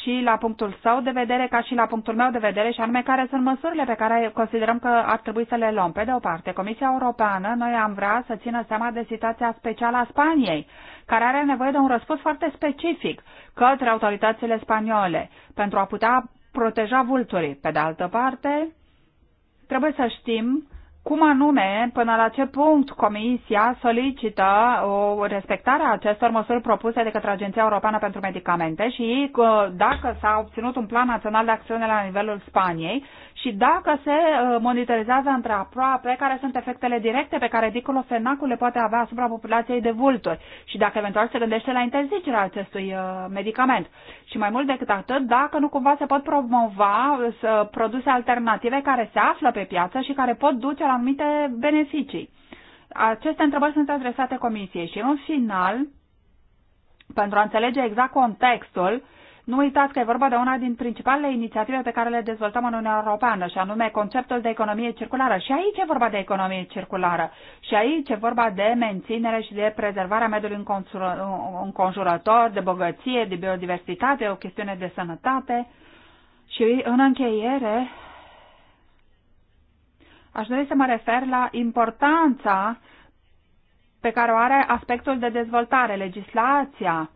și la punctul său de vedere, ca și la punctul meu de vedere, și anume care sunt măsurile pe care considerăm că ar trebui să le luăm. Pe de o parte, Comisia Europeană, noi am vrea să țină seama de situația specială a Spaniei, care are nevoie de un răspuns foarte specific către autoritățile spaniole pentru a putea proteja vulturii. Pe de altă parte, trebuie să știm cum anume, până la ce punct Comisia solicită o respectare a acestor măsuri propuse de către Agenția Europeană pentru Medicamente și uh, dacă s-a obținut un plan național de acțiune la nivelul Spaniei și dacă se uh, monitorizează aproape care sunt efectele directe pe care diclofenacul le poate avea asupra populației de vulturi și dacă eventual se gândește la interzicerea acestui uh, medicament. Și mai mult decât atât, dacă nu cumva se pot promova uh, produse alternative care se află pe piață și care pot duce la anumite beneficii. Aceste întrebări sunt adresate Comisiei și în final, pentru a înțelege exact contextul, uh, nu uitați că e vorba de una din principalele inițiative pe care le dezvoltăm în Uniunea Europeană, și anume conceptul de economie circulară. Și aici e vorba de economie circulară. Și aici e vorba de menținere și de prezervarea mediului înconjurător, de bogăție, de biodiversitate, o chestiune de sănătate. Și în încheiere, aș dori să mă refer la importanța pe care o are aspectul de dezvoltare, legislația,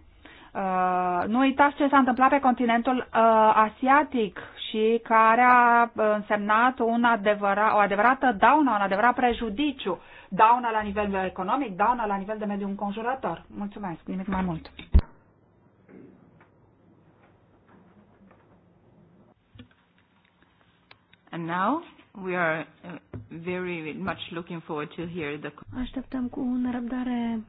Uh, nu uitați ce s-a întâmplat pe continentul uh, asiatic și care a uh, însemnat un adevărat, o adevărată daună, un adevărat prejudiciu. Dauna la nivel economic, dauna la nivel de mediu înconjurător. Mulțumesc, nimic mai mult. And now we are very much looking forward to hear the Așteptăm cu nerăbdare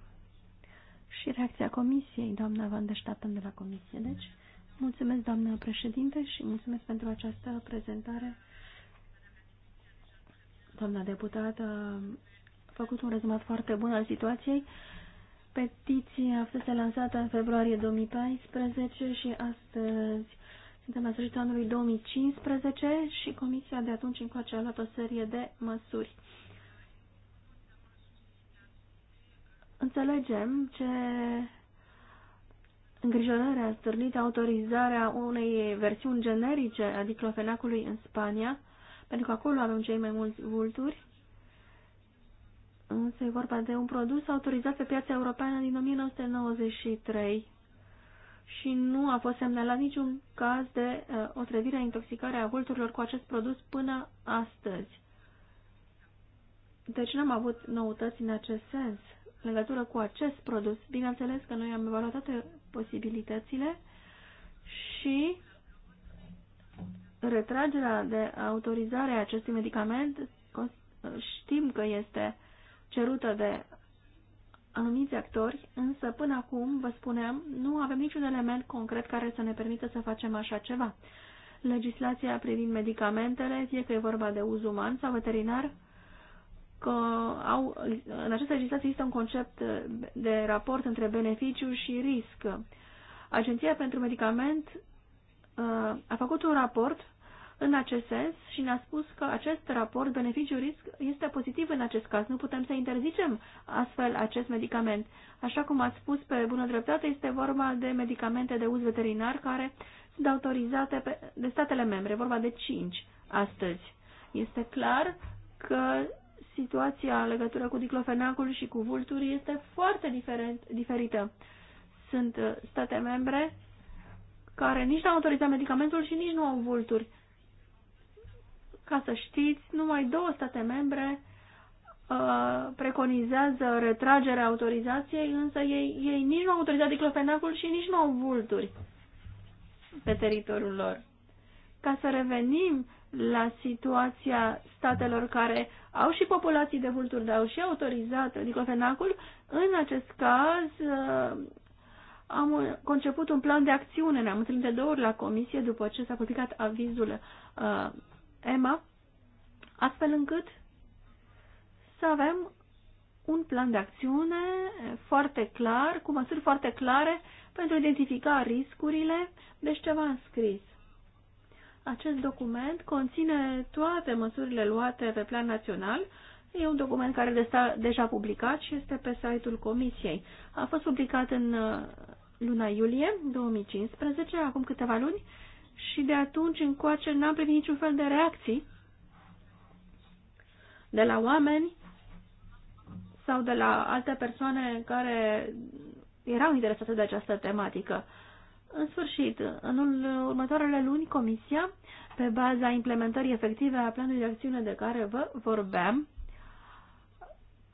și reacția Comisiei, doamna Van de Stappen de la Comisie. Deci, mulțumesc, doamna președinte, și mulțumesc pentru această prezentare. Doamna deputată a făcut un rezumat foarte bun al situației. Petiția a fost lansată în februarie 2014 și astăzi suntem la sfârșitul anului 2015 și Comisia de atunci încoace a luat o serie de măsuri. Înțelegem ce îngrijorare a stârnit autorizarea unei versiuni generice a diclofenacului în Spania, pentru că acolo avem cei mai mulți vulturi. Însă e vorba de un produs autorizat pe piața europeană din 1993 și nu a fost semnalat niciun caz de uh, otrăvire, intoxicare a vulturilor cu acest produs până astăzi. Deci n-am avut noutăți în acest sens în legătură cu acest produs. Bineînțeles că noi am evaluat toate posibilitățile și retragerea de autorizare a acestui medicament știm că este cerută de anumiți actori, însă până acum, vă spuneam, nu avem niciun element concret care să ne permită să facem așa ceva. Legislația privind medicamentele, fie că e vorba de uz uman sau veterinar, că au, în această legislație există un concept de raport între beneficiu și risc. Agenția pentru Medicament uh, a făcut un raport în acest sens și ne-a spus că acest raport beneficiu-risc este pozitiv în acest caz. Nu putem să interzicem astfel acest medicament. Așa cum ați spus pe bună dreptate, este vorba de medicamente de uz veterinar care sunt autorizate pe, de statele membre, vorba de 5 astăzi. Este clar că situația în legătură cu diclofenacul și cu vulturi este foarte diferent, diferită. Sunt uh, state membre care nici nu au autorizat medicamentul și nici nu au vulturi. Ca să știți, numai două state membre uh, preconizează retragerea autorizației, însă ei, ei nici nu au autorizat diclofenacul și nici nu au vulturi pe teritoriul lor. Ca să revenim la situația statelor care au și populații de vulturi, dar au și autorizat diclofenacul, în acest caz uh, am conceput un plan de acțiune. Ne-am întâlnit de două ori la comisie după ce s-a publicat avizul uh, EMA, astfel încât să avem un plan de acțiune foarte clar, cu măsuri foarte clare pentru a identifica riscurile, deci ceva scris. Acest document conține toate măsurile luate pe plan național. E un document care este deja publicat și este pe site-ul Comisiei. A fost publicat în uh, luna iulie 2015, acum câteva luni, și de atunci încoace n-am primit niciun fel de reacții de la oameni sau de la alte persoane care erau interesate de această tematică. În sfârșit, în următoarele luni, Comisia, pe baza implementării efective a planului de acțiune de care vă vorbeam,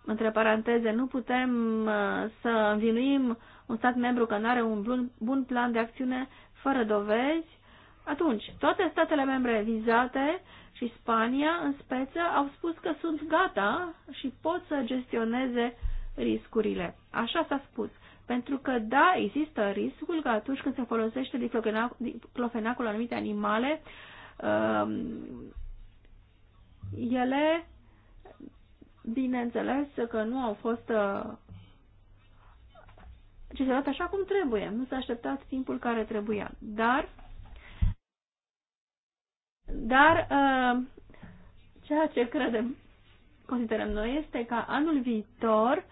între paranteze, nu putem uh, să învinuim un stat membru că nu are un bun plan de acțiune fără dovezi, atunci, toate statele membre vizate și Spania, în speță, au spus că sunt gata și pot să gestioneze riscurile. Așa s-a spus. Pentru că, da, există riscul că atunci când se folosește diclofenacul la anumite animale, um, ele, bineînțeles, că nu au fost ce uh, se așa cum trebuie. Nu s-a așteptat timpul care trebuia. Dar, dar uh, ceea ce credem, considerăm noi, este că anul viitor uh,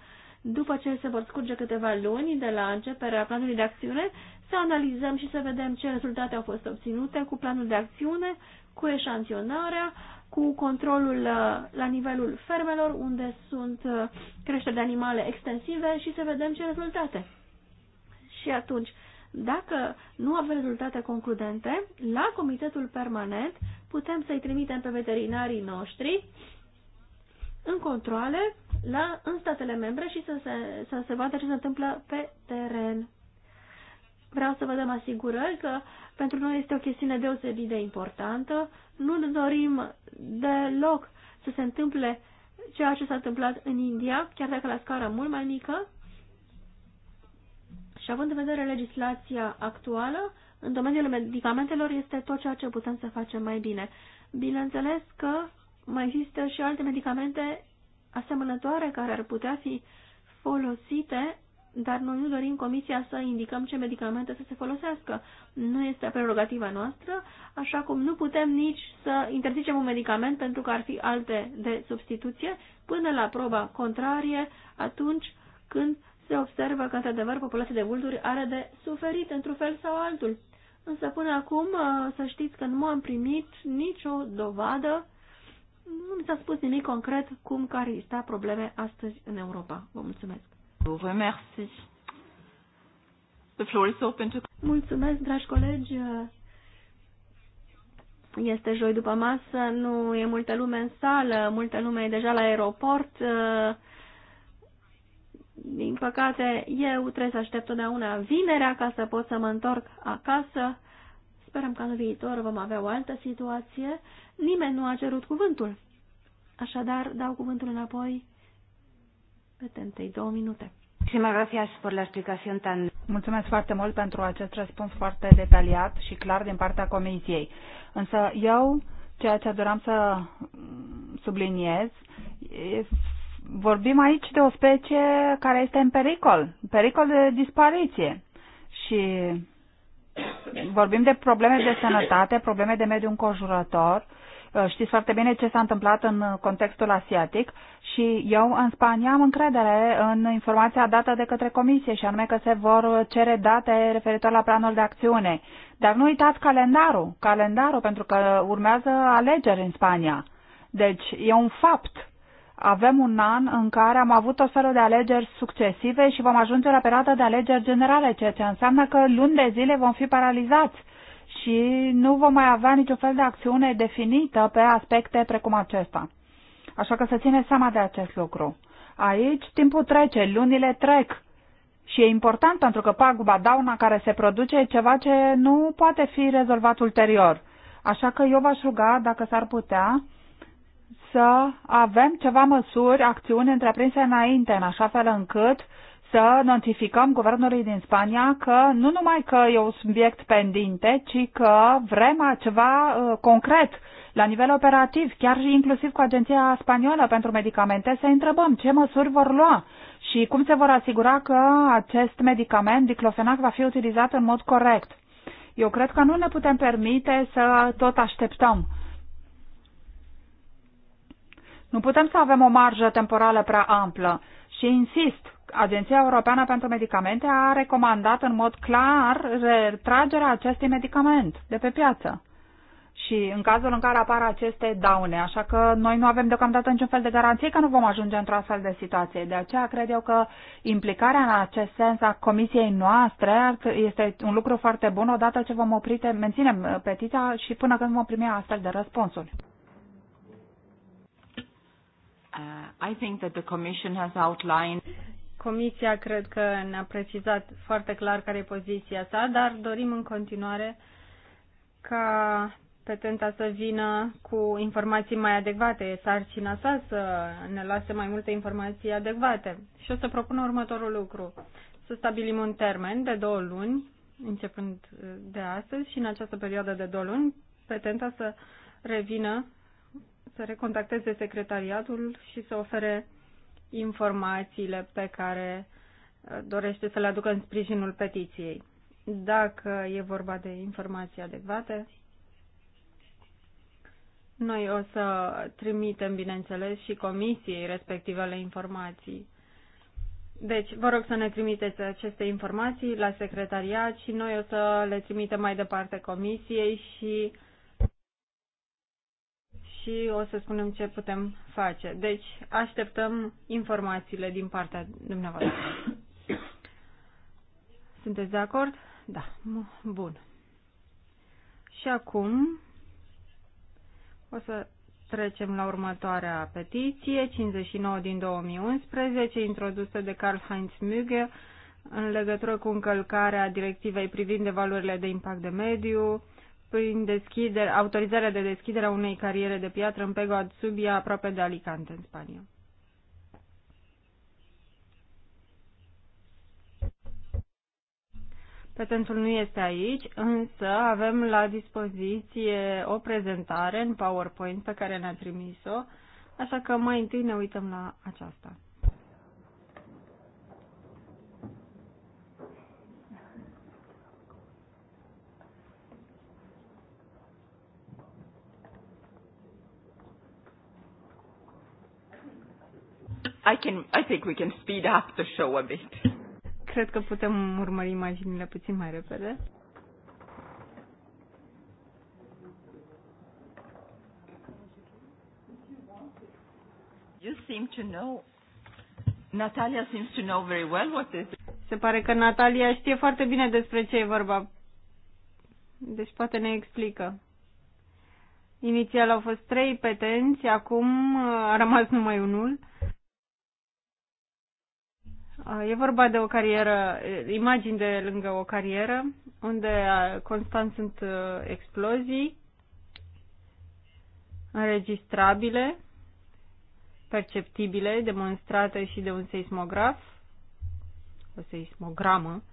după ce se vor scurge câteva luni de la începerea planului de acțiune, să analizăm și să vedem ce rezultate au fost obținute cu planul de acțiune, cu eșanționarea, cu controlul uh, la nivelul fermelor, unde sunt uh, creșteri de animale extensive și să vedem ce rezultate. Și atunci, dacă nu avem rezultate concludente, la comitetul permanent putem să-i trimitem pe veterinarii noștri în controle la, în statele membre și să se, să se vadă ce se întâmplă pe teren. Vreau să vă dăm asigurări că pentru noi este o chestiune deosebit de importantă. Nu ne dorim deloc să se întâmple ceea ce s-a întâmplat în India, chiar dacă la scară mult mai mică. Și având în vedere legislația actuală, în domeniul medicamentelor este tot ceea ce putem să facem mai bine. Bineînțeles că mai există și alte medicamente asemănătoare care ar putea fi folosite, dar noi nu dorim comisia să indicăm ce medicamente să se folosească. Nu este prerogativa noastră, așa cum nu putem nici să interzicem un medicament pentru că ar fi alte de substituție, până la proba contrarie, atunci când se observă că, într-adevăr, populația de vulturi are de suferit într-un fel sau altul. Însă până acum să știți că nu am primit nicio dovadă nu mi s-a spus nimic concret cum care este probleme astăzi în Europa. Vă mulțumesc. Vă mulțumesc. The floor is open to... Mulțumesc, dragi colegi. Este joi după masă, nu e multă lume în sală, multă lume e deja la aeroport. Din păcate, eu trebuie să aștept totdeauna vinerea ca să pot să mă întorc acasă. Sperăm că în viitor vom avea o altă situație. Nimeni nu a cerut cuvântul. Așadar, dau cuvântul înapoi petentei două minute. Mulțumesc foarte mult pentru acest răspuns foarte detaliat și clar din partea Comisiei. Însă eu, ceea ce doream să subliniez, vorbim aici de o specie care este în pericol, pericol de dispariție. Și vorbim de probleme de sănătate, probleme de mediu înconjurător. Uh, știți foarte bine ce s-a întâmplat în contextul asiatic și eu în Spania am încredere în informația dată de către comisie și anume că se vor cere date referitor la planul de acțiune. Dar nu uitați calendarul, calendarul pentru că urmează alegeri în Spania. Deci e un fapt avem un an în care am avut o serie de alegeri succesive și vom ajunge la perioada de alegeri generale, ceea ce înseamnă că luni de zile vom fi paralizați și nu vom mai avea niciun fel de acțiune definită pe aspecte precum acesta. Așa că să țineți seama de acest lucru. Aici timpul trece, lunile trec și e important pentru că paguba, dauna care se produce e ceva ce nu poate fi rezolvat ulterior. Așa că eu v-aș ruga, dacă s-ar putea, să avem ceva măsuri, acțiuni întreprinse înainte, în așa fel încât să notificăm guvernului din Spania că nu numai că e un subiect pendinte, ci că vrem ceva uh, concret la nivel operativ, chiar și inclusiv cu Agenția Spaniolă pentru Medicamente, să întrebăm ce măsuri vor lua și cum se vor asigura că acest medicament, diclofenac, va fi utilizat în mod corect. Eu cred că nu ne putem permite să tot așteptăm nu putem să avem o marjă temporală prea amplă și insist, Agenția Europeană pentru Medicamente a recomandat în mod clar retragerea acestui medicament de pe piață. Și în cazul în care apar aceste daune, așa că noi nu avem deocamdată niciun fel de garanție că nu vom ajunge într-o astfel de situație. De aceea cred eu că implicarea în acest sens a comisiei noastre este un lucru foarte bun odată ce vom opri, menținem petiția și până când vom primi astfel de răspunsuri. Uh, I think that the Commission has outlined Comisia cred că ne-a precizat foarte clar care e poziția sa, dar dorim în continuare ca petenta să vină cu informații mai adecvate, e sarcina sa să ne lase mai multe informații adecvate. Și o să propun următorul lucru, să stabilim un termen de două luni, începând uh, de astăzi și în această perioadă de două luni, petenta să revină să recontacteze secretariatul și să ofere informațiile pe care uh, dorește să le aducă în sprijinul petiției. Dacă e vorba de informații adecvate, noi o să trimitem, bineînțeles, și comisiei respectivele informații. Deci, vă rog să ne trimiteți aceste informații la secretariat și noi o să le trimitem mai departe comisiei și și o să spunem ce putem face. Deci, așteptăm informațiile din partea dumneavoastră. Sunteți de acord? Da. Bun. Și acum o să trecem la următoarea petiție, 59 din 2011, introdusă de Karl-Heinz Müge în legătură cu încălcarea directivei privind evaluările de impact de mediu, prin deschidere, autorizarea de deschidere a unei cariere de piatră în Pego Adsubia, aproape de Alicante, în Spania. Petentul nu este aici, însă avem la dispoziție o prezentare în PowerPoint pe care ne-a trimis-o, așa că mai întâi ne uităm la aceasta. I, can, I think we can speed up the show a bit. Cred că putem urmări imaginile puțin mai repede. You seem to know. Natalia seems to know very well what this Se pare că Natalia știe foarte bine despre ce e vorba. Deci poate ne explică. Inițial au fost trei petenți, acum uh, a rămas numai unul. E vorba de o carieră, imagini de lângă o carieră, unde constant sunt uh, explozii înregistrabile, perceptibile, demonstrate și de un seismograf, o seismogramă,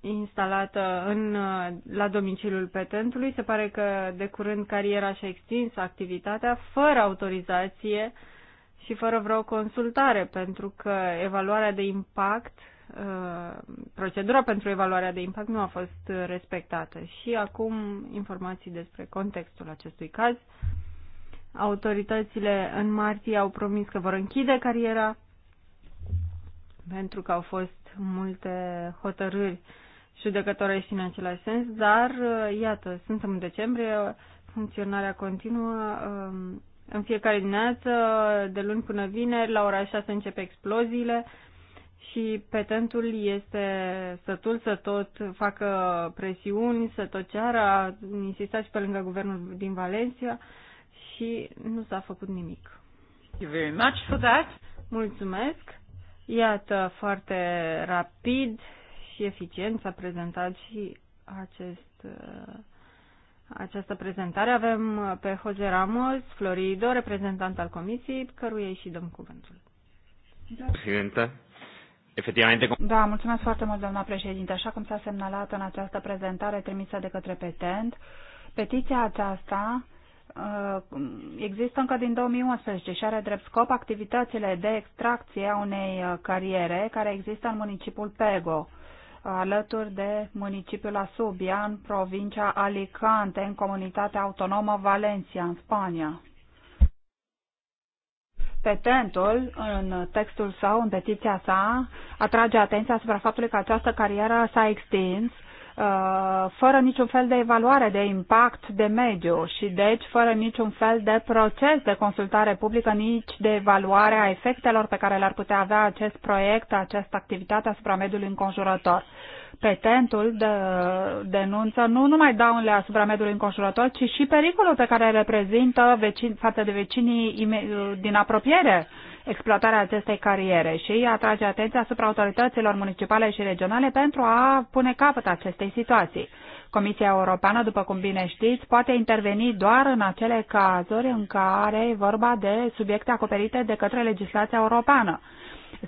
instalată în, uh, la domiciliul petentului. Se pare că de curând cariera și-a extins activitatea fără autorizație uh, și fără vreo consultare, pentru că evaluarea de impact, uh, procedura pentru evaluarea de impact nu a fost respectată. Și acum informații despre contextul acestui caz. Autoritățile în martie au promis că vor închide cariera pentru că au fost multe hotărâri și în același sens, dar uh, iată, suntem în decembrie, funcționarea continuă, um, în fiecare dimineață, de luni până vineri, la ora 6 începe exploziile și petentul este sătul să tot facă presiuni, să tot ceară, insista și pe lângă guvernul din Valencia și nu s-a făcut nimic. Thank you very much for that. Mulțumesc. Iată, foarte rapid și eficient s-a prezentat și acest uh, această prezentare. Avem uh, pe Jose Ramos Florido, reprezentant al Comisiei, căruia îi și dăm cuvântul. Președinte, efectivamente... Da, mulțumesc foarte mult, doamna președinte. Așa cum s-a semnalat în această prezentare trimisă de către petent, petiția aceasta uh, există încă din 2011 și are drept scop activitățile de extracție a unei uh, cariere care există în municipiul Pego alături de municipiul Asubia, în provincia Alicante, în comunitatea autonomă Valencia, în Spania. Petentul, în textul său, în petiția sa, atrage atenția asupra faptului că această carieră s-a extins uh, Uh, fără niciun fel de evaluare de impact de mediu și deci fără niciun fel de proces de consultare publică, nici de evaluare a efectelor pe care le-ar putea avea acest proiect, această activitate asupra mediului înconjurător. Petentul de, denunță nu numai daunele asupra mediului înconjurător, ci și pericolul pe care îl reprezintă vecin, față de vecinii din apropiere exploatarea acestei cariere și atrage atenția asupra autorităților municipale și regionale pentru a pune capăt acestei situații. Comisia Europeană, după cum bine știți, poate interveni doar în acele cazuri în care e vorba de subiecte acoperite de către legislația europeană,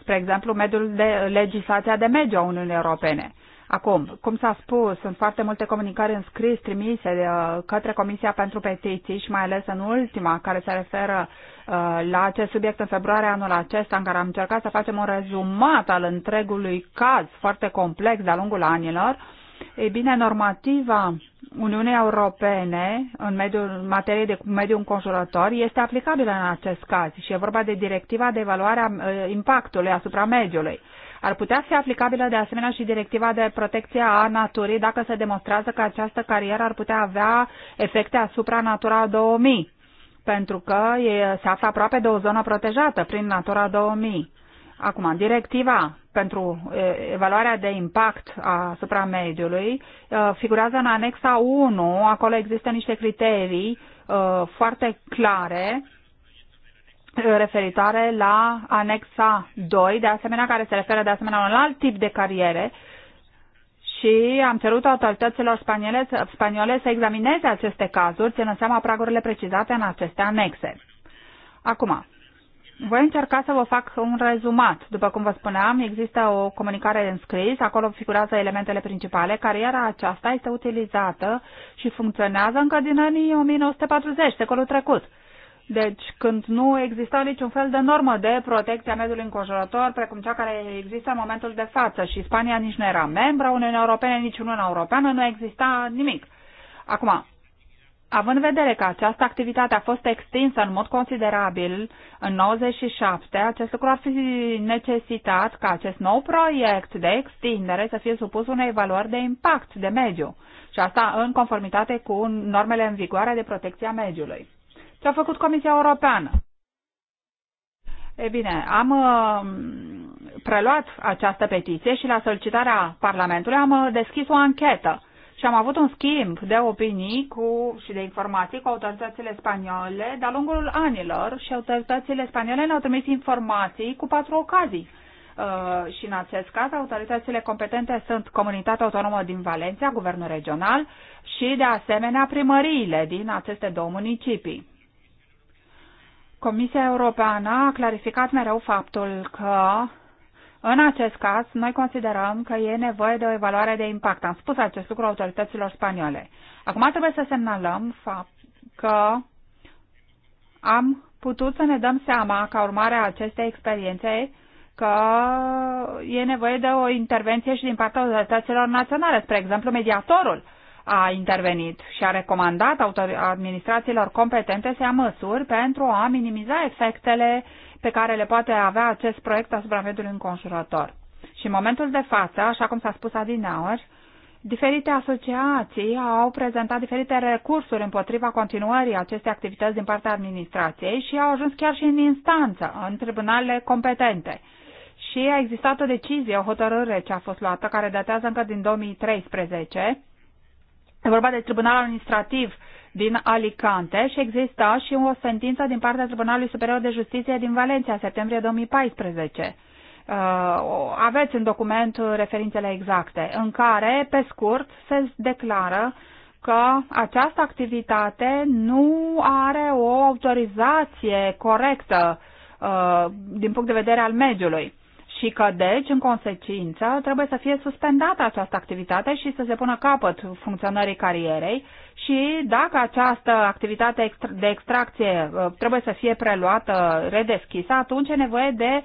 spre exemplu mediul de, legislația de mediu a Uniunii Europene. Acum, cum s-a spus, sunt foarte multe comunicări în scris trimise de, uh, către Comisia pentru Petiții și mai ales în ultima care se referă uh, la acest subiect în februarie anul acesta în care am încercat să facem un rezumat al întregului caz foarte complex de-a lungul anilor. Ei bine, normativa Uniunii Europene în, mediul, în materie de mediu înconjurător este aplicabilă în acest caz și e vorba de directiva de evaluare a uh, impactului asupra mediului. Ar putea fi aplicabilă de asemenea și directiva de protecție a naturii dacă se demonstrează că această carieră ar putea avea efecte asupra Natura 2000, pentru că se află aproape de o zonă protejată prin Natura 2000. Acum, directiva pentru evaluarea de impact asupra mediului figurează în anexa 1, acolo există niște criterii foarte clare referitoare la anexa 2, de asemenea care se referă de asemenea la un alt tip de cariere și am cerut autorităților spaniele, spaniole să examineze aceste cazuri, ținând seama pragurile precizate în aceste anexe. Acum, voi încerca să vă fac un rezumat. După cum vă spuneam, există o comunicare în scris, acolo figurează elementele principale. Cariera aceasta este utilizată și funcționează încă din anii 1940, secolul trecut. Deci, când nu exista niciun fel de normă de protecție a mediului înconjurător, precum cea care există în momentul de față, și Spania nici nu era membra Uniunii Europene, nici Uniunea Europeană, nu exista nimic. Acum, având în vedere că această activitate a fost extinsă în mod considerabil în 97, acest lucru ar fi necesitat ca acest nou proiect de extindere să fie supus unei evaluări de impact de mediu, și asta în conformitate cu normele în vigoare de protecție a mediului. Ce a făcut Comisia Europeană? E bine, am uh, preluat această petiție și la solicitarea Parlamentului am uh, deschis o anchetă și am avut un schimb de opinii cu, și de informații cu autoritățile spaniole de-a lungul anilor și autoritățile spaniole ne-au trimis informații cu patru ocazii. Uh, și în acest caz, autoritățile competente sunt Comunitatea Autonomă din Valencia, Guvernul Regional și, de asemenea, primăriile din aceste două municipii. Comisia Europeană a clarificat mereu faptul că în acest caz, noi considerăm că e nevoie de o evaluare de impact. Am spus acest lucru autorităților spaniole. Acum trebuie să semnalăm fapt că am putut să ne dăm seama, ca urmare a acestei experiențe, că e nevoie de o intervenție și din partea autorităților naționale, spre exemplu mediatorul a intervenit și a recomandat administrațiilor competente să ia măsuri pentru a minimiza efectele pe care le poate avea acest proiect asupra mediului înconjurător. Și în momentul de față, așa cum s-a spus adinaur, diferite asociații au prezentat diferite recursuri împotriva continuării acestei activități din partea administrației și au ajuns chiar și în instanță, în tribunalele competente. Și a existat o decizie, o hotărâre ce a fost luată, care datează încă din 2013, E vorba de tribunal administrativ din Alicante și exista și o sentință din partea Tribunalului Superior de Justiție din Valencia, septembrie 2014. Uh, aveți în document referințele exacte, în care, pe scurt, se declară că această activitate nu are o autorizație corectă uh, din punct de vedere al mediului și că, deci, în consecință, trebuie să fie suspendată această activitate și să se pună capăt funcționării carierei și dacă această activitate de extracție uh, trebuie să fie preluată, redeschisă, atunci e nevoie de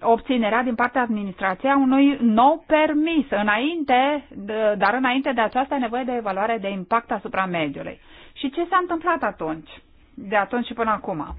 obținerea din partea administrației a unui nou permis, înainte, dar înainte de aceasta e nevoie de evaluare de impact asupra mediului. Și ce s-a întâmplat atunci, de atunci și până acum?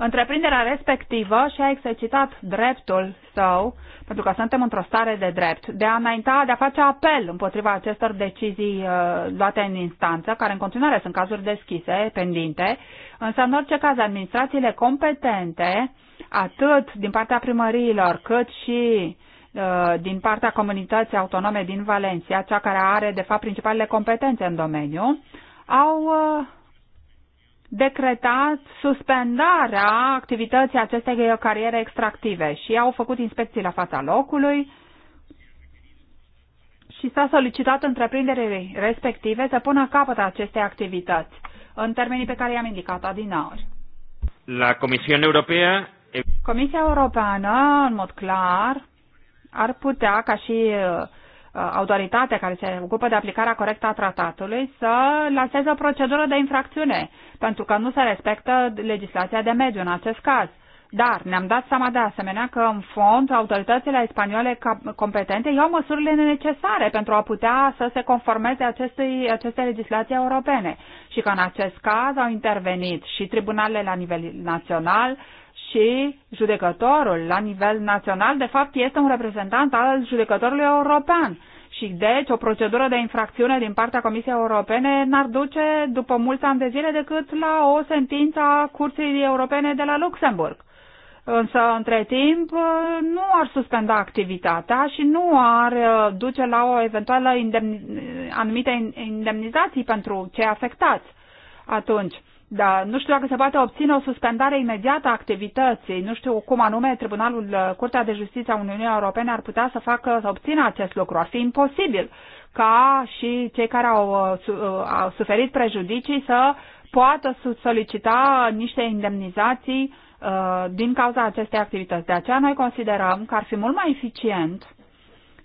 Întreprinderea respectivă și-a exercitat dreptul său, pentru că suntem într-o stare de drept, de a înainta, de a face apel împotriva acestor decizii uh, luate în instanță, care în continuare sunt cazuri deschise, pendinte, însă în orice caz administrațiile competente, atât din partea primăriilor, cât și uh, din partea comunității autonome din Valencia, cea care are, de fapt, principalele competențe în domeniu, au uh, decretat suspendarea activității acestei cariere extractive și au făcut inspecții la fața locului și s-a solicitat întreprinderii respective să pună capăt acestei activități, în termenii pe care i-am indicat adinaori. La Comisiunea Europeană. Comisia Europeană, în mod clar, ar putea, ca și Uh, autoritatea care se ocupă de aplicarea corectă a tratatului să lanseze o procedură de infracțiune, pentru că nu se respectă legislația de mediu în acest caz. Dar ne-am dat seama de asemenea că, în fond, autoritățile spaniole competente iau măsurile necesare pentru a putea să se conformeze acestei, aceste legislații europene și că, în acest caz, au intervenit și tribunalele la nivel național, și judecătorul la nivel național, de fapt, este un reprezentant al judecătorului european. Și deci o procedură de infracțiune din partea Comisiei Europene n-ar duce după mulți ani de zile decât la o sentință a Curții Europene de la Luxemburg. Însă, între timp, nu ar suspenda activitatea și nu ar uh, duce la o eventuală indemn... anumite indemnizații pentru cei afectați. Atunci, da, nu știu dacă se poate obține o suspendare imediată a activității. Nu știu cum anume Tribunalul uh, Curtea de Justiție a Uniunii Europene ar putea să facă, să obțină acest lucru. Ar fi imposibil ca și cei care au, uh, uh, au suferit prejudicii să poată solicita niște indemnizații uh, din cauza acestei activități. De aceea noi considerăm că ar fi mult mai eficient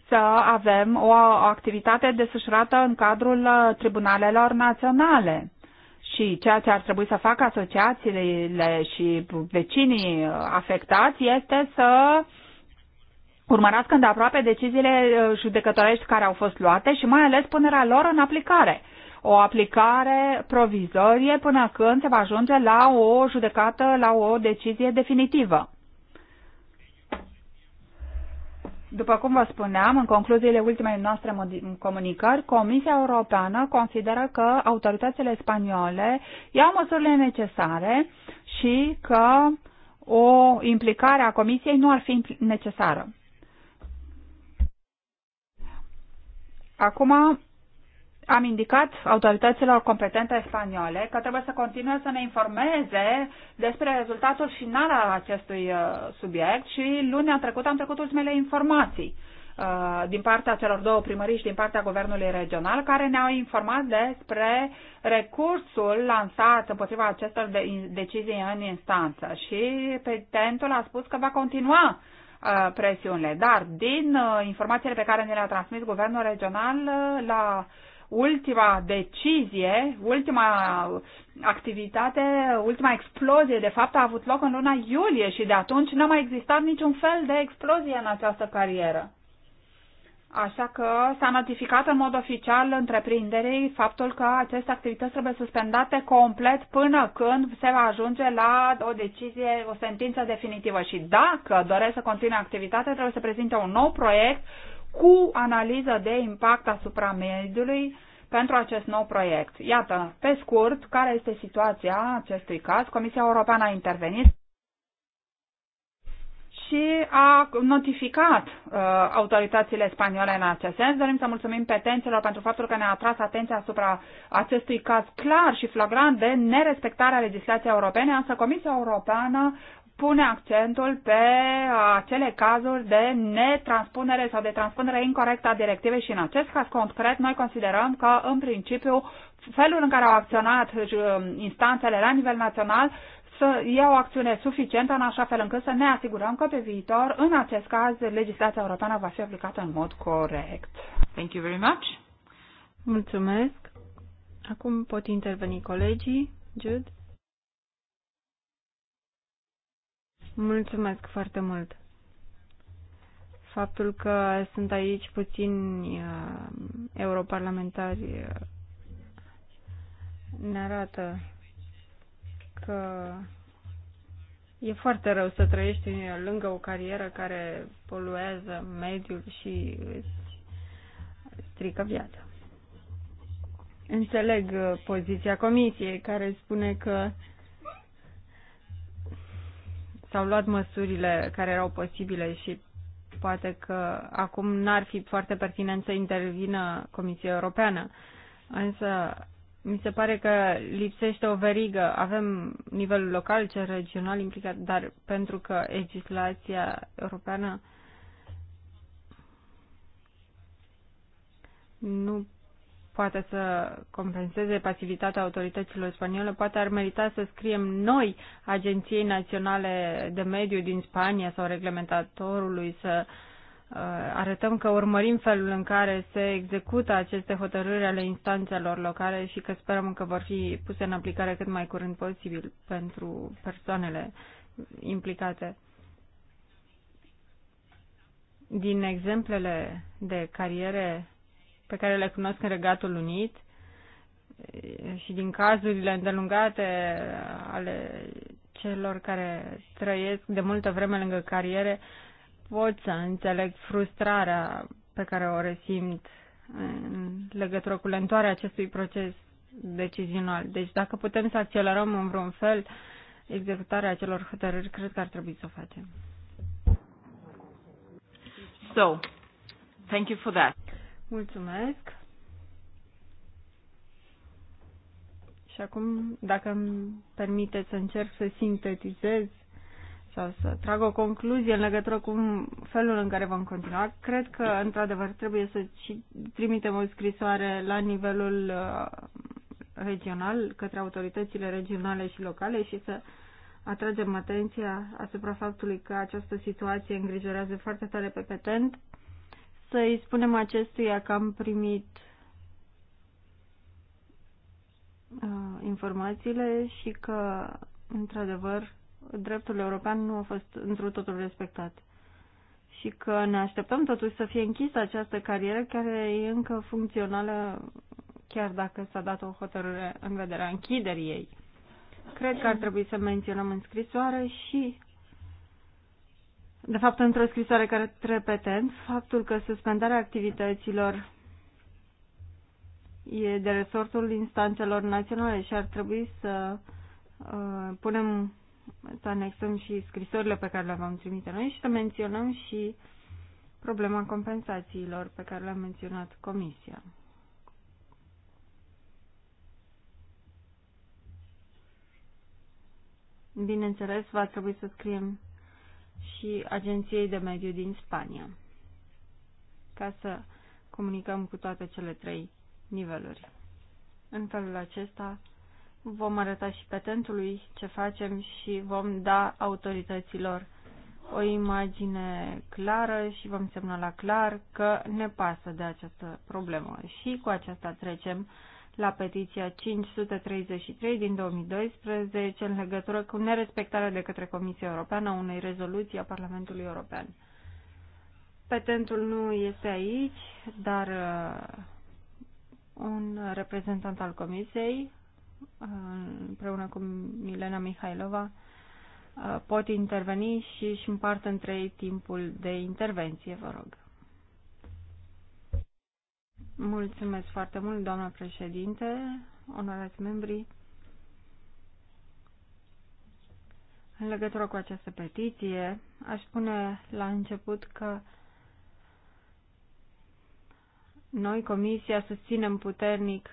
să avem o activitate desfășurată în cadrul tribunalelor naționale și ceea ce ar trebui să facă asociațiile și vecinii afectați este să urmărească îndeaproape deciziile uh, judecătorești care au fost luate și mai ales punerea lor în aplicare. O aplicare provizorie până când se va ajunge la o judecată, la o decizie definitivă. După cum vă spuneam, în concluziile ultimei noastre comunicări, Comisia Europeană consideră că autoritățile spaniole iau măsurile necesare și că o implicare a Comisiei nu ar fi necesară. Acum am indicat autorităților competente spaniole că trebuie să continue să ne informeze despre rezultatul final al acestui uh, subiect și luni a trecut am trecut ultimele informații uh, din partea celor două primării și din partea guvernului regional, care ne-au informat despre recursul lansat împotriva acestor decizii în instanță. Și petentul a spus că va continua uh, presiunile. Dar din informațiile pe care ne le-a transmis guvernul regional la ultima decizie, ultima activitate, ultima explozie, de fapt, a avut loc în luna iulie și de atunci n-a mai existat niciun fel de explozie în această carieră. Așa că s-a notificat în mod oficial întreprinderii faptul că aceste activități trebuie suspendate complet până când se va ajunge la o decizie, o sentință definitivă. Și dacă doresc să continue activitatea, trebuie să prezinte un nou proiect cu analiză de impact asupra mediului pentru acest nou proiect. Iată, pe scurt, care este situația acestui caz. Comisia Europeană a intervenit și a notificat uh, autoritățile spaniole în acest sens. Dorim să mulțumim petențelor pentru faptul că ne-a atras atenția asupra acestui caz clar și flagrant de nerespectarea legislației europene, însă Comisia Europeană pune accentul pe uh, acele cazuri de netranspunere sau de transpunere incorrectă a directivei și în acest caz concret noi considerăm că în principiu felul în care au acționat uh, instanțele la nivel național să ia o acțiune suficientă în așa fel încât să ne asigurăm că pe viitor, în acest caz, legislația europeană va fi aplicată în mod corect. Thank you very much. Mulțumesc. Acum pot interveni colegii. Jude? Mulțumesc foarte mult. Faptul că sunt aici puțini uh, europarlamentari uh, ne arată că e foarte rău să trăiești lângă o carieră care poluează mediul și îți strică viața. Înțeleg uh, poziția comisiei care spune că s-au luat măsurile care erau posibile și poate că acum n-ar fi foarte pertinent să intervină Comisia Europeană. Însă mi se pare că lipsește o verigă. Avem nivelul local, cel regional implicat, dar pentru că legislația europeană nu poate să compenseze pasivitatea autorităților spaniole, poate ar merita să scriem noi Agenției Naționale de Mediu din Spania sau reglementatorului să uh, arătăm că urmărim felul în care se execută aceste hotărâri ale instanțelor locale și că sperăm că vor fi puse în aplicare cât mai curând posibil pentru persoanele implicate. Din exemplele de cariere pe care le cunosc în Regatul Unit și din cazurile îndelungate ale celor care trăiesc de multă vreme lângă cariere, pot să înțeleg frustrarea pe care o resimt în legătură cu lentoarea acestui proces decizional. Deci dacă putem să accelerăm în vreun fel executarea acelor hotărâri, cred că ar trebui să o facem. So, thank you for that. Mulțumesc. Și acum, dacă îmi permiteți să încerc să sintetizez sau să trag o concluzie în legătură cu felul în care vom continua, cred că, într-adevăr, trebuie să trimitem o scrisoare la nivelul uh, regional către autoritățile regionale și locale și să atragem atenția asupra faptului că această situație îngrijorează foarte tare pe petent să-i spunem acestuia că am primit uh, informațiile și că, într-adevăr, dreptul european nu a fost într totul respectat și că ne așteptăm totuși să fie închisă această carieră care e încă funcțională chiar dacă s-a dat o hotărâre în vederea închiderii ei. Cred că ar trebui să menționăm în scrisoare și de fapt într-o scrisoare care repetent, faptul că suspendarea activităților e de resortul instanțelor naționale și ar trebui să uh, punem, să anexăm și scrisorile pe care le am trimite noi și să menționăm și problema compensațiilor pe care le-a menționat Comisia. Bineînțeles, va trebui să scriem și Agenției de Mediu din Spania, ca să comunicăm cu toate cele trei niveluri. În felul acesta vom arăta și petentului ce facem și vom da autorităților o imagine clară și vom semnala clar că ne pasă de această problemă. Și cu aceasta trecem la petiția 533 din 2012 în legătură cu nerespectarea de către Comisia Europeană a unei rezoluții a Parlamentului European. Petentul nu este aici, dar uh, un reprezentant al Comisiei, uh, împreună cu Milena Mihailova, uh, pot interveni și își împart între ei timpul de intervenție, vă rog. Mulțumesc foarte mult, doamna președinte, onorați membrii. În legătură cu această petiție, aș spune la început că noi, Comisia, susținem puternic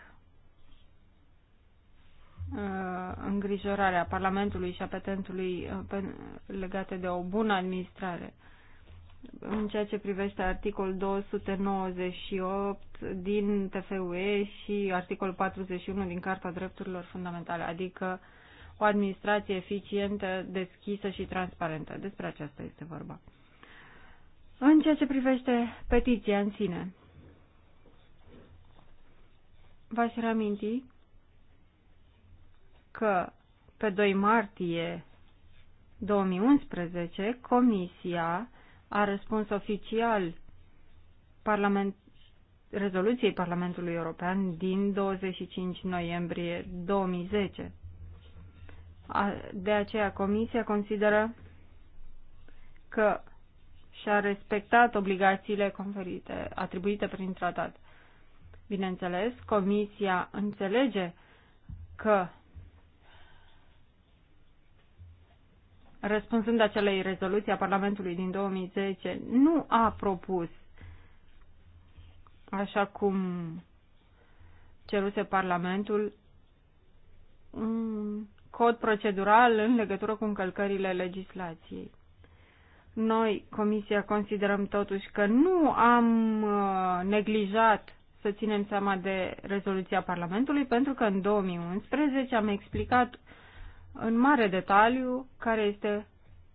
uh, îngrijorarea Parlamentului și a petentului uh, legate de o bună administrare în ceea ce privește articolul 298 din TFUE și articolul 41 din Carta Drepturilor Fundamentale, adică o administrație eficientă, deschisă și transparentă. Despre aceasta este vorba. În ceea ce privește petiția în sine, v-aș reaminti că pe 2 martie 2011 Comisia a răspuns oficial parlament, rezoluției Parlamentului European din 25 noiembrie 2010. De aceea, Comisia consideră că și-a respectat obligațiile conferite, atribuite prin tratat. Bineînțeles, Comisia înțelege că răspunzând acelei rezoluții a Parlamentului din 2010, nu a propus, așa cum ceruse Parlamentul, un cod procedural în legătură cu încălcările legislației. Noi, Comisia, considerăm totuși că nu am uh, neglijat să ținem seama de rezoluția Parlamentului, pentru că în 2011 am explicat în mare detaliu care este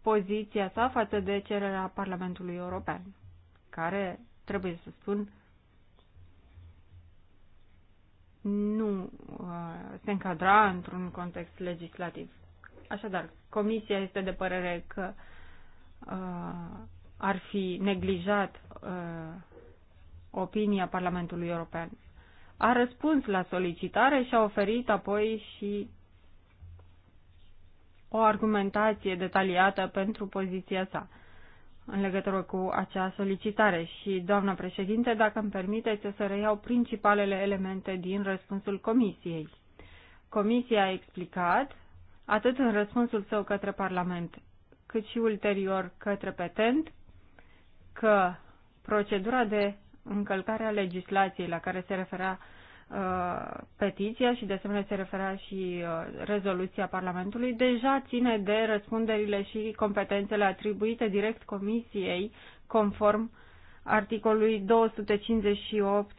poziția sa față de cererea Parlamentului European, care, trebuie să spun, nu uh, se încadra într-un context legislativ. Așadar, Comisia este de părere că uh, ar fi neglijat uh, opinia Parlamentului European. A răspuns la solicitare și a oferit apoi și o argumentație detaliată pentru poziția sa în legătură cu acea solicitare. Și, doamnă președinte, dacă îmi permiteți, să reiau principalele elemente din răspunsul comisiei. Comisia a explicat, atât în răspunsul său către Parlament, cât și ulterior către petent, că procedura de încălcare a legislației la care se referea Uh, petiția și de asemenea se refera și uh, rezoluția Parlamentului, deja ține de răspunderile și competențele atribuite direct Comisiei conform articolului 258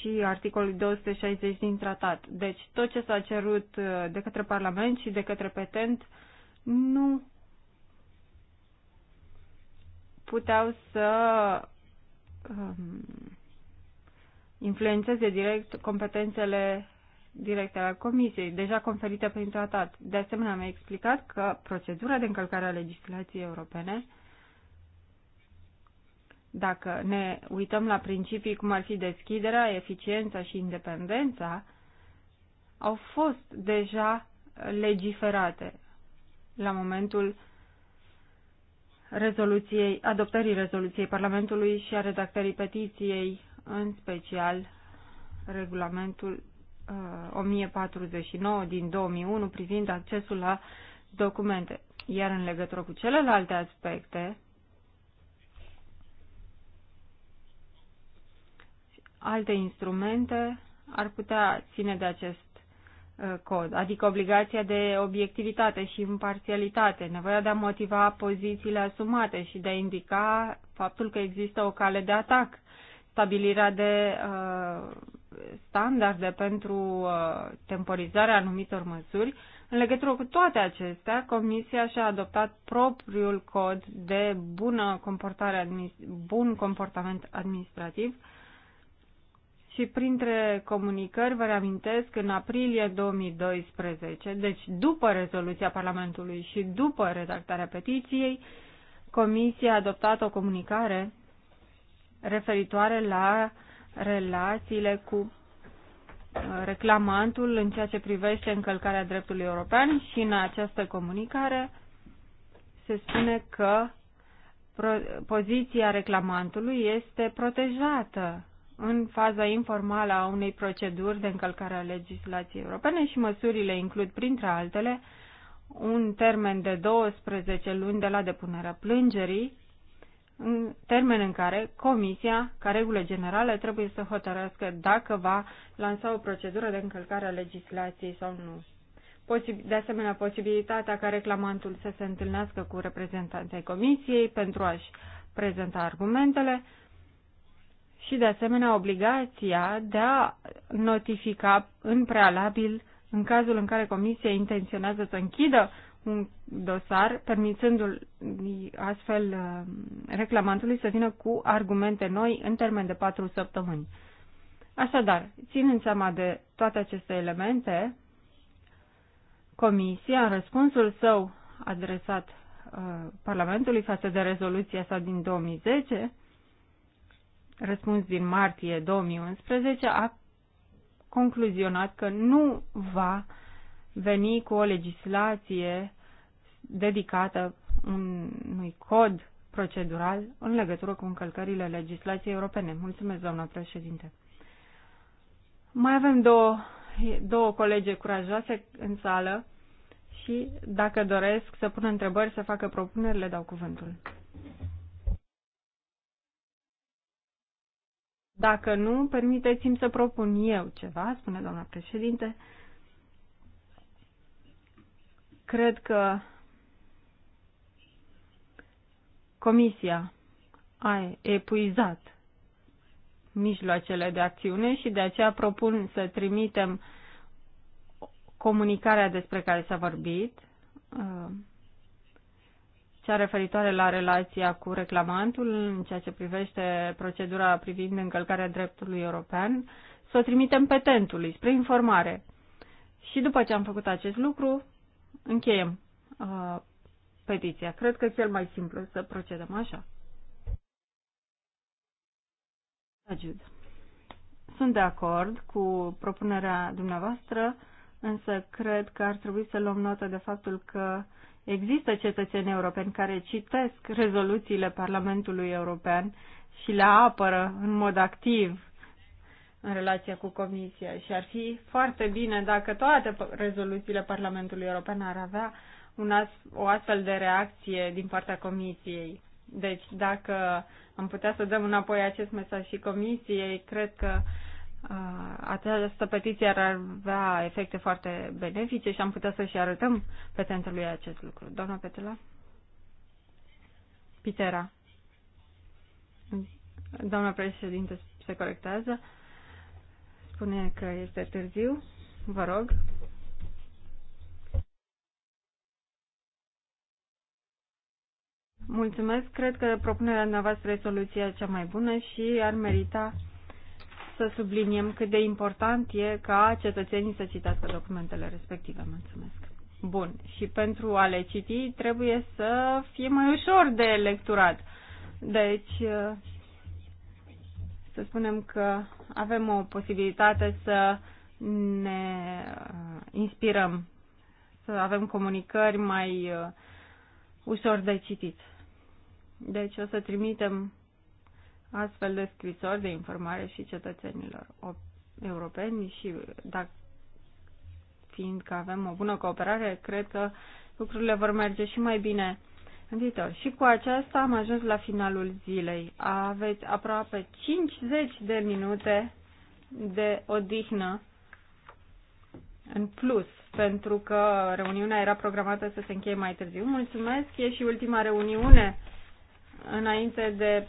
și articolul 260 din tratat. Deci tot ce s-a cerut uh, de către Parlament și de către petent nu puteau să um, influențeze direct competențele directe ale Comisiei, deja conferite prin tratat. De asemenea, mi-a explicat că procedura de încălcare a legislației europene, dacă ne uităm la principii cum ar fi deschiderea, eficiența și independența, au fost deja legiferate la momentul rezoluției, adoptării rezoluției Parlamentului și a redactării petiției în special regulamentul 1049 uh, din 2001 privind accesul la documente. Iar în legătură cu celelalte aspecte, alte instrumente ar putea ține de acest uh, cod, adică obligația de obiectivitate și imparțialitate, nevoia de a motiva pozițiile asumate și de a indica faptul că există o cale de atac stabilirea de uh, standarde pentru uh, temporizarea anumitor măsuri. În legătură cu toate acestea, Comisia și-a adoptat propriul cod de bună comportare bun comportament administrativ și printre comunicări, vă reamintesc, în aprilie 2012, deci după rezoluția Parlamentului și după redactarea petiției, Comisia a adoptat o comunicare referitoare la relațiile cu uh, reclamantul în ceea ce privește încălcarea dreptului european și în această comunicare se spune că poziția reclamantului este protejată în faza informală a unei proceduri de încălcare a legislației europene și măsurile includ, printre altele, un termen de 12 luni de la depunerea plângerii în termen în care Comisia, ca regulă generală, trebuie să hotărească dacă va lansa o procedură de încălcare a legislației sau nu. De asemenea, posibilitatea ca reclamantul să se întâlnească cu reprezentanții Comisiei pentru a-și prezenta argumentele și, de asemenea, obligația de a notifica în prealabil, în cazul în care Comisia intenționează să închidă un dosar, permițându-l astfel uh, reclamantului să vină cu argumente noi în termen de patru săptămâni. Așadar, ținând seama de toate aceste elemente, Comisia, în răspunsul său adresat uh, Parlamentului față de rezoluția sa din 2010, răspuns din martie 2011, a concluzionat că nu va uh, veni cu o legislație dedicată unui cod procedural în legătură cu încălcările legislației europene. Mulțumesc, doamna președinte. Mai avem două, două colege curajoase în sală și, dacă doresc să pună întrebări, să facă propuneri, le dau cuvântul. Dacă nu, permiteți-mi să propun eu ceva, spune doamna președinte. Cred că Comisia a epuizat mijloacele de acțiune și de aceea propun să trimitem comunicarea despre care s-a vorbit, uh, cea referitoare la relația cu reclamantul în ceea ce privește procedura privind încălcarea dreptului european, să o trimitem petentului spre informare. Și după ce am făcut acest lucru, încheiem uh, petiția. Cred că cel mai simplu să procedăm așa. Ajut. Sunt de acord cu propunerea dumneavoastră, însă cred că ar trebui să luăm notă de faptul că există cetățeni europeni care citesc rezoluțiile Parlamentului European și le apără în mod activ în relația cu Comisia și ar fi foarte bine dacă toate rezoluțiile Parlamentului European ar avea un as, o astfel de reacție din partea Comisiei. Deci, dacă am putea să dăm înapoi acest mesaj și Comisiei, cred că uh, această petiție ar avea efecte foarte benefice și am putea să și arătăm petentului acest lucru. Doamna Petela? Pitera. Doamna președinte, se corectează. Uh, spune că este târziu. Vă rog. Mulțumesc. Cred că propunerea noastră e soluția cea mai bună și ar merita să subliniem cât de important e ca cetățenii să citească documentele respective. Mulțumesc. Bun. Și pentru a le citi trebuie să fie mai ușor de lecturat. Deci să spunem că avem o posibilitate să ne uh, inspirăm, să avem comunicări mai uh, ușor de citit. Deci o să trimitem astfel de scrisori de informare și cetățenilor europeni și dacă fiindcă avem o bună cooperare, cred că lucrurile vor merge și mai bine în viitor. Și cu aceasta am ajuns la finalul zilei. Aveți aproape 50 de minute de odihnă în plus, pentru că reuniunea era programată să se încheie mai târziu. Mulțumesc, e și ultima reuniune înainte de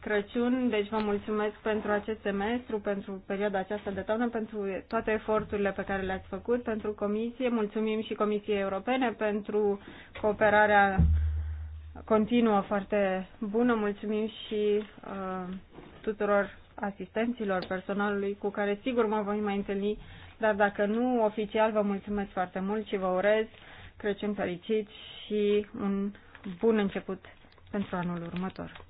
Crăciun, deci vă mulțumesc pentru acest semestru, pentru perioada aceasta de toamnă, pentru toate eforturile pe care le-ați făcut, pentru comisie, mulțumim și Comisiei Europene pentru cooperarea continuă foarte bună. Mulțumim și uh, tuturor asistenților, personalului cu care sigur mă voi mai întâlni, dar dacă nu, oficial vă mulțumesc foarte mult și vă urez Crăciun fericit și un bun început pentru anul următor.